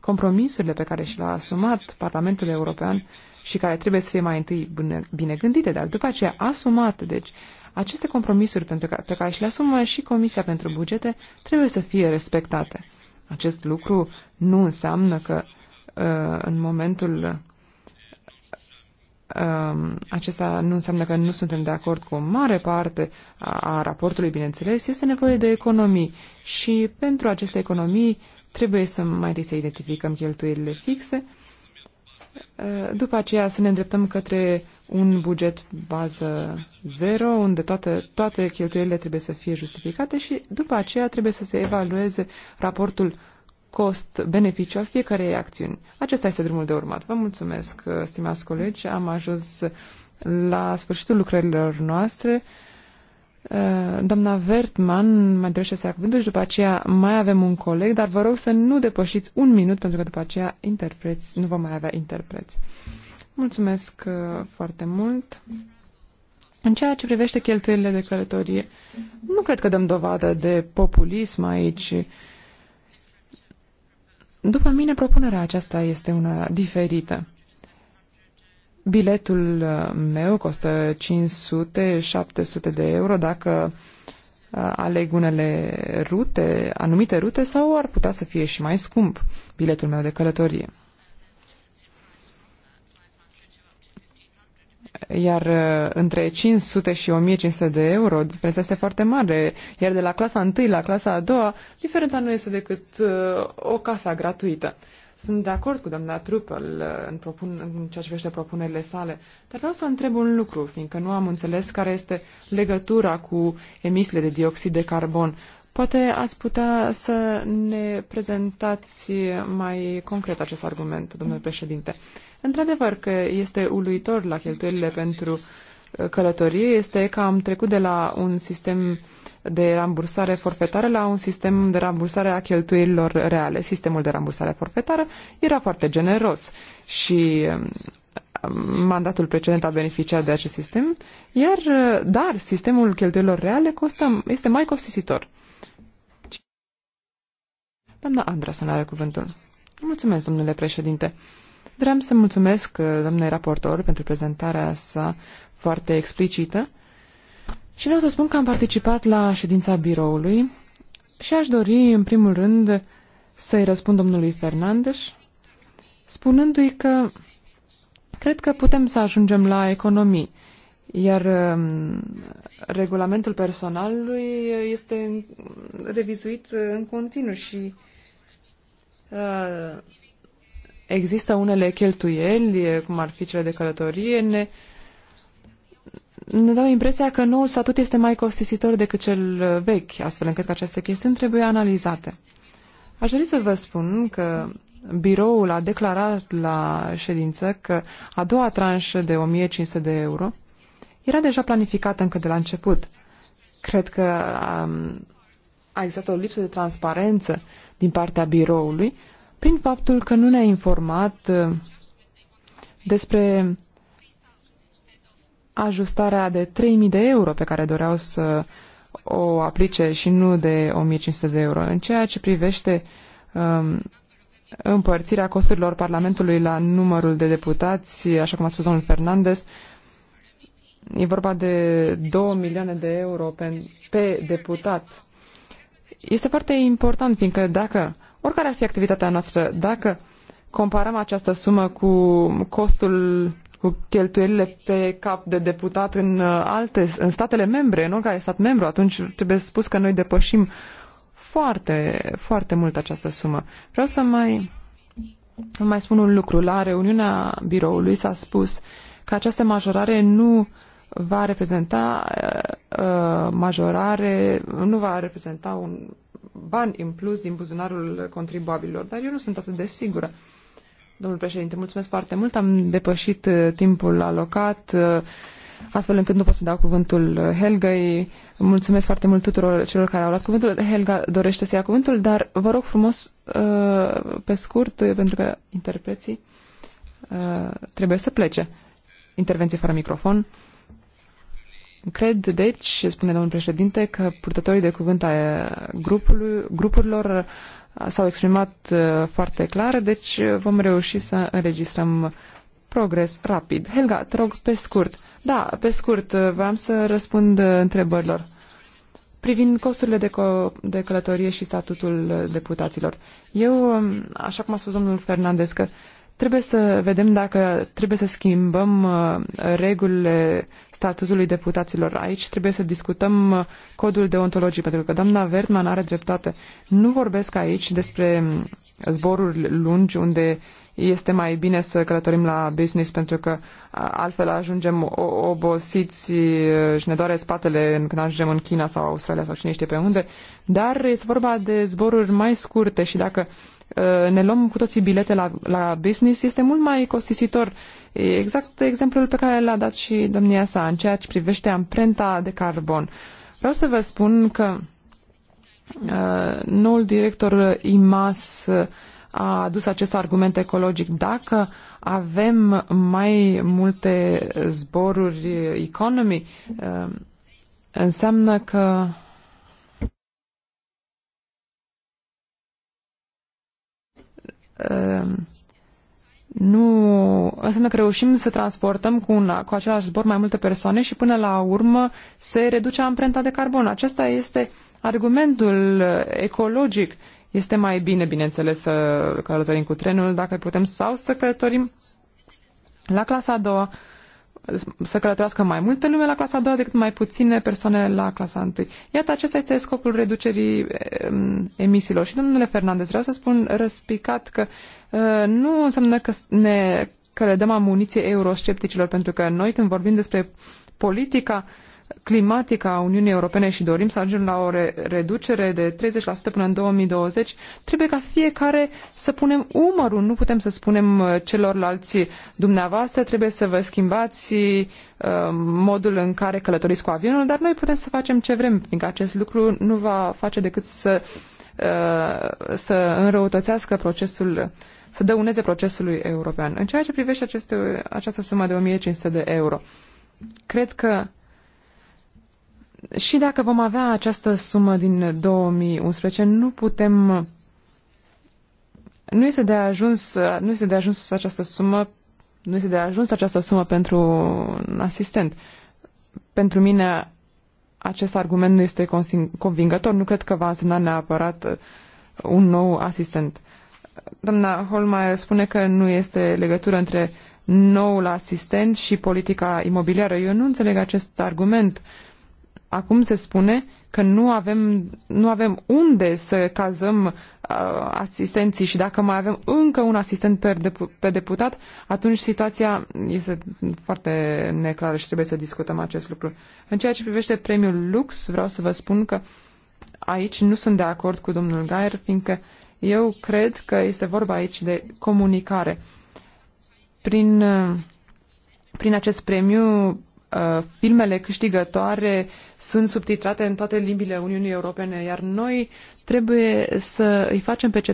Compromisurile pe care și le-a asumat Parlamentul European și care trebuie să fie mai întâi bine gândite, dar după aceea asumat, deci aceste compromisuri pentru ca, pe care și le asumă și Comisia pentru Bugete trebuie să fie respectate. Acest lucru nu înseamnă că uh, în momentul um, acesta nu înseamnă că nu suntem de acord cu o mare parte a raportului, bineînțeles, este nevoie de economii și pentru aceste economii trebuie să mai să identificăm cheltuielile fixe Eh, după aceea să ne îndreptăm către un buget bază zero, unde toate, toate cheltuielile trebuie să fie justificate și după aceea trebuie să se evalueze raportul cost-beneficiu al fiecarei acțiuni. Acesta este drumul de urmat. Vă mulțumesc, eh, stimați colegi. Am ajuns la sfârșitul lucrărilor noastre. Eh, doamna Vertman mai dorește să ia cuvântul și după aceea mai avem un coleg, dar vă rog să nu depășiți un minut pentru că după aceea interpreți, nu vom mai avea interpreți. Mulțumesc eh, foarte mult. În ceea ce privește cheltuielile de călătorie, nu cred că dăm dovadă de populism aici. După mine, propunerea aceasta este una diferită. Biletul uh, meu costă 500-700 de euro dacă uh, aleg unele rute, anumite rute sau ar putea să fie și mai scump biletul meu de călătorie. Iar uh, între 500 și 1500 de euro, diferența este foarte mare. Iar de la clasa 1 la clasa a 2, diferența nu este decât o cafea gratuită. Sunt de acord cu doamna Trupel uh, în, propun, în ceea ce privește propunerile sale, dar vreau să întreb un lucru, fiindcă nu am înțeles care este legătura cu emisiile de dioxid de carbon. Poate ați putea să ne prezentați mai concret acest argument, domnule președinte. Într-adevăr că este uluitor la cheltuielile pentru uh, călătorie este că am trecut de la un sistem de rambursare forfetară la un sistem de rambursare a cheltuielilor reale. Sistemul de rambursare forfetară era foarte generos și um, mandatul precedent a beneficiat de acest sistem, iar, dar sistemul cheltuielor reale costă, este mai costisitor. Doamna Andra să are cuvântul. Mulțumesc, domnule președinte. Vreau să mulțumesc, uh, domnule raportor, pentru prezentarea sa foarte explicită. Și vreau să spun că am participat la ședința biroului și aș dori, în primul rând, să-i răspund domnului Fernandes, spunându-i că cred că putem să ajungem la economii, iar um, regulamentul personalului este revizuit în continuu și uh, există unele cheltuieli, cum ar fi cele de călătorie, ne ne dau impresia că noul statut este mai costisitor decât cel uh, vechi, astfel încât aceste chestiuni trebuie analizate. Aș dori să vă spun că biroul a declarat la ședință că a doua tranșă de 1500 de euro era deja planificată încă de la început. Cred că um, a existat o lipsă de transparență din partea biroului prin faptul că nu ne-a informat uh, despre ajustarea de 3.000 de euro pe care doreau să o aplice și nu de 1.500 de euro. În ceea ce privește um, împărțirea costurilor Parlamentului la numărul de deputați, așa cum a spus domnul Fernandez, e vorba de 2 milioane de euro pe, pe deputat. Este foarte important, fiindcă dacă, oricare ar fi activitatea noastră, dacă comparăm această sumă cu costul cu cheltuielile pe cap de deputat în uh, alte, în statele membre, în oricare stat membru, atunci trebuie spus că noi depășim foarte, foarte mult această sumă. Vreau să mai, mai spun un lucru. La reuniunea biroului s-a spus că această majorare nu va reprezenta uh, uh majorare, nu va reprezenta un bani în plus din buzunarul contribuabililor, dar eu nu sunt atât de sigură. Uh, Domnul președinte, mulțumesc foarte mult. Am depășit uh, timpul alocat, uh, astfel încât nu pot să dau cuvântul uh, Helgăi. Mulțumesc foarte mult tuturor celor care au luat cuvântul. Helga dorește să ia cuvântul, dar vă rog frumos, pe scurt, pentru că interpreții trebuie să plece. Intervenție fără microfon. Cred, deci, spune domnul președinte, că purtătorii de cuvânt ai grupului, grupurilor s-au exprimat uh, foarte clar, deci uh, vom reuși să înregistrăm progres rapid. Helga, te rog, pe scurt. Da, pe scurt, uh, v-am să răspund întrebărilor. Privind costurile de, co- de călătorie și statutul deputaților, eu, um, așa cum a spus domnul Fernandez, că Trebuie să vedem dacă trebuie să schimbăm uh, regulile statutului deputaților aici. Trebuie să discutăm uh, codul deontologic, pentru că doamna Vertman are dreptate. Nu vorbesc aici despre um, zboruri lungi unde este mai bine să călătorim la business pentru că altfel ajungem obosiți uh, și ne doare spatele când ajungem în China sau Australia sau cine știe pe unde, dar este vorba de zboruri mai scurte și dacă uh, Eh, ne luăm cu toții bilete la, la business, este mult mai costisitor. Exact exemplul pe care l-a dat și domnia sa în ceea ce privește amprenta de carbon. Vreau să vă spun că uh, noul director IMAS a adus acest argument ecologic. Dacă avem mai multe zboruri economy, uh, înseamnă că Ehm, nu înseamnă că reușim să transportăm cu, una, cu același zbor mai multe persoane și până la urmă se reduce amprenta de carbon. Acesta este argumentul ecologic. Este mai bine, bineînțeles, să călătorim cu trenul dacă putem sau să călătorim la clasa a doua să călătorească mai multă lume la clasa a doua decât mai puține persoane la clasa a întâi. Iată, acesta este scopul reducerii emisiilor. Și, domnule Fernandez, vreau să spun răspicat că nu înseamnă că, ne, că le dăm amuniție euroscepticilor, pentru că noi când vorbim despre politica uh, climatică a Uniunii Europene și dorim să ajungem la o re reducere de 30% până în 2020, trebuie ca fiecare să punem umărul. Nu putem să spunem uh, celorlalți, dumneavoastră trebuie să vă schimbați uh, modul în care călătoriți cu avionul, dar noi putem să facem ce vrem, fiindcă acest lucru nu va face decât să, uh, să înrăutățească procesul să dăuneze procesului european. În ceea ce privește aceste, această sumă de 1500 de euro, cred că și dacă vom avea această sumă din 2011, nu putem nu este de ajuns, nu este de ajuns această sumă, nu este de ajuns această sumă pentru un asistent. Pentru mine acest argument nu este convingător, nu cred că va însemna neapărat un nou asistent. Doamna Holmeier spune că nu este legătură între noul asistent și politica imobiliară. Eu nu înțeleg acest argument. Uh, acum se spune că nu avem, nu avem unde să cazăm uh, asistenții și dacă mai avem încă un asistent pe, depu- pe deputat, atunci situația este foarte neclară și trebuie să discutăm acest lucru. În ceea ce privește premiul Lux, vreau să vă spun că aici nu sunt de acord cu domnul Gaier, fiindcă eu cred că este vorba aici de comunicare. Prin, uh, prin acest premiu Uh, filmele câștigătoare sunt subtitrate în toate limbile Uniunii Europene, iar noi trebuie să îi facem pe